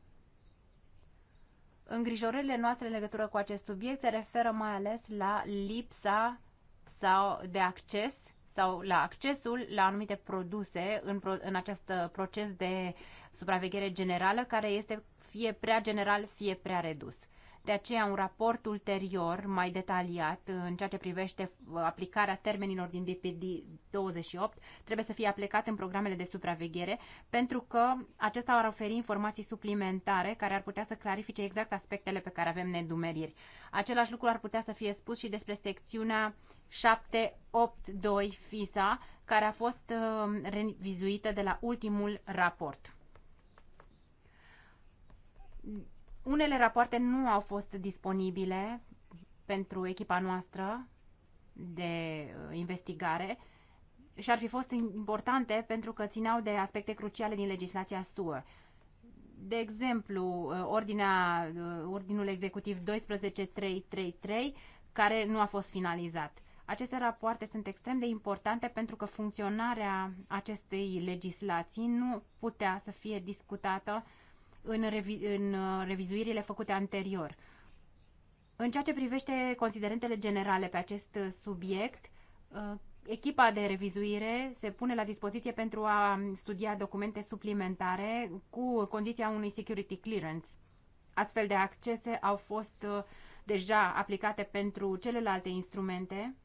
Îngrijorările noastre în legătură cu acest subiect se referă mai ales la lipsa sau de acces sau la accesul la anumite produse în, pro, în acest proces de supraveghere generală care este fie prea general, fie prea redus. De aceea un raport ulterior, mai detaliat, în ceea ce privește uh, aplicarea termenilor din BPD 28, trebuie să fie aplicat în programele de supraveghere, pentru că acesta ar oferi informații suplimentare care ar putea să clarifice exact aspectele pe care avem nedumeriri. Același lucru ar putea să fie spus și despre secțiunea 782 FISA, care a fost uh, revizuită de la ultimul raport unele rapoarte nu au fost disponibile pentru echipa noastră de uh, investigare și ar fi fost importante pentru că țineau de aspecte cruciale din legislația SUE. De exemplu, uh, ordinea, uh, ordinul executiv 12333, care nu a fost finalizat. Aceste rapoarte sunt extrem de importante pentru că funcționarea acestei legislații nu putea să fie discutată uh, în, revi- în uh, revizuirile făcute anterior. În ceea ce privește considerentele generale pe acest uh, subiect, uh, echipa de revizuire se pune la dispoziție pentru a um, studia documente suplimentare cu condiția unui security clearance. Astfel de accese au fost deja aplicate pentru celelalte instrumente,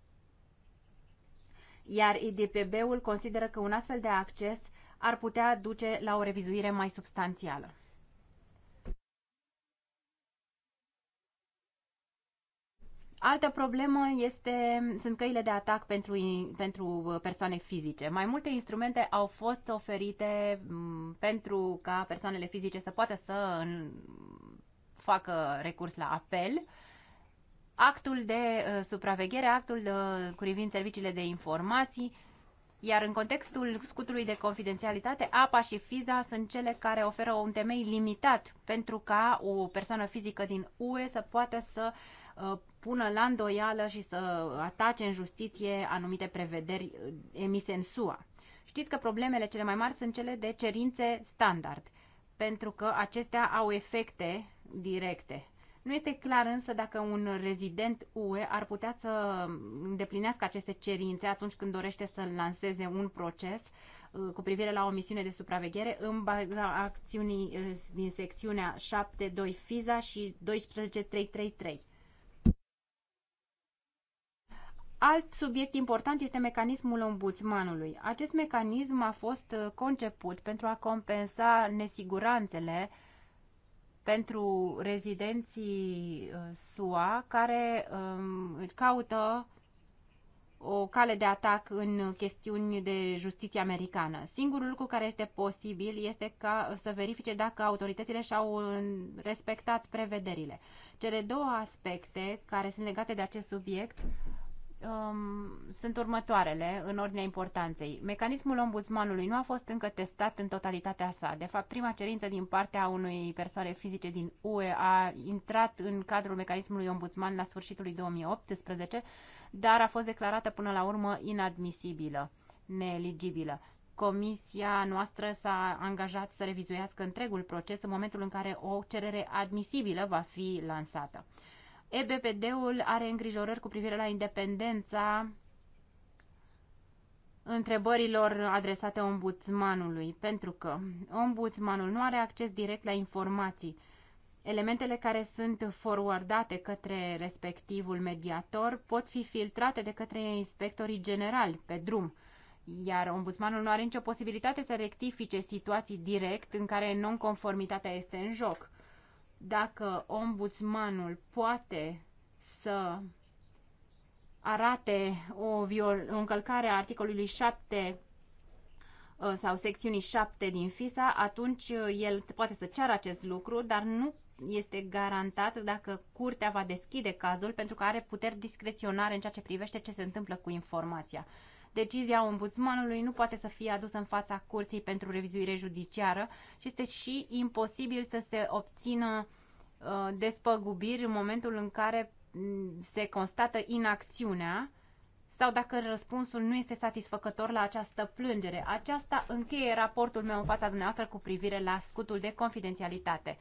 iar IDPB-ul consideră că un astfel de acces ar putea duce la o revizuire mai substanțială. Altă problemă este, sunt căile de atac pentru, pentru uh, persoane fizice. Mai multe instrumente au fost oferite mm, pentru ca persoanele fizice să poată să în, facă recurs la apel. Actul de uh, supraveghere, actul uh, privind serviciile de informații, iar în contextul scutului de confidențialitate, APA și FISA sunt cele care oferă un temei limitat pentru ca o persoană fizică din UE să poată să uh, pună la îndoială și să atace în justiție anumite prevederi uh, emise în SUA. Știți că problemele cele mai mari sunt cele de cerințe standard, pentru că acestea au efecte directe. Nu este clar însă dacă un rezident UE ar putea să îndeplinească aceste cerințe atunci când dorește să lanseze un proces uh, cu privire la o misiune de supraveghere în baza acțiunii uh, din secțiunea 7.2 FISA și 12.333. Alt subiect important este mecanismul ombudsmanului. Acest mecanism a fost uh, conceput pentru a compensa nesiguranțele pentru rezidenții uh, SUA care um, caută o cale de atac în chestiuni de justiție americană. Singurul lucru care este posibil este ca să verifice dacă autoritățile și-au uh, respectat prevederile. Cele două aspecte care sunt legate de acest subiect um, sunt următoarele în ordinea importanței. Mecanismul ombudsmanului nu a fost încă testat în totalitatea sa. De fapt, prima cerință din partea unei persoane fizice din UE a intrat în cadrul mecanismului ombudsman la sfârșitul lui 2018, dar a fost declarată până la urmă inadmisibilă, neeligibilă. Comisia noastră s-a angajat să revizuiască întregul proces în momentul în care o cerere admisibilă va fi lansată. EBPD-ul are îngrijorări cu privire la independența întrebărilor adresate ombudsmanului, pentru că ombudsmanul nu are acces direct la informații. Elementele care sunt forwardate către respectivul mediator pot fi filtrate de către inspectorii generali pe drum, iar ombudsmanul nu are nicio posibilitate să rectifice situații direct în care nonconformitatea este în joc dacă ombudsmanul poate să arate o, viol- o încălcare a articolului 7 uh, sau secțiunii 7 din FISA, atunci uh, el poate să ceară acest lucru, dar nu este garantat dacă curtea va deschide cazul pentru că are puteri discreționare în ceea ce privește ce se întâmplă cu informația decizia ombudsmanului nu poate să fie adusă în fața curții pentru revizuire judiciară și este și imposibil să se obțină uh, despăgubiri în momentul în care mm, se constată inacțiunea sau dacă răspunsul nu este satisfăcător la această plângere. Aceasta încheie raportul meu în fața dumneavoastră cu privire la scutul de confidențialitate.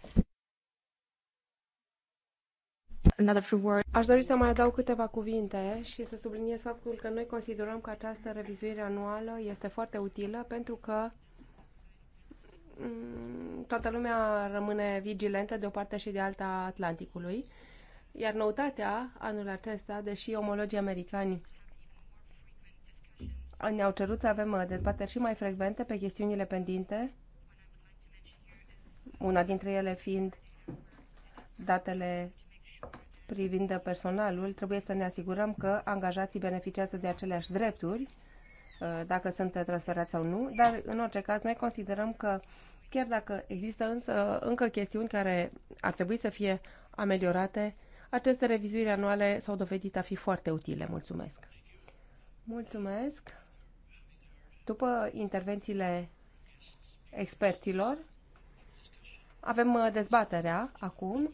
Aș dori să mai adaug câteva cuvinte și să subliniez faptul că noi considerăm că această revizuire anuală este foarte utilă pentru că mm, toată lumea rămâne vigilentă de o parte și de alta Atlanticului. Iar noutatea anul acesta, deși omologii americani ne-au cerut să avem uh, dezbateri și mai frecvente pe chestiunile pendinte, una dintre ele fiind datele privind personalul, trebuie să ne asigurăm că angajații beneficiază de aceleași drepturi, uh, dacă sunt transferați sau nu, dar în orice caz noi considerăm că chiar dacă există însă încă chestiuni care ar trebui să fie ameliorate, aceste revizuiri anuale s-au dovedit a fi foarte utile. Mulțumesc! Mulțumesc! După intervențiile experților, avem uh, dezbaterea acum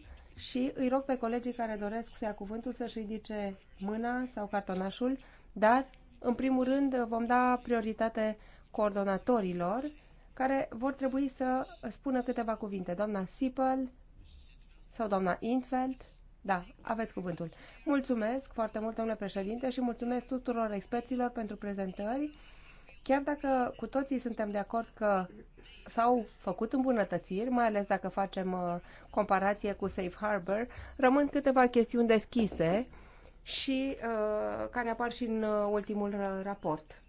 și îi rog pe colegii care doresc să ia cuvântul să-și ridice mâna sau cartonașul, dar, în primul rând, vom da prioritate coordonatorilor care vor trebui să spună câteva cuvinte. Doamna Sipel sau doamna Intveld? Da, aveți cuvântul. Mulțumesc foarte mult, domnule președinte, și mulțumesc tuturor experților pentru prezentări. Chiar dacă cu toții suntem de acord că s-au făcut îmbunătățiri, mai ales dacă facem uh, comparație cu Safe Harbor, rămân câteva chestiuni deschise și uh, care apar și în uh, ultimul uh, raport.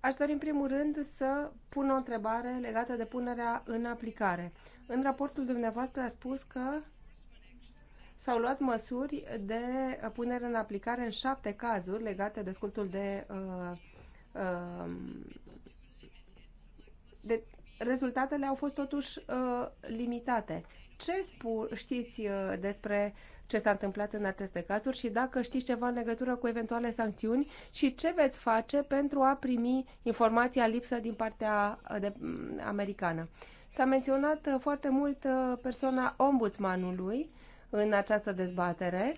Aș dori în primul rând să pun o întrebare legată de punerea în aplicare. În raportul dumneavoastră a spus că s-au luat măsuri de punere în aplicare în șapte cazuri legate de scultul de uh, Ehm, de, rezultatele au fost totuși uh, limitate. Ce spu- știți uh, despre ce s-a întâmplat în aceste cazuri și dacă știți ceva în legătură cu eventuale sancțiuni și ce veți face pentru a primi informația lipsă din partea uh, de, mm, americană. S-a menționat uh, foarte mult uh, persoana ombudsmanului în această dezbatere.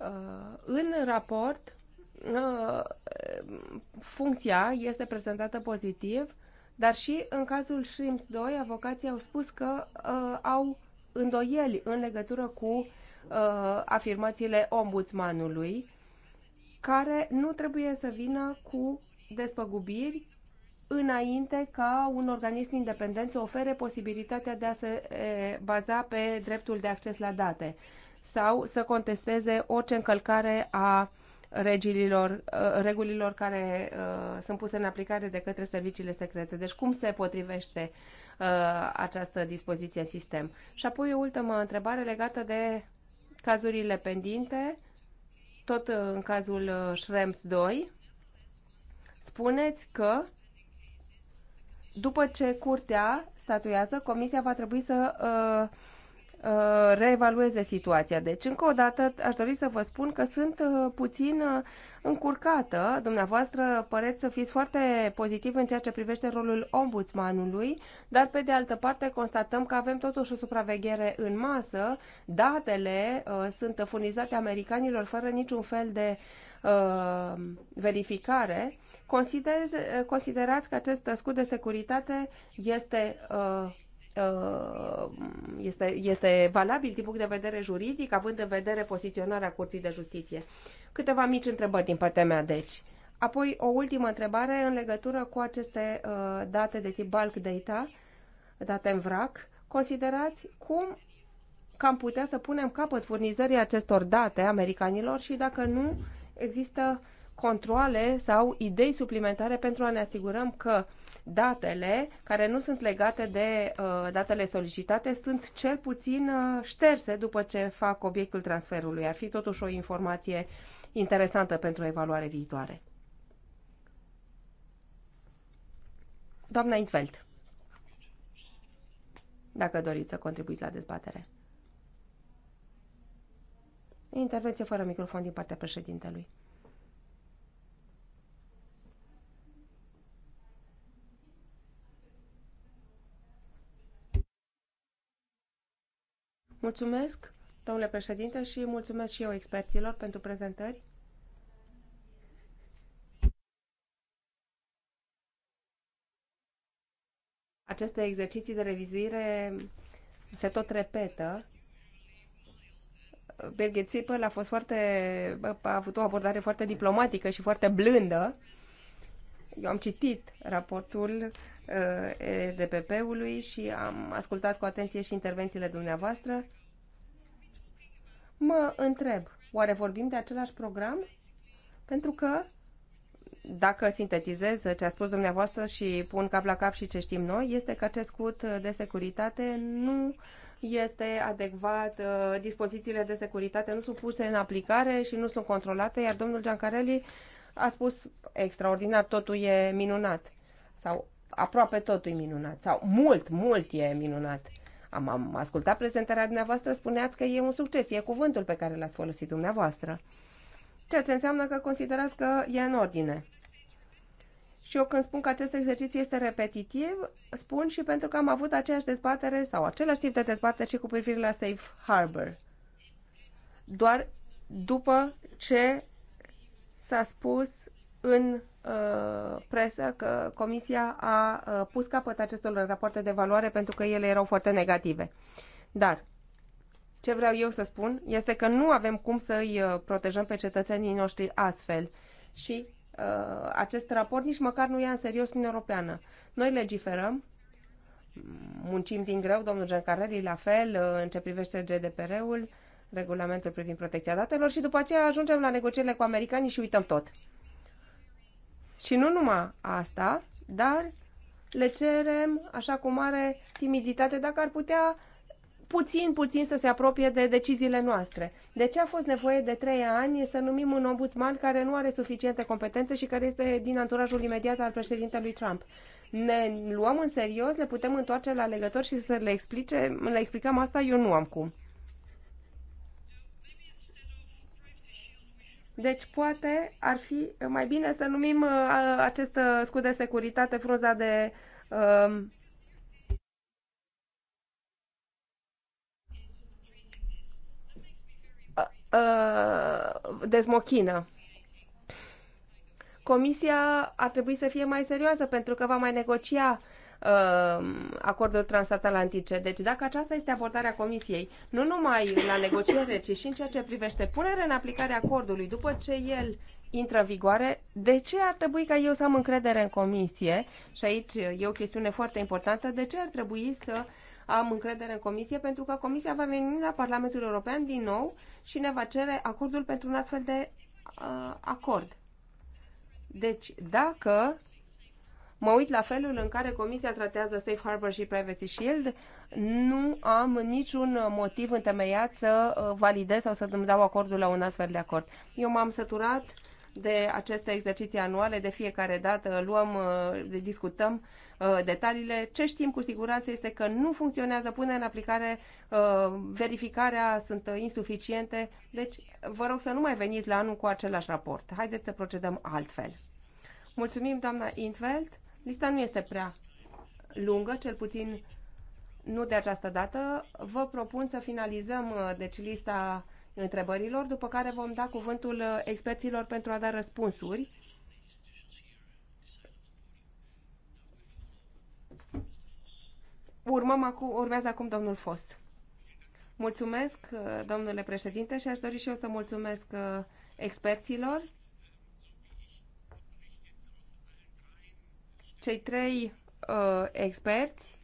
Uh, în raport, Uh, funcția este prezentată pozitiv, dar și în cazul Shrimps 2, avocații au spus că uh, au îndoieli în legătură cu uh, afirmațiile ombudsmanului, care nu trebuie să vină cu despăgubiri înainte ca un organism independent să ofere posibilitatea de a se baza pe dreptul de acces la date sau să contesteze orice încălcare a uh, regililor, uh, regulilor care uh, sunt puse în aplicare de către serviciile secrete. Deci cum se potrivește uh, această dispoziție în sistem? Și apoi o ultimă întrebare legată de cazurile pendinte, tot în cazul Schrems 2. Spuneți că după ce curtea statuiază, comisia va trebui să uh, Uh, reevalueze situația. Deci, încă o dată, aș dori să vă spun că sunt uh, puțin uh, încurcată. Dumneavoastră păreți să fiți foarte pozitiv în ceea ce privește rolul ombudsmanului, dar, pe de altă parte, constatăm că avem totuși o supraveghere în masă. Datele sunt furnizate americanilor fără niciun fel de verificare. Consider, considerați că acest scut de securitate este uh, Uh, este, este valabil din punct de vedere juridic, având în vedere poziționarea Curții de Justiție. Câteva mici întrebări din partea mea, deci. Apoi, o ultimă întrebare în legătură cu aceste uh, date de tip bulk data, date în vrac. Considerați cum cam putea să punem capăt furnizării acestor date americanilor și dacă nu există controle sau idei suplimentare pentru a ne asigurăm că uh, datele care nu sunt legate de uh, datele solicitate sunt cel puțin uh, șterse după ce fac obiectul transferului. Ar fi totuși o informație interesantă pentru evaluare viitoare. Doamna Intveld, dacă doriți să contribuiți la dezbatere. Intervenție fără microfon din partea președintelui. Mulțumesc, domnule președinte, și mulțumesc și eu experților pentru prezentări. Aceste exerciții de revizuire se tot repetă. Birgit Sipel a fost foarte, a avut o abordare foarte diplomatică și foarte blândă. Eu am citit raportul Uh, EDPP-ului și am ascultat cu atenție și intervențiile dumneavoastră. Mă întreb, oare vorbim de același program? Pentru că, dacă sintetizez ce a spus dumneavoastră și pun cap la cap și ce știm noi, este că acest scut de securitate nu este adecvat, uh, dispozițiile de securitate nu sunt puse în aplicare și nu sunt controlate, iar domnul Giancarelli a spus extraordinar, totul e minunat. Sau aproape totul e minunat sau mult, mult e minunat. Am, am ascultat prezentarea dumneavoastră, spuneați că e un succes, e cuvântul pe care l-ați folosit dumneavoastră. Ceea ce înseamnă că considerați că e în ordine. Și eu când spun că acest exercițiu este repetitiv, spun și pentru că am avut aceeași dezbatere sau același tip de dezbatere și cu privire la Safe Harbor. Doar după ce s-a spus în uh, presă că Comisia a uh, pus capăt acestor rapoarte de valoare pentru că ele erau foarte negative. Dar ce vreau eu să spun este că nu avem cum să îi uh, protejăm pe cetățenii noștri astfel și uh, acest raport nici măcar nu ia în serios în Europeană. Noi legiferăm, muncim din greu, domnul Giancarelli la fel, în ce privește GDPR-ul, regulamentul privind protecția datelor și după aceea ajungem la negocierile cu americanii și uităm tot. Și nu numai asta, dar le cerem așa cu mare timiditate dacă ar putea puțin, puțin să se apropie de deciziile noastre. De ce a fost nevoie de trei ani să numim un ombudsman care nu are suficiente competențe și care este din anturajul imediat al președintelui Trump? Ne luăm în serios, le putem întoarce la legători și să le, explice, le explicăm asta, eu nu am cum. Deci poate ar fi mai bine să numim uh, acest uh, scut de securitate frunza de um, uh, Comisia ar trebui să fie mai serioasă pentru că va mai negocia uh, Um, acorduri transatlantice. Deci dacă aceasta este abordarea Comisiei, nu numai la negociere, ci și în ceea ce privește punerea în aplicare acordului după ce el intră în vigoare, de ce ar trebui ca eu să am încredere în Comisie? Și aici e o chestiune foarte importantă. De ce ar trebui să am încredere în Comisie? Pentru că Comisia va veni la Parlamentul European din nou și ne va cere acordul pentru un astfel de uh, acord. Deci, dacă mă uit la felul în care Comisia tratează Safe Harbor și Privacy Shield, nu am niciun motiv întemeiat să uh, validez sau să îmi dau acordul la un astfel de acord. Eu m-am săturat de aceste exerciții anuale, de fiecare dată luăm, uh, discutăm uh, detaliile. Ce știm cu siguranță este că nu funcționează până în aplicare, verificarea sunt insuficiente, deci vă rog să nu mai veniți la anul cu același raport. Haideți să procedăm altfel. Mulțumim, doamna Intveld. Lista nu este prea lungă, cel puțin nu de această dată. Vă propun să finalizăm uh, deci lista întrebărilor, după care vom da cuvântul uh, experților pentru a da răspunsuri. Urmăm acu urmează acum domnul Fos. Mulțumesc, uh, domnule președinte, și aș dori și eu să mulțumesc experților Cei trei uh, experți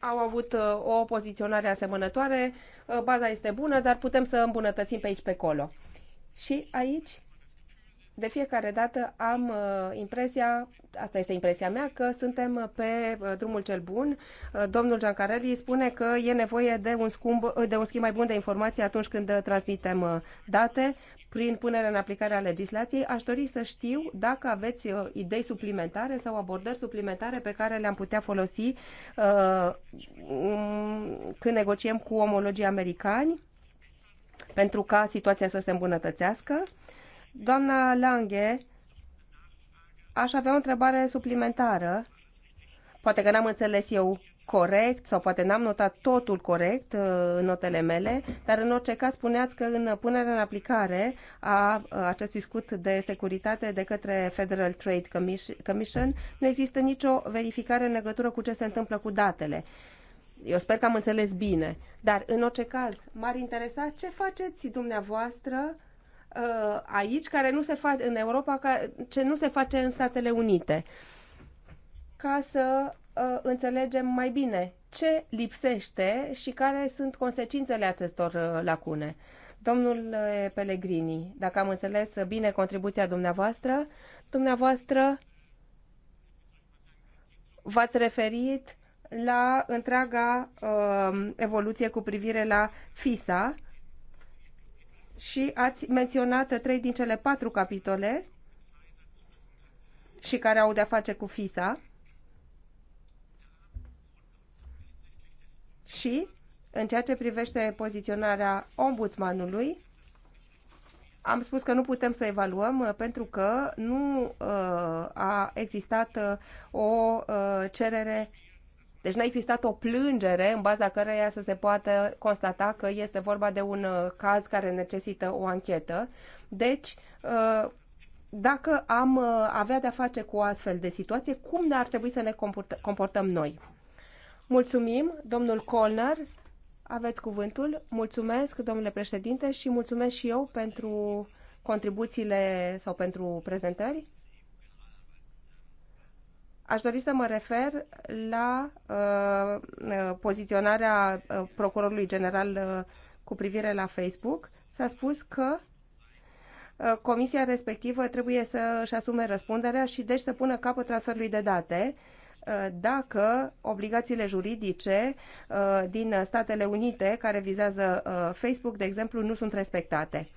au avut uh, o poziționare asemănătoare, uh, baza este bună, dar putem să îmbunătățim pe aici, pe acolo. Și aici, de fiecare dată, am uh, impresia, asta este impresia mea, că suntem pe uh, drumul cel bun. Uh, domnul Giancarelli spune că e nevoie de un, scumb, de un schimb mai bun de informații atunci când transmitem uh, date prin punerea în aplicare a legislației, aș dori să știu dacă aveți uh, idei suplimentare sau abordări suplimentare pe care le-am putea folosi uh, um, când negociem cu omologii americani pentru ca situația să se îmbunătățească. Doamna Lange, aș avea o întrebare suplimentară. Poate că n-am înțeles eu corect sau poate n-am notat totul corect uh, în notele mele, dar în orice caz spuneați că în punerea în aplicare a uh, acestui scut de securitate de către Federal Trade Commission nu există nicio verificare în legătură cu ce se întâmplă cu datele. Eu sper că am înțeles bine, dar în orice caz m-ar interesa ce faceți dumneavoastră uh, aici care nu se face în Europa, ce nu se face în Statele Unite ca să Uh, înțelegem mai bine ce lipsește și care sunt consecințele acestor uh, lacune. Domnul uh, Pellegrini, dacă am înțeles bine contribuția dumneavoastră, dumneavoastră v-ați referit la întreaga uh, evoluție cu privire la FISA și ați menționat trei din cele patru capitole și care au de-a face cu FISA. Și, în ceea ce privește poziționarea ombudsmanului, am spus că nu putem să evaluăm uh, pentru că nu uh, a existat uh, o cerere deci n-a existat o plângere în baza căreia să se poată constata că este vorba de un caz care necesită o anchetă. Deci, dacă am avea de-a face cu o astfel de situație, cum ar trebui să ne comportăm noi? Mulțumim, domnul Colnar. Aveți cuvântul. Mulțumesc, domnule președinte, și mulțumesc și eu pentru contribuțiile sau pentru prezentări. Aș dori să mă refer la uh, uh poziționarea uh, procurorului general uh, cu privire la Facebook. S-a spus că uh, comisia respectivă trebuie să își asume răspunderea și deci să pună capăt transferului de date uh, Uh, dacă obligațiile juridice uh, din Statele Unite care vizează uh, Facebook, de exemplu, nu sunt respectate.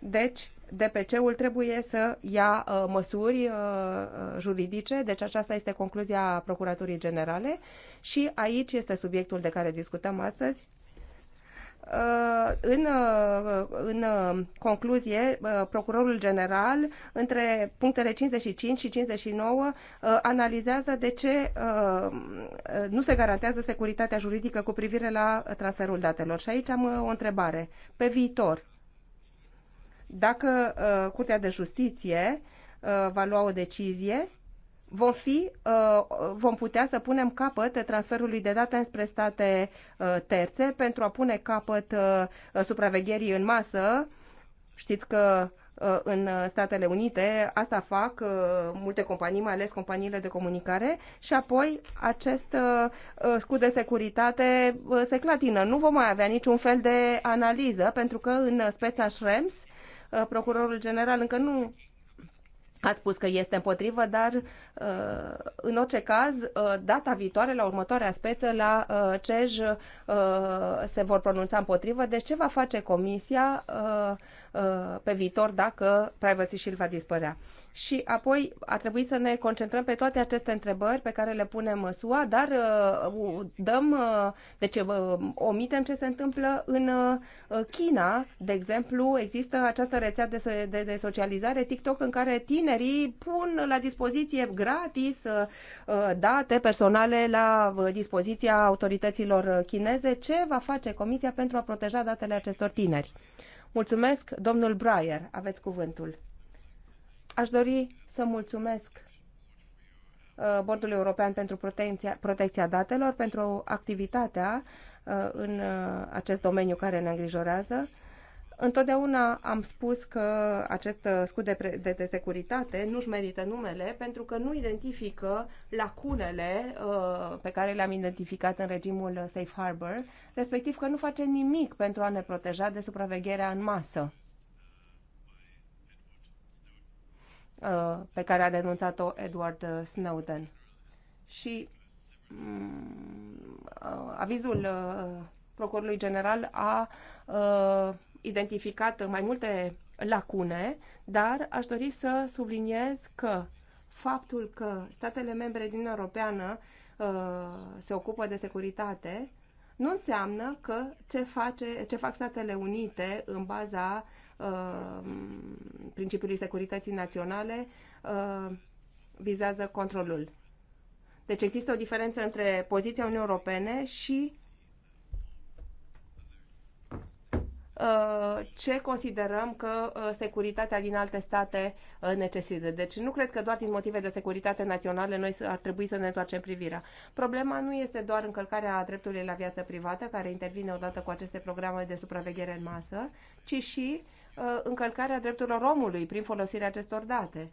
Deci, DPC-ul trebuie să ia uh, măsuri uh, juridice, deci aceasta este concluzia Procuraturii Generale și aici este subiectul de care discutăm astăzi. Uh, în, uh, în uh, concluzie, procurorul general, între punctele 55 și 59, analizează de ce nu se garantează securitatea juridică cu privire la transferul datelor. Și aici am o întrebare. Pe viitor, dacă Curtea de Justiție va lua o decizie, vom, fi, uh, vom putea să punem capăt transferului de date înspre state uh, terțe pentru a pune capăt uh, supravegherii în masă. Știți că în Statele Unite. Asta fac multe companii, mai ales companiile de comunicare și apoi acest scut de securitate se clatină. Nu vom mai avea niciun fel de analiză pentru că în speța Schrems, procurorul general încă nu Ați spus că este împotrivă, dar uh, în orice caz, uh, data viitoare, la următoarea speță, la uh, CEJ se vor pronunța împotrivă. Deci ce va face Comisia Uh, pe viitor dacă Privacy Shield va dispărea. Și apoi a trebuit să ne concentrăm pe toate aceste întrebări pe care le punem SUA, dar uh, dăm, uh, deci omitem ce se întâmplă în China. De exemplu, există această rețea de, de, de socializare TikTok în care tinerii pun la dispoziție gratis date personale la dispoziția autorităților chineze. Ce va face Comisia pentru a proteja datele acestor tineri? Mulțumesc, domnul Breyer. Aveți cuvântul. Aș dori să mulțumesc uh, Bordul European pentru protecția, protecția datelor pentru activitatea uh, în uh, acest domeniu care ne îngrijorează. Întotdeauna am spus că acest scut de, de, de securitate nu-și merită numele pentru că nu identifică lacunele uh, pe care le-am identificat în regimul Safe Harbor, respectiv că nu face nimic pentru a ne proteja de supravegherea în masă uh, pe care a denunțat-o Edward Snowden. Și um, avizul uh, procurorului general a uh, identificat mai multe lacune, dar aș dori să subliniez că faptul că statele membre din Europeană uh, se ocupă de securitate nu înseamnă că ce, face, ce fac Statele Unite în baza uh, principiului securității naționale uh, vizează controlul. Deci există o diferență între poziția Uniunii Europene și Uh, ce considerăm că uh, securitatea din alte state uh, necesită. Deci nu cred că doar din motive de securitate naționale noi ar trebui să ne întoarcem privirea. Problema nu este doar încălcarea dreptului la viață privată, care intervine odată cu aceste programe de supraveghere în masă, ci și încălcarea drepturilor omului prin folosirea acestor date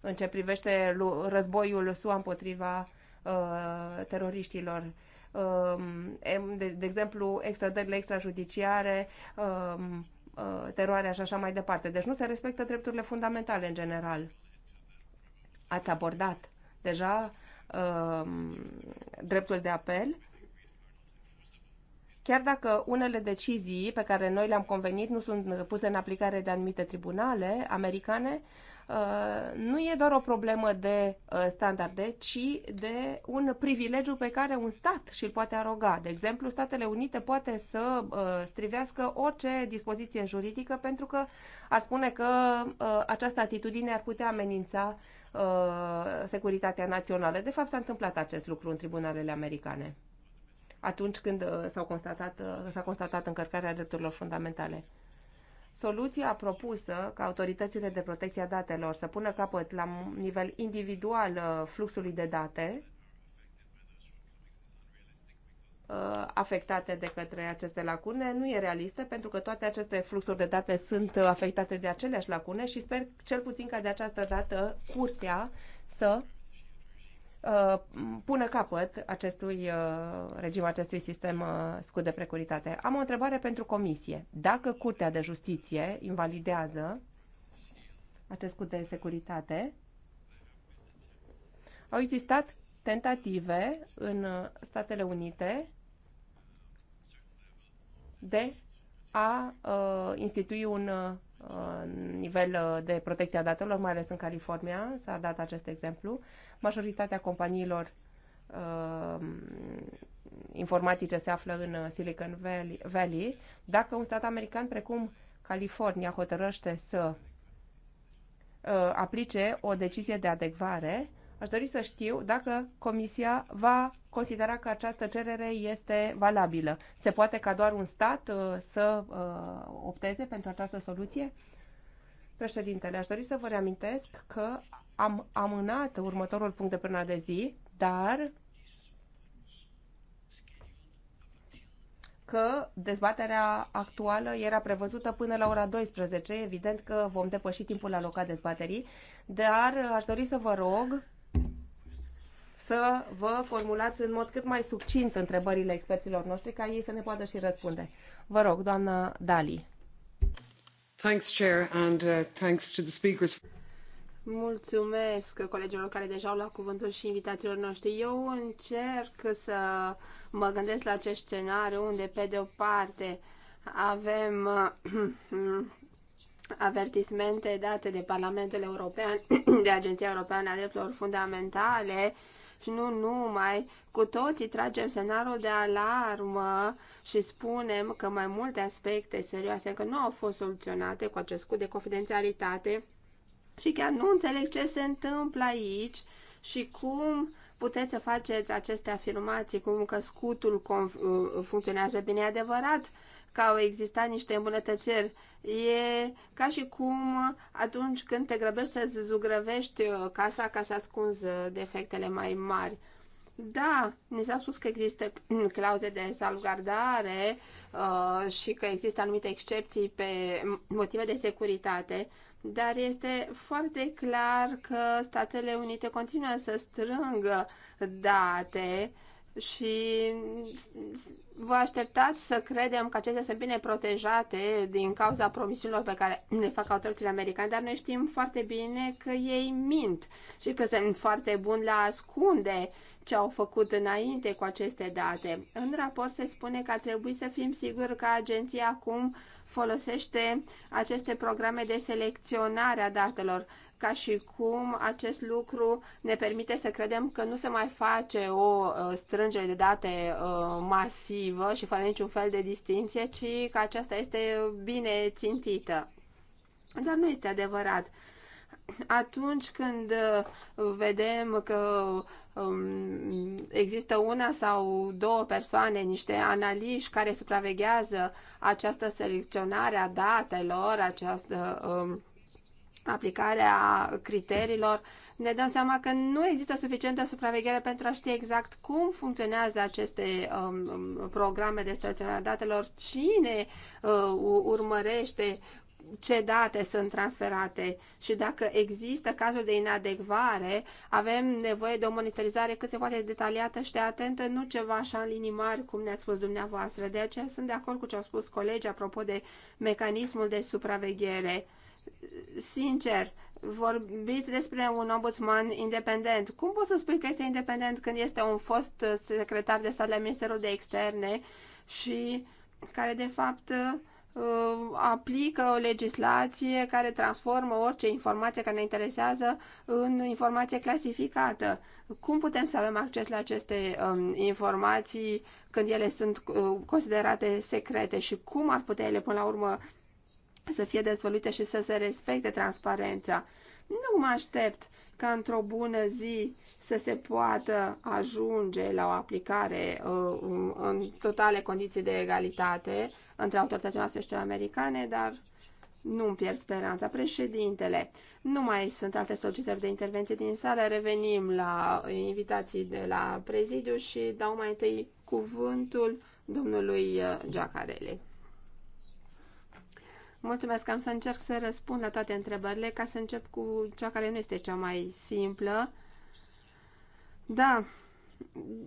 în ce privește războiul SUA împotriva uh, teroriștilor Um, de, de exemplu, extradările extrajudiciare, um, uh, teroarea și așa mai departe. Deci nu se respectă drepturile fundamentale în general. Ați abordat deja um, dreptul de apel chiar dacă unele decizii pe care noi le-am convenit nu sunt puse în aplicare de anumite tribunale americane, Uh, nu e doar o problemă de uh, standarde, ci de un privilegiu pe care un stat și-l poate aroga. De exemplu, Statele Unite poate să uh, strivească orice dispoziție juridică pentru că ar spune că această atitudine ar putea amenința securitatea națională. De fapt, s-a întâmplat acest lucru în tribunalele americane atunci când s-a constatat, s-a constatat încărcarea drepturilor fundamentale. Soluția propusă ca autoritățile de protecție a datelor să pună capăt la nivel individual uh, fluxului de date uh, afectate de către aceste lacune nu e realistă pentru că toate aceste fluxuri de date sunt uh, afectate de aceleași lacune și sper cel puțin ca de această dată curtea să Uh, pună capăt acestui uh, regim, acestui sistem uh, scut de precuritate. Am o întrebare pentru comisie. Dacă Curtea de Justiție invalidează acest scut de securitate, au existat tentative în Statele Unite de a institui un nivel uh, de protecție a datelor, mai ales în California, s-a dat acest exemplu. Majoritatea companiilor uh, informatice se află în uh, Silicon Valley. Dacă un stat american precum California hotărăște să uh, aplice o decizie de adecvare, Aș dori să știu dacă Comisia va considera că această cerere este valabilă. Se poate ca doar un stat uh, să uh, opteze pentru această soluție? Președintele, aș dori să vă reamintesc că am amânat următorul punct de până de zi, dar că dezbaterea actuală era prevăzută până la ora 12. Evident că vom depăși timpul alocat dezbaterii, dar aș dori să vă rog să vă formulați în mod cât mai succint întrebările experților noștri ca ei să ne poată și răspunde. Vă rog, doamna Dali. Thanks, Chair, and uh, thanks to the speakers. Mulțumesc colegilor care deja au luat cuvântul și invitațiilor noștri. Eu încerc să mă gândesc la acest scenariu unde, pe de o parte, avem uh, avertismente date de Parlamentul European, de Agenția Europeană a Drepturilor Fundamentale, și nu numai, cu toții tragem semnalul de alarmă și spunem că mai multe aspecte serioase că nu au fost soluționate cu acest scut de confidențialitate și chiar nu înțeleg ce se întâmplă aici și cum puteți să faceți aceste afirmații, cum că scutul uh, funcționează bine adevărat, că au existat niște îmbunătățiri. E ca și cum atunci când te grăbești să-ți zugrăvești uh, casa ca să ascunzi uh, defectele mai mari. Da, ni s-a spus că există clauze de salvgardare uh, și că există anumite excepții pe motive de securitate, dar este foarte clar că Statele Unite continuă să strângă date uh, și vă așteptați să credem că acestea sunt bine protejate din cauza promisiunilor pe care le fac autoritățile americane, dar noi știm foarte bine că ei mint și că sunt foarte buni la ascunde ce au făcut înainte cu aceste date. În raport se spune că ar trebui să fim siguri că agenția acum folosește aceste programe de selecționare a datelor ca și cum acest lucru ne permite să credem că nu se mai face o uh, strângere de date uh, masivă și fără niciun fel de distinție, ci că aceasta este bine țintită. Dar nu este adevărat. Atunci când uh, vedem că um, există una sau două persoane, niște analiști care supraveghează această selecționare a datelor, această um, aplicarea criteriilor, ne dăm seama că nu există suficientă supraveghere pentru a ști exact cum funcționează aceste um, um programe de staționare a datelor, cine uh, urmărește ce date sunt transferate și dacă există cazuri de inadecvare, avem nevoie de o monitorizare cât se poate detaliată și de atentă, nu ceva așa în linii mari, cum ne-ați spus dumneavoastră. De aceea sunt de acord cu ce au spus colegii apropo de mecanismul de supraveghere Sincer, vorbiți despre un ombudsman independent. Cum poți să spui că este independent când este un fost secretar de stat la Ministerul de Externe și care de fapt uh, aplică o legislație care transformă orice informație care ne interesează în informație clasificată. Cum putem să avem acces la aceste um, informații când ele sunt uh, considerate secrete și cum ar putea ele până la urmă să fie dezvăluite și să se respecte transparența. Nu mă aștept ca într-o bună zi să se poată ajunge la o aplicare uh, în totale condiții de egalitate între autoritățile noastre și cele americane, dar nu-mi pierd speranța. Președintele, nu mai sunt alte solicitări de intervenție din sală. Revenim la invitații de la prezidiu și dau mai întâi cuvântul domnului uh, Giacarele. Mulțumesc, am să încerc să răspund la toate întrebările, ca să încep cu cea care nu este cea mai simplă. Da,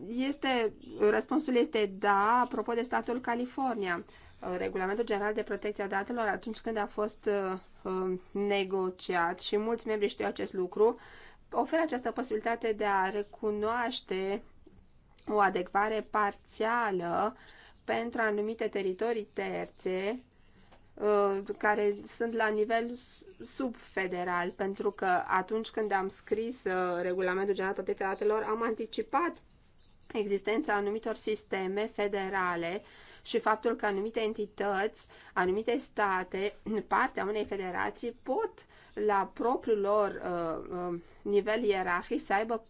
este, răspunsul este da, apropo de statul California. Uh, Regulamentul General de Protecție a Datelor, atunci când a fost uh, uh, negociat și mulți membri știu acest lucru, oferă această posibilitate de a recunoaște o adecvare parțială pentru anumite teritorii terțe Uh, care sunt la nivel subfederal, pentru că atunci când am scris uh, Regulamentul General Protecției Datelor, am anticipat existența anumitor sisteme federale și faptul că anumite entități, anumite state, partea unei federații, pot la propriul lor uh, uh, nivel ierarhic să aibă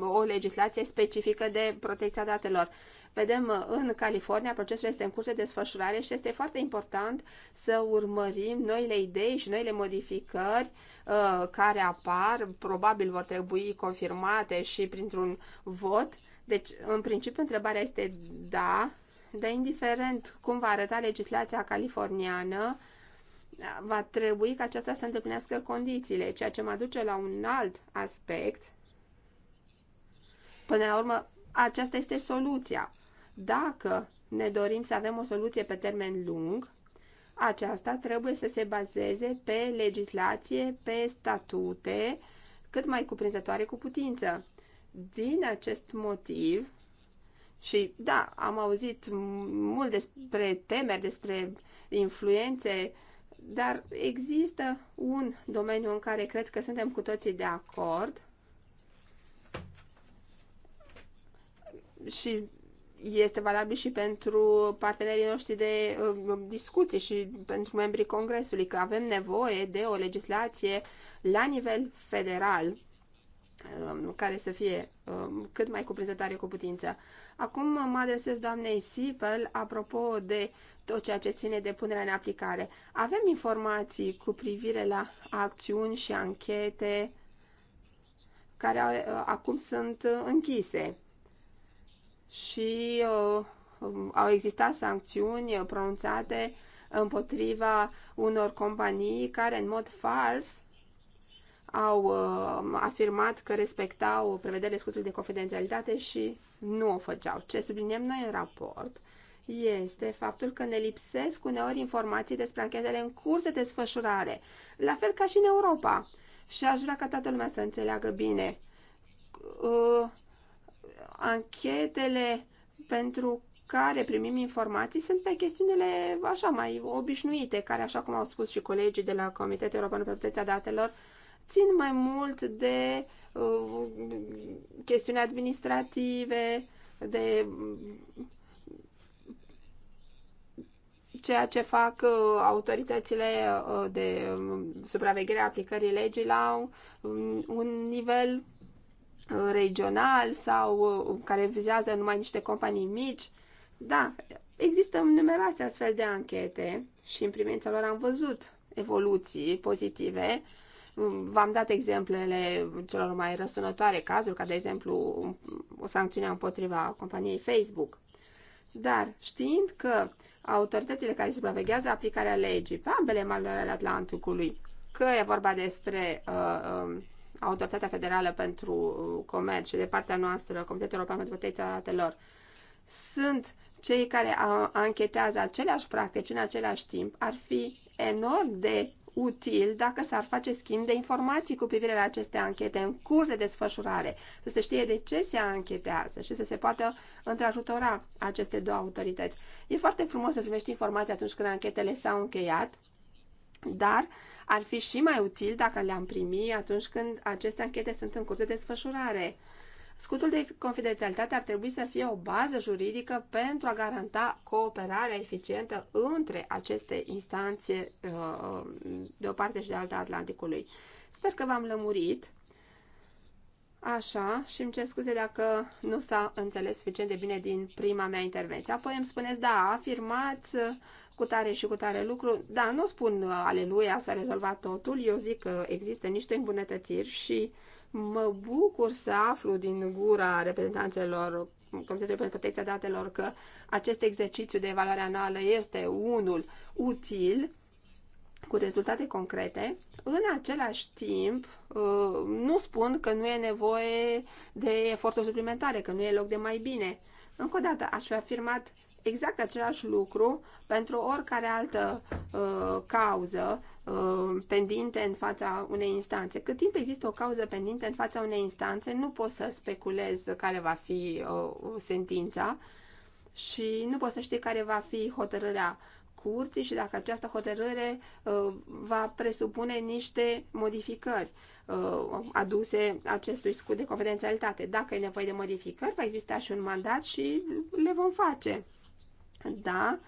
o legislație specifică de protecția datelor. Vedem uh, în California, procesul este în curs de desfășurare și este foarte important să urmărim noile idei și noile modificări uh, care apar, probabil vor trebui confirmate și printr-un vot. Deci, în principiu, întrebarea este da, dar indiferent cum va arăta legislația californiană, va trebui ca aceasta să îndeplinească condițiile, ceea ce mă duce la un alt aspect. Până la urmă, aceasta este soluția. Dacă ne dorim să avem o soluție pe termen lung, aceasta trebuie să se bazeze pe legislație, pe statute, cât mai cuprinzătoare cu putință. Din acest motiv, și da, am auzit mult despre temeri, despre influențe, dar există un domeniu în care cred că suntem cu toții de acord și este valabil și pentru partenerii noștri de um, um, discuții și pentru membrii Congresului, că avem nevoie de o legislație la nivel federal um, care să fie cât mai cuprinzătoare cu putință. Acum mă adresez doamnei Sipel apropo de tot ceea ce ține de punerea în aplicare. Avem informații cu privire la acțiuni și anchete care uh, acum sunt închise și uh, um, au existat sancțiuni pronunțate împotriva unor companii care în mod fals au uh, afirmat că respectau prevederile scutului de confidențialitate și nu o făceau. Ce subliniem noi în raport este faptul că ne lipsesc uneori informații despre anchetele în curs de desfășurare, la fel ca și în Europa. Și aș vrea ca toată lumea să înțeleagă bine. Uh, anchetele pentru care primim informații sunt pe chestiunile așa mai obișnuite, care, așa cum au spus și colegii de la Comitetul European pentru Protecția Datelor, țin mai mult de uh, chestiuni administrative, de mm, ceea ce fac uh, autoritățile uh, de uh, supraveghere a aplicării legii la un nivel regional sau uh, care vizează numai niște companii mici. Da, există numeroase astfel de anchete și în privința lor am văzut evoluții pozitive. Mm, V-am dat exemplele celor mai răsunătoare cazuri, ca de exemplu o mm, sancțiune împotriva companiei Facebook. Dar știind că autoritățile care supraveghează aplicarea legii pe ambele malurile Atlanticului, că e vorba despre uh, um, Autoritatea Federală pentru uh, Comerț și de partea noastră, Comitetul European pentru Protecția Datelor, sunt cei care anchetează aceleași practici în același timp, ar fi enorm de util dacă s-ar face schimb de informații cu privire la aceste anchete în curs de desfășurare, să se știe de ce se anchetează și să se poată întreajutora aceste două autorități. E foarte frumos să primești informații atunci când anchetele s-au încheiat, dar uh, ar fi și mai util dacă le-am primi atunci când aceste anchete sunt în curs de desfășurare. Scutul de confidențialitate ar trebui să fie o bază juridică pentru a garanta cooperarea eficientă între aceste instanțe uh, de o parte și de alta Atlanticului. Sper că v-am lămurit. Așa, și îmi cer scuze dacă nu s-a înțeles suficient de bine din prima mea intervenție. Apoi îmi spuneți, da, afirmați cu tare și cu tare lucru. Da, nu spun uh, aleluia, s-a rezolvat totul, eu zic că există niște îmbunătățiri și mă bucur să aflu din gura reprezentanțelor Comitetului pentru Protecția Datelor că acest exercițiu de evaluare anuală este unul util, cu rezultate concrete. În același timp, uh, nu spun că nu e nevoie de eforturi suplimentare, că nu e loc de mai bine. Încă o dată, aș fi afirmat exact același lucru pentru oricare altă uh, cauză uh, pendinte în fața unei instanțe. Cât timp există o cauză pendinte în fața unei instanțe, nu pot să speculez care va fi uh, sentința și nu pot să știi care va fi hotărârea curții și dacă această hotărâre uh, va presupune niște modificări uh, aduse acestui scut de confidențialitate. Dacă e nevoie de modificări, va exista și un mandat și le vom face. Da,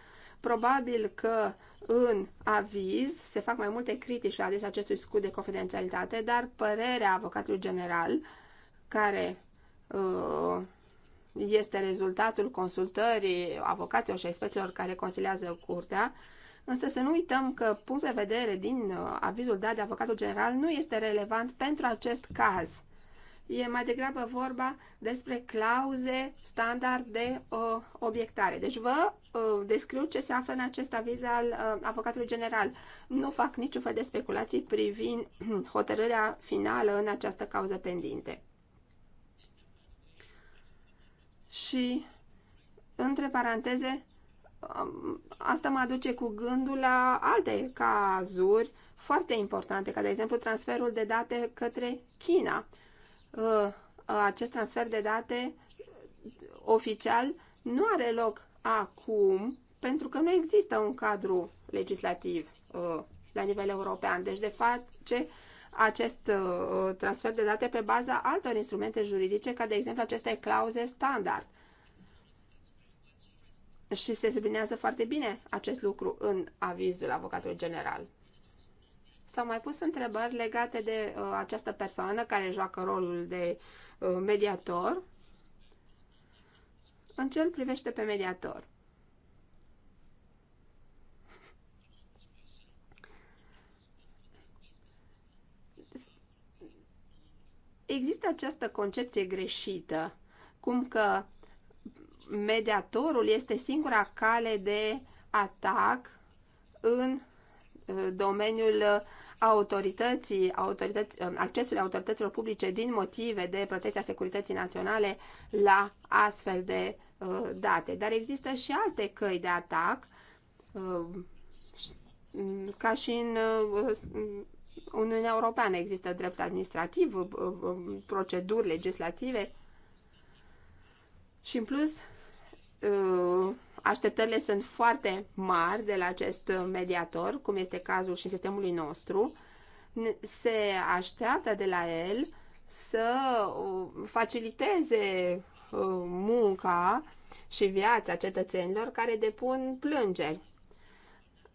probabil că în aviz se fac mai multe critici la adresa acestui scut de confidențialitate, dar părerea avocatului general, care uh, este rezultatul consultării avocaților și experților care consiliază curtea, însă să nu uităm că punct de vedere din uh, avizul dat de avocatul general nu este relevant pentru acest caz e mai degrabă vorba despre clauze standard de uh, obiectare. Deci vă uh, descriu ce se află în acest aviz al uh, avocatului general. Nu fac niciun fel de speculații privind uh, hotărârea finală în această cauză pendinte. Și, între paranteze, uh, asta mă aduce cu gândul la alte cazuri foarte importante, ca de exemplu transferul de date către China Uh, acest transfer de date oficial nu are loc acum pentru că nu există un cadru legislativ uh, la nivel european. Deci, de fapt, ce acest uh, transfer de date pe baza altor instrumente juridice, ca de exemplu aceste clauze standard. Și se sublinează foarte bine acest lucru în avizul avocatului general. S-au mai pus întrebări legate de uh, această persoană care joacă rolul de uh, mediator. În ce îl privește pe mediator? Există această concepție greșită, cum că mediatorul este singura cale de atac în uh, domeniul uh, autorității, autorități, um, accesului autorităților publice din motive de protecția securității naționale la astfel de uh, date. Dar există și alte căi de atac, uh, ca și în uh, Uniunea Europeană există drept administrativ, uh, uh, um, proceduri legislative și în plus uh, Așteptările sunt foarte mari de la acest mediator, cum este cazul și sistemului nostru. Se așteaptă de la el să uh, faciliteze uh, munca și viața cetățenilor care depun plângeri.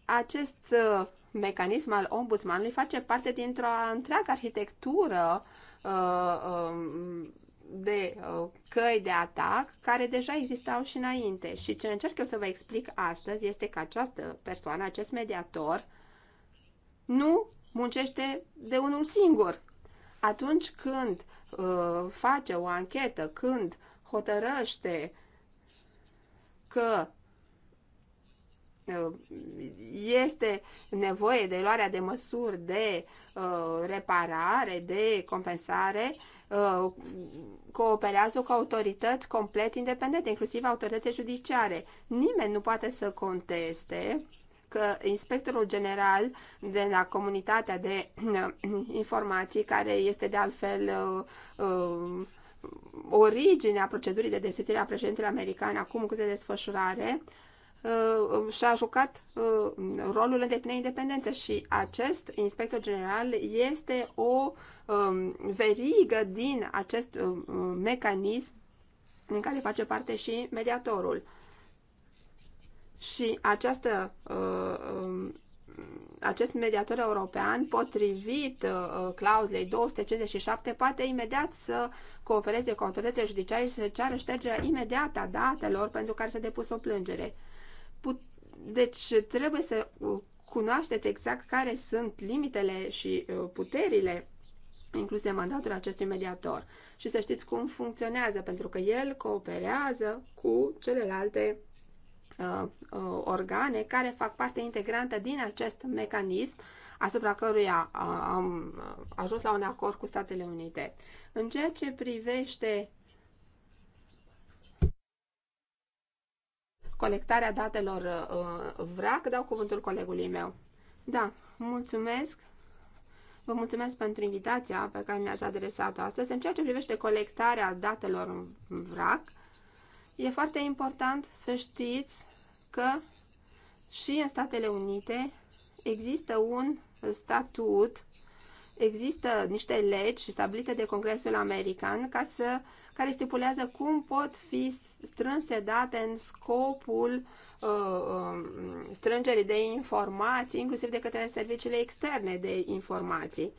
Acest uh, mecanism al ombudsmanului face parte dintr-o întreagă arhitectură um, de uh, căi de atac care deja existau și înainte. Și ce încerc eu să vă explic astăzi este că această persoană, acest mediator, nu muncește de unul singur. Atunci când uh, face o anchetă, când hotărăște că este nevoie de luarea de măsuri de uh, reparare, de compensare, uh, cooperează cu autorități complet independente, inclusiv autorități judiciare. Nimeni nu poate să conteste că inspectorul general de la comunitatea de uh, informații, care este de altfel originea procedurii de desfășurare a președintelui american acum cu de desfășurare, Uh, și-a jucat uh, rolul în deplină independență și acest inspector general este o um, verigă din acest um, mecanism în care face parte și mediatorul. Și această uh, um, acest mediator european, potrivit clauzei 257, poate imediat să coopereze cu autoritățile judiciare și să ceară ștergerea imediată a datelor pentru care s-a depus o plângere. Deci trebuie să uh, cunoașteți exact care sunt limitele și uh, puterile incluse în mandatul acestui mediator și să știți cum funcționează, pentru că el cooperează cu celelalte uh, uh, organe care fac parte integrantă din acest mecanism asupra căruia uh, am ajuns la un acord cu Statele Unite. În ceea ce privește colectarea datelor uh, VRAC, dau cuvântul colegului meu. Da, mulțumesc. Vă mulțumesc pentru invitația pe care ne-ați adresat-o astăzi. În ceea ce privește colectarea datelor în VRAC, e foarte important să știți că și în Statele Unite există un statut, există niște legi stabilite de Congresul American ca să, care stipulează cum pot fi strânse date în scopul uh, um, strângerii de informații, inclusiv de către serviciile externe de informații,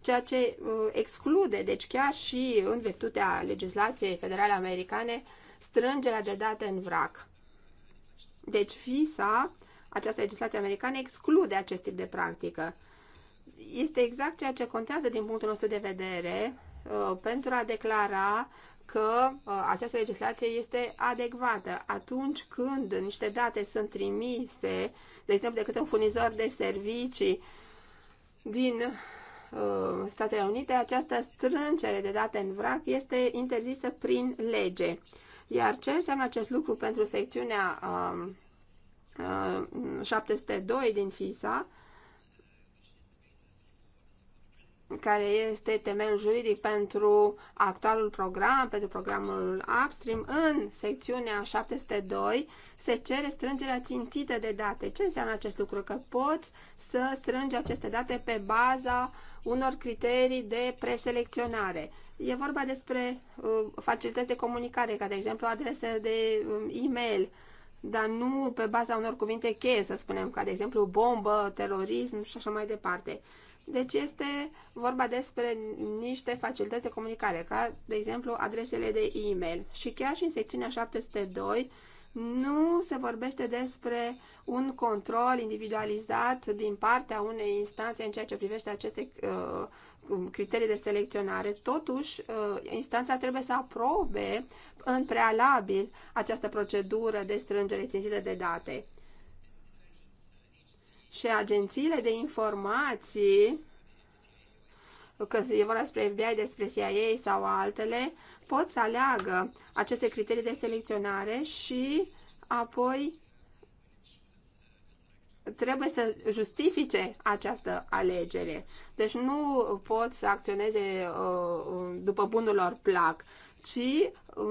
ceea ce uh, exclude, deci chiar și în virtutea legislației federale americane, strângerea de date în vrac. Deci FISA, această legislație americană, exclude acest tip de practică. Este exact ceea ce contează din punctul nostru de vedere uh, pentru a declara că uh, această legislație este adecvată atunci când niște date sunt trimise, de exemplu, de către un furnizor de servicii din uh, Statele Unite, această strângere de date în vrac este interzisă prin lege. Iar ce înseamnă acest lucru pentru secțiunea um, uh, uh, 702 din FISA care este temeiul juridic pentru actualul program, pentru programul Upstream, în secțiunea 702 se cere strângerea țintită de date. Ce înseamnă acest lucru? Că poți să strângi aceste date pe baza unor criterii de preselecționare. E vorba despre uh, facilități de comunicare, ca de exemplu adrese de uh, e-mail, dar nu pe baza unor cuvinte cheie, să spunem, ca de exemplu bombă, terorism și așa mai departe. Uh, deci este vorba despre niște facilități de comunicare, ca, de exemplu, adresele de e-mail. Și chiar și în secțiunea 702 nu se vorbește despre un control individualizat din partea unei instanțe în ceea ce privește aceste uh, criterii de selecționare, totuși uh, instanța trebuie să aprobe în prealabil această procedură de strângere țințită de date și agențiile de informații, că e vorba despre FBI, despre CIA sau altele, pot să aleagă aceste criterii de selecționare și apoi trebuie să justifice această alegere. Deci nu pot să acționeze uh, după bunul lor plac, ci uh,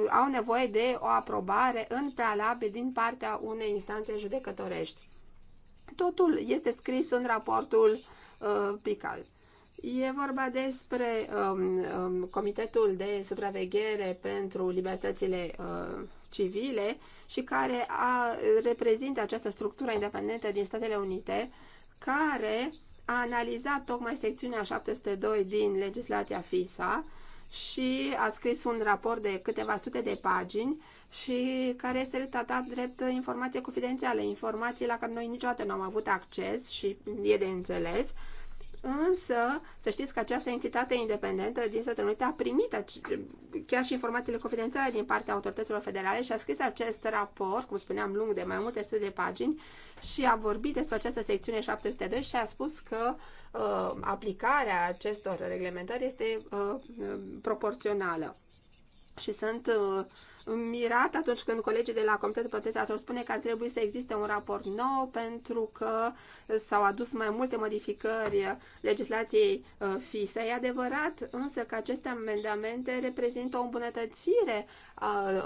au nevoie de o aprobare în prealabil din partea unei instanțe judecătorești. Totul este scris în raportul uh, PICAL. E vorba despre um, um, Comitetul de Supraveghere pentru Libertățile uh, Civile și care a, reprezintă această structură independentă din Statele Unite care a analizat tocmai secțiunea 702 din legislația FISA și a scris un raport de câteva sute de pagini și care este tratat drept informație confidențială, informații la care noi niciodată nu am avut acces și e de înțeles. Însă, să știți că această entitate independentă din Statele Unite a primit chiar și informațiile confidențiale din partea autorităților federale și a scris acest raport, cum spuneam, lung de mai multe sute de pagini și a vorbit despre această secțiune 702 și a spus că uh, aplicarea acestor reglementări este uh, uh proporțională. Și sunt uh, mirat atunci când colegii de la Comitetul Protezator spune că ar trebui să existe un raport nou pentru că s-au adus mai multe modificări legislației uh, FISA. E adevărat însă că aceste amendamente reprezintă o îmbunătățire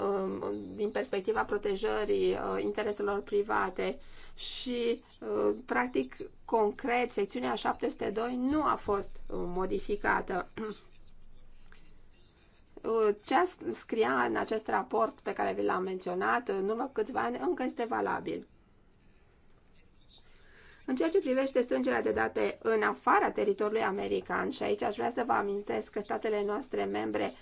um, din perspectiva protejării uh, intereselor private și uh, practic concret secțiunea 702 nu a fost modificată. Uh, ce scria în acest raport pe care vi l-am menționat uh, în urmă câțiva ani încă este valabil. În ceea ce privește strângerea de date în afara teritoriului american, și aici aș vrea să vă amintesc că statele noastre membre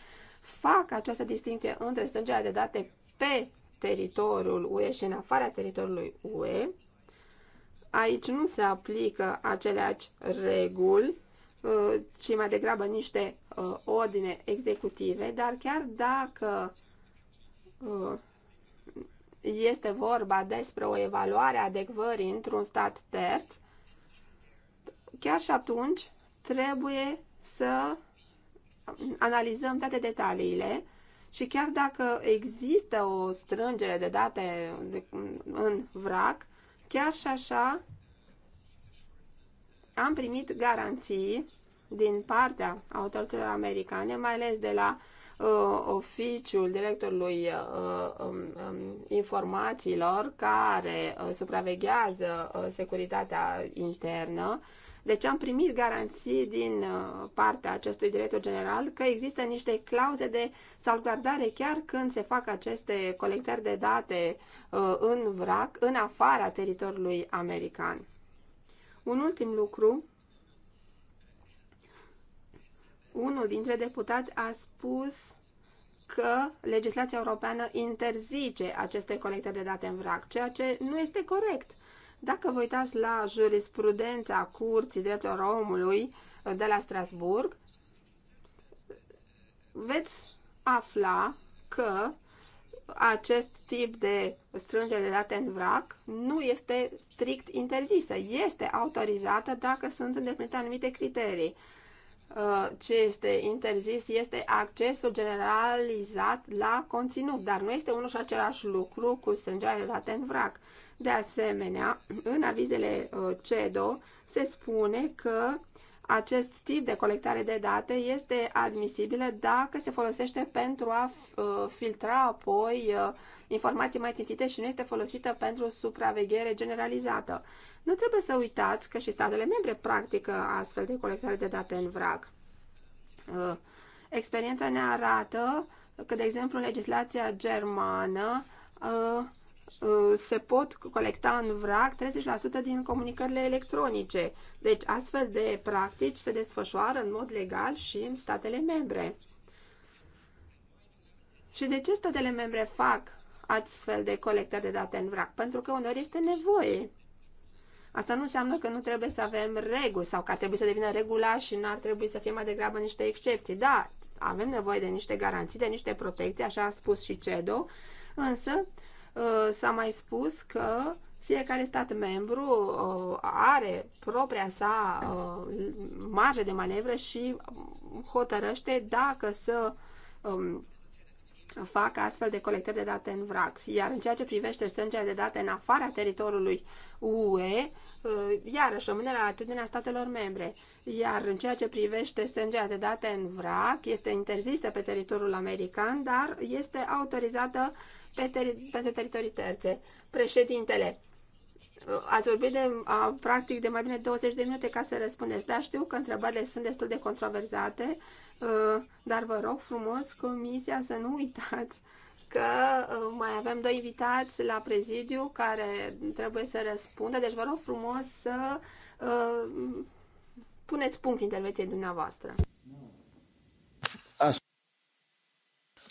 fac această distinție între strângerea de date pe teritoriul UE și în afara teritoriului UE, aici nu se aplică aceleași reguli Uh, ci mai degrabă niște uh, ordine executive, dar chiar dacă uh, este vorba despre o evaluare a adecvării într-un stat terț, chiar și atunci trebuie să analizăm toate detaliile și chiar dacă există o strângere de date în vrac, chiar și așa am primit garanții din partea autorităților americane, mai ales de la uh, oficiul directorului uh, um, um, informațiilor care uh, supraveghează uh, securitatea internă. Deci am primit garanții din uh, partea acestui director general că există niște clauze de salvgardare chiar când se fac aceste colectări de date uh, în vrac, în afara teritoriului american. Un ultim lucru. Unul dintre deputați a spus că legislația europeană interzice aceste colecte de date în vrac, ceea ce nu este corect. Dacă vă uitați la jurisprudența Curții Drepturilor Omului de la Strasburg, veți afla că acest tip de strângere de date în vrac nu este strict interzisă. Este autorizată dacă sunt îndeplinite anumite criterii. Uh, ce este interzis este accesul generalizat la conținut, dar nu este unul și același lucru cu strângerea de date în vrac. De asemenea, în avizele uh, CEDO se spune că acest tip de colectare de date este admisibilă dacă se folosește pentru a uh, filtra apoi uh, informații mai țintite și nu este folosită pentru supraveghere generalizată. Nu trebuie să uitați că și statele membre practică astfel de colectare de date în vrag. Uh, experiența ne arată că, de exemplu, în legislația germană, Uh, se pot colecta în vrac 30% din comunicările electronice. Deci astfel de practici se desfășoară în mod legal și în statele membre. Și de ce statele membre fac astfel de colectări de date în vrac? Pentru că uneori este nevoie. Asta nu înseamnă că nu trebuie să avem reguli sau că ar trebui să devină regula și n-ar trebui să fie mai degrabă niște excepții. Da, avem nevoie de niște garanții, de niște protecții, așa a spus și CEDO, însă Uh, s-a mai spus că fiecare stat membru uh, are propria sa uh, marge de manevră și hotărăște dacă să um, fac astfel de colectări de date în vrac. Iar în ceea ce privește strângerea de date în afara teritoriului UE, iarăși rămâne la atitudinea statelor membre. Iar în ceea ce privește strângerea de date în vrac, este interzisă pe teritoriul american, dar este autorizată pe teri- pentru teritorii terțe. Președintele, ați vorbit de, a, practic de mai bine 20 de minute ca să răspundeți, dar știu că întrebările sunt destul de controversate, ă, dar vă rog frumos, comisia, să nu uitați că ă, mai avem doi invitați la prezidiu care trebuie să răspundă, deci vă rog frumos să ă, puneți punct intervenției dumneavoastră.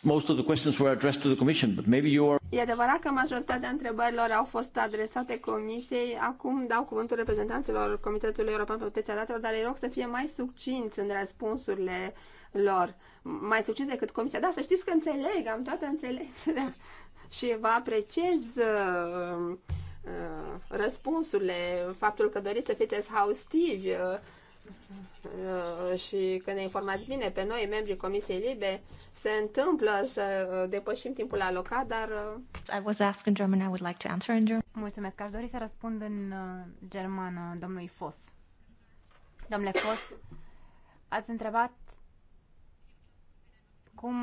Most of the questions were addressed to the commission, but maybe you are... E adevărat că majoritatea întrebărilor au fost adresate comisiei. Acum dau cuvântul reprezentanților Comitetului European pentru Protecția Datelor, dar îi rog să fie mai succinți în răspunsurile lor. Mai succinți decât comisia. Da, să știți că înțeleg, am toată înțelegerea și vă apreciez uh, uh, răspunsurile, faptul că doriți să fiți haustivi, uh, Uh, și că ne informați bine pe noi, membrii Comisiei Libe, se întâmplă să uh, depășim timpul alocat, dar... Uh, I was asked in German, I would like to answer in German. Mulțumesc, aș dori să răspund în germană domnului Fos. Domnule Fos, ați întrebat cum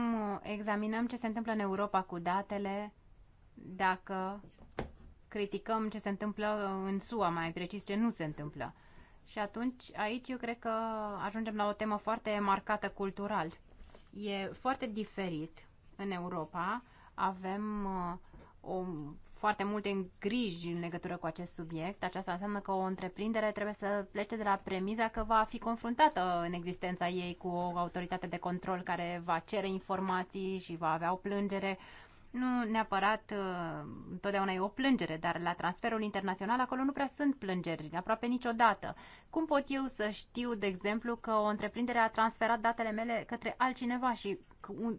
examinăm ce se întâmplă în Europa cu datele, dacă criticăm ce se întâmplă în SUA, mai precis ce nu se întâmplă. Și atunci, aici eu cred că ajungem la o temă foarte marcată cultural. E foarte diferit în Europa. Avem uh, o, foarte multe îngriji în legătură cu acest subiect. Aceasta înseamnă că o întreprindere trebuie să plece de la premiza că va fi confruntată în existența ei cu o autoritate de control care va cere informații și va avea o plângere nu neapărat uh, întotdeauna e o plângere, dar la transferul internațional acolo nu prea sunt plângeri, aproape niciodată. Cum pot eu să știu, de exemplu, că o întreprindere a transferat datele mele către altcineva și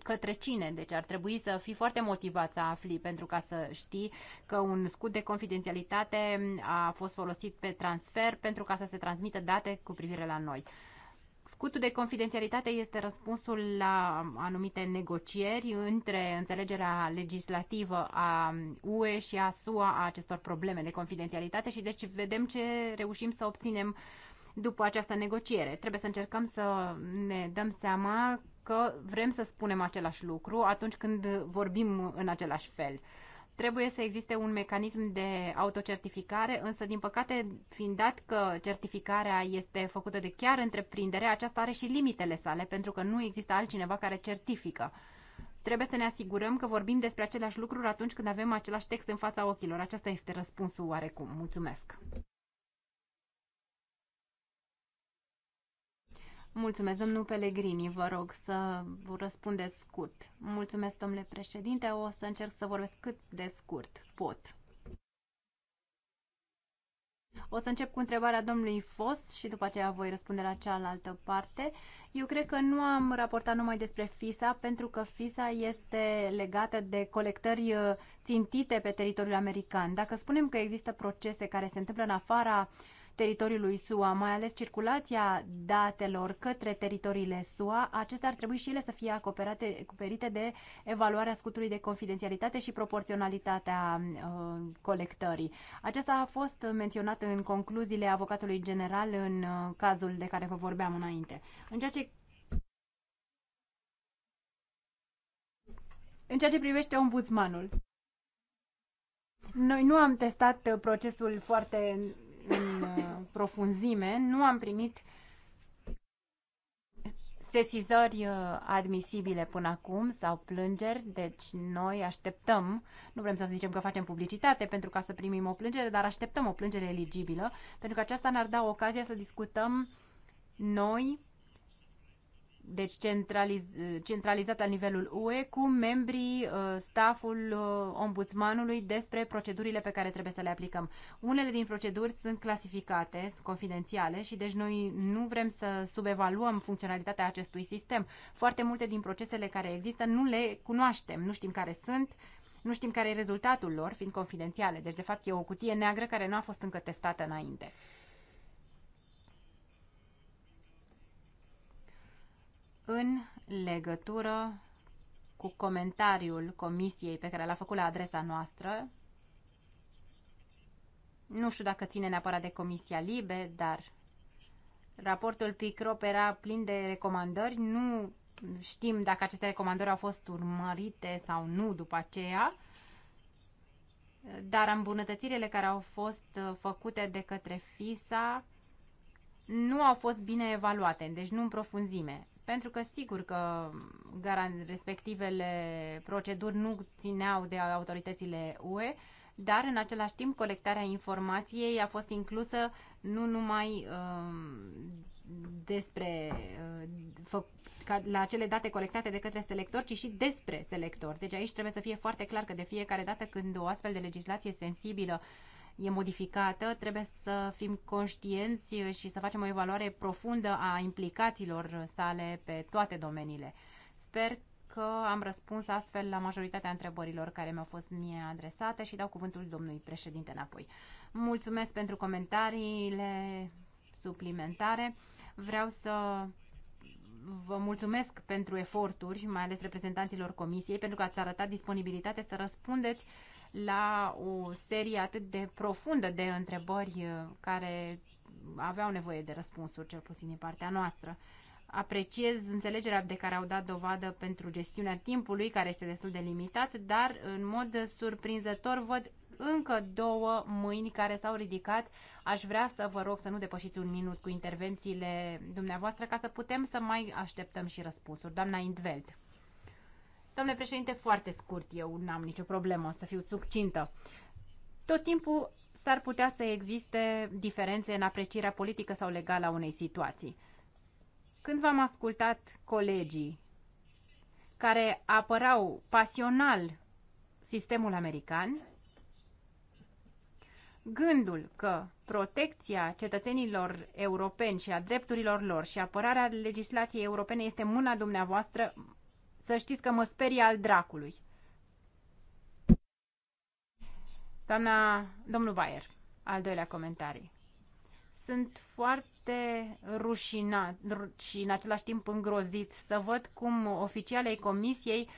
către cine? Deci ar trebui să fii foarte motivat să afli pentru ca să știi că un scut de confidențialitate a fost folosit pe transfer pentru ca să se transmită date cu privire la noi. Scutul de confidențialitate este răspunsul la anumite negocieri între înțelegerea legislativă a UE și a SUA a acestor probleme de confidențialitate și deci vedem ce reușim să obținem după această negociere. Trebuie să încercăm să ne dăm seama că vrem să spunem același lucru atunci când vorbim în același fel. Trebuie să existe un mecanism de autocertificare, însă, din păcate, fiind dat că certificarea este făcută de chiar întreprindere, aceasta are și limitele sale, pentru că nu există altcineva care certifică. Trebuie să ne asigurăm că vorbim despre aceleași lucruri atunci când avem același text în fața ochilor. Aceasta este răspunsul oarecum. Mulțumesc! Mulțumesc, domnul Pelegrini, vă rog să vă răspundeți scurt. Mulțumesc, domnule președinte, o să încerc să vorbesc cât de scurt pot. O să încep cu întrebarea domnului Fost și după aceea voi răspunde la cealaltă parte. Eu cred că nu am raportat numai despre FISA, pentru că FISA este legată de colectări uh, țintite pe teritoriul american. Dacă spunem că există procese care se întâmplă în afara uh, teritoriului SUA, mai ales circulația datelor către teritoriile SUA, acestea ar trebui și ele să fie acoperate, acoperite de evaluarea scutului de confidențialitate și proporționalitatea uh, colectării. Aceasta a fost menționată în concluziile avocatului general în uh, cazul de care vă vorbeam înainte. În ceea ce În ceea ce privește ombudsmanul, noi nu am testat uh, procesul foarte în uh, profunzime, nu am primit sesizări uh, admisibile până acum sau plângeri, deci noi așteptăm, nu vrem să zicem că facem publicitate pentru ca să primim o plângere, dar așteptăm o plângere eligibilă, pentru că aceasta ne-ar da ocazia să discutăm noi deci centraliz, centralizat la nivelul UE cu membrii, uh, staful uh, ombudsmanului despre procedurile pe care trebuie să le aplicăm. Unele din proceduri sunt clasificate, sunt confidențiale și deci noi nu vrem să subevaluăm funcționalitatea acestui sistem. Foarte multe din procesele care există nu le cunoaștem, nu știm care sunt, nu știm care e rezultatul lor, fiind confidențiale. Deci, de fapt, e o cutie neagră care nu a fost încă testată înainte. în legătură cu comentariul comisiei pe care l-a făcut la adresa noastră. Nu știu dacă ține neapărat de Comisia Libe, dar raportul PICROP era plin de recomandări. Nu știm dacă aceste recomandări au fost urmărite sau nu după aceea, dar îmbunătățirile care au fost făcute de către FISA nu au fost bine evaluate, deci nu în profunzime. Pentru că sigur că respectivele proceduri nu țineau de autoritățile UE, dar în același timp colectarea informației a fost inclusă nu numai uh, despre uh, fă, ca, la cele date colectate de către selector, ci și despre selector. Deci aici trebuie să fie foarte clar că de fiecare dată când o astfel de legislație sensibilă uh, e modificată, trebuie să fim conștienți și să facem o evaluare profundă a implicațiilor sale pe toate domeniile. Sper că am răspuns astfel la majoritatea întrebărilor care mi-au fost mie adresate și dau cuvântul domnului președinte înapoi. Mulțumesc pentru comentariile suplimentare. Vreau să vă mulțumesc pentru eforturi, mai ales reprezentanților comisiei, pentru că ați arătat disponibilitate să răspundeți la o serie atât de profundă de întrebări uh, care aveau nevoie de răspunsuri, cel puțin din partea noastră. Apreciez înțelegerea de care au dat dovadă pentru gestiunea timpului, care este destul de limitat, dar în mod surprinzător văd încă două mâini care s-au ridicat. Aș vrea să vă rog să nu depășiți un minut cu intervențiile dumneavoastră ca să putem să mai așteptăm și răspunsuri. Doamna Indveld. Domnule președinte, foarte scurt, eu n-am nicio problemă să fiu succintă. Tot timpul s-ar putea să existe diferențe în aprecierea politică sau legală a unei situații. Când v-am ascultat colegii care apărau pasional sistemul american, gândul că protecția cetățenilor europeni și a drepturilor lor și apărarea legislației europene este mâna dumneavoastră să știți că mă sperie al dracului. Doamna, domnul Bayer, al doilea comentariu. Sunt foarte rușinat și în același timp îngrozit să văd cum oficialei comisiei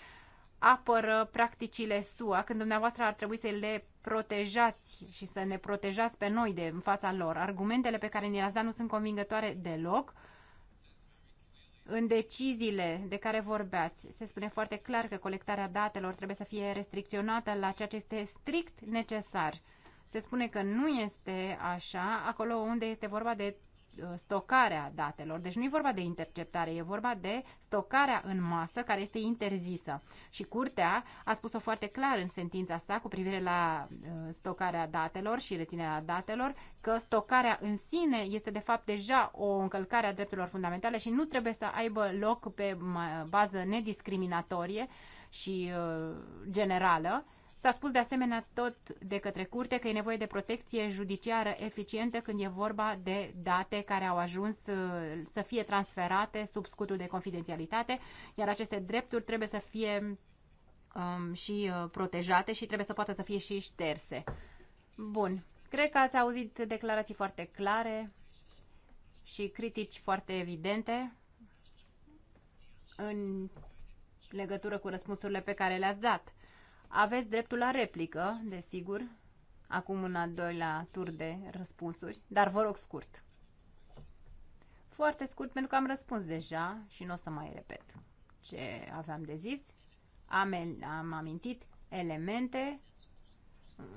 apără practicile SUA când dumneavoastră ar trebui să le protejați și să ne protejați pe noi de în fața lor. Argumentele pe care ni le-ați dat nu sunt convingătoare deloc. Uh, în deciziile de care vorbeați, se spune foarte clar că colectarea datelor trebuie să fie restricționată la ceea ce este strict necesar. Se spune că nu este așa acolo unde este vorba de stocarea datelor. Deci nu e vorba de interceptare, e vorba de stocarea în masă care este interzisă. Și curtea a spus-o foarte clar în sentința sa cu privire la uh, stocarea datelor și reținerea datelor că stocarea în sine este de fapt deja o încălcare a drepturilor fundamentale și nu trebuie să aibă loc pe bază nediscriminatorie și uh, generală S-a spus de asemenea tot de către curte că e nevoie de protecție judiciară eficientă când e vorba de date care au ajuns uh, să fie transferate sub scutul de confidențialitate, iar aceste drepturi trebuie să fie um, și uh, protejate și trebuie să poată să fie și șterse. Bun. Cred că ați auzit declarații foarte clare și critici foarte evidente în legătură cu răspunsurile pe care le-ați dat. Aveți dreptul la replică, desigur, acum în al doilea tur de răspunsuri, dar vă rog scurt. Foarte scurt, pentru că am răspuns deja și nu o să mai repet ce aveam de zis. Am, am amintit elemente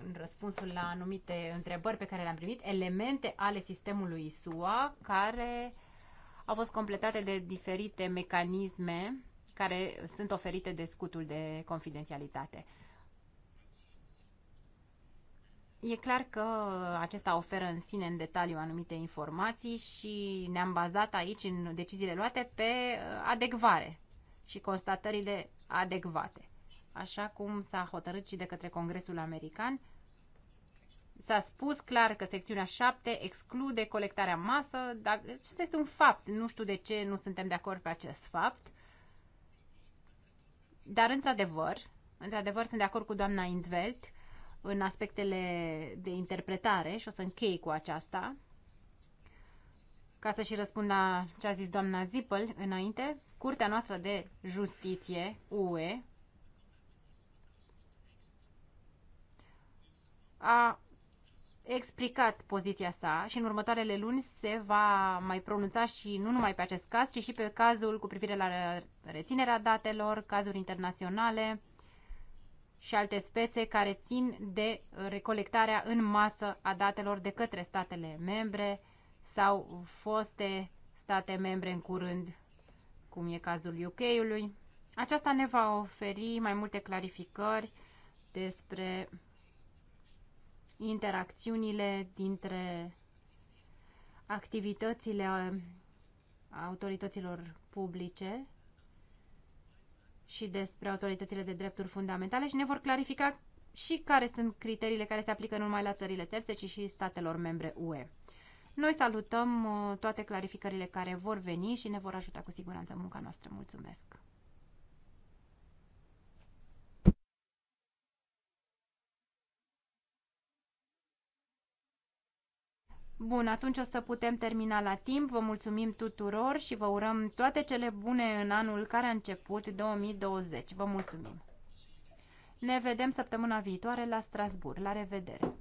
în răspunsul la anumite întrebări pe care le-am primit, elemente ale sistemului SUA care au fost completate de diferite mecanisme care sunt oferite de scutul de confidențialitate. E clar că acesta oferă în sine în detaliu anumite informații și ne-am bazat aici în deciziile luate pe uh, adecvare și constatările adecvate. Așa cum s-a hotărât și de către Congresul American, s-a spus clar că secțiunea 7 exclude colectarea masă, dar acesta este un fapt. Nu știu de ce nu suntem de acord pe acest fapt. Dar, într-adevăr, într-adevăr sunt de acord cu doamna Indvelt, în aspectele de interpretare și o să închei cu aceasta. Ca să și răspund la ce a zis doamna Zippel înainte, Curtea noastră de Justiție, UE, a explicat poziția sa și în următoarele luni se va mai pronunța și nu numai pe acest caz, ci și pe cazul cu privire la reținerea datelor, cazuri internaționale, și alte spețe care țin de recolectarea în masă a datelor de către statele membre sau foste state membre în curând, cum e cazul UK-ului. Aceasta ne va oferi mai multe clarificări despre interacțiunile dintre activitățile autorităților publice și despre autoritățile de drepturi fundamentale și ne vor clarifica și care sunt criteriile care se aplică nu numai la țările terțe, ci și statelor membre UE. Noi salutăm uh, toate clarificările care vor veni și ne vor ajuta cu siguranță în munca noastră. Mulțumesc! Bun, atunci o să putem termina la timp. Vă mulțumim tuturor și vă urăm toate cele bune în anul care a început, 2020. Vă mulțumim! Ne vedem săptămâna viitoare la Strasbourg. La revedere!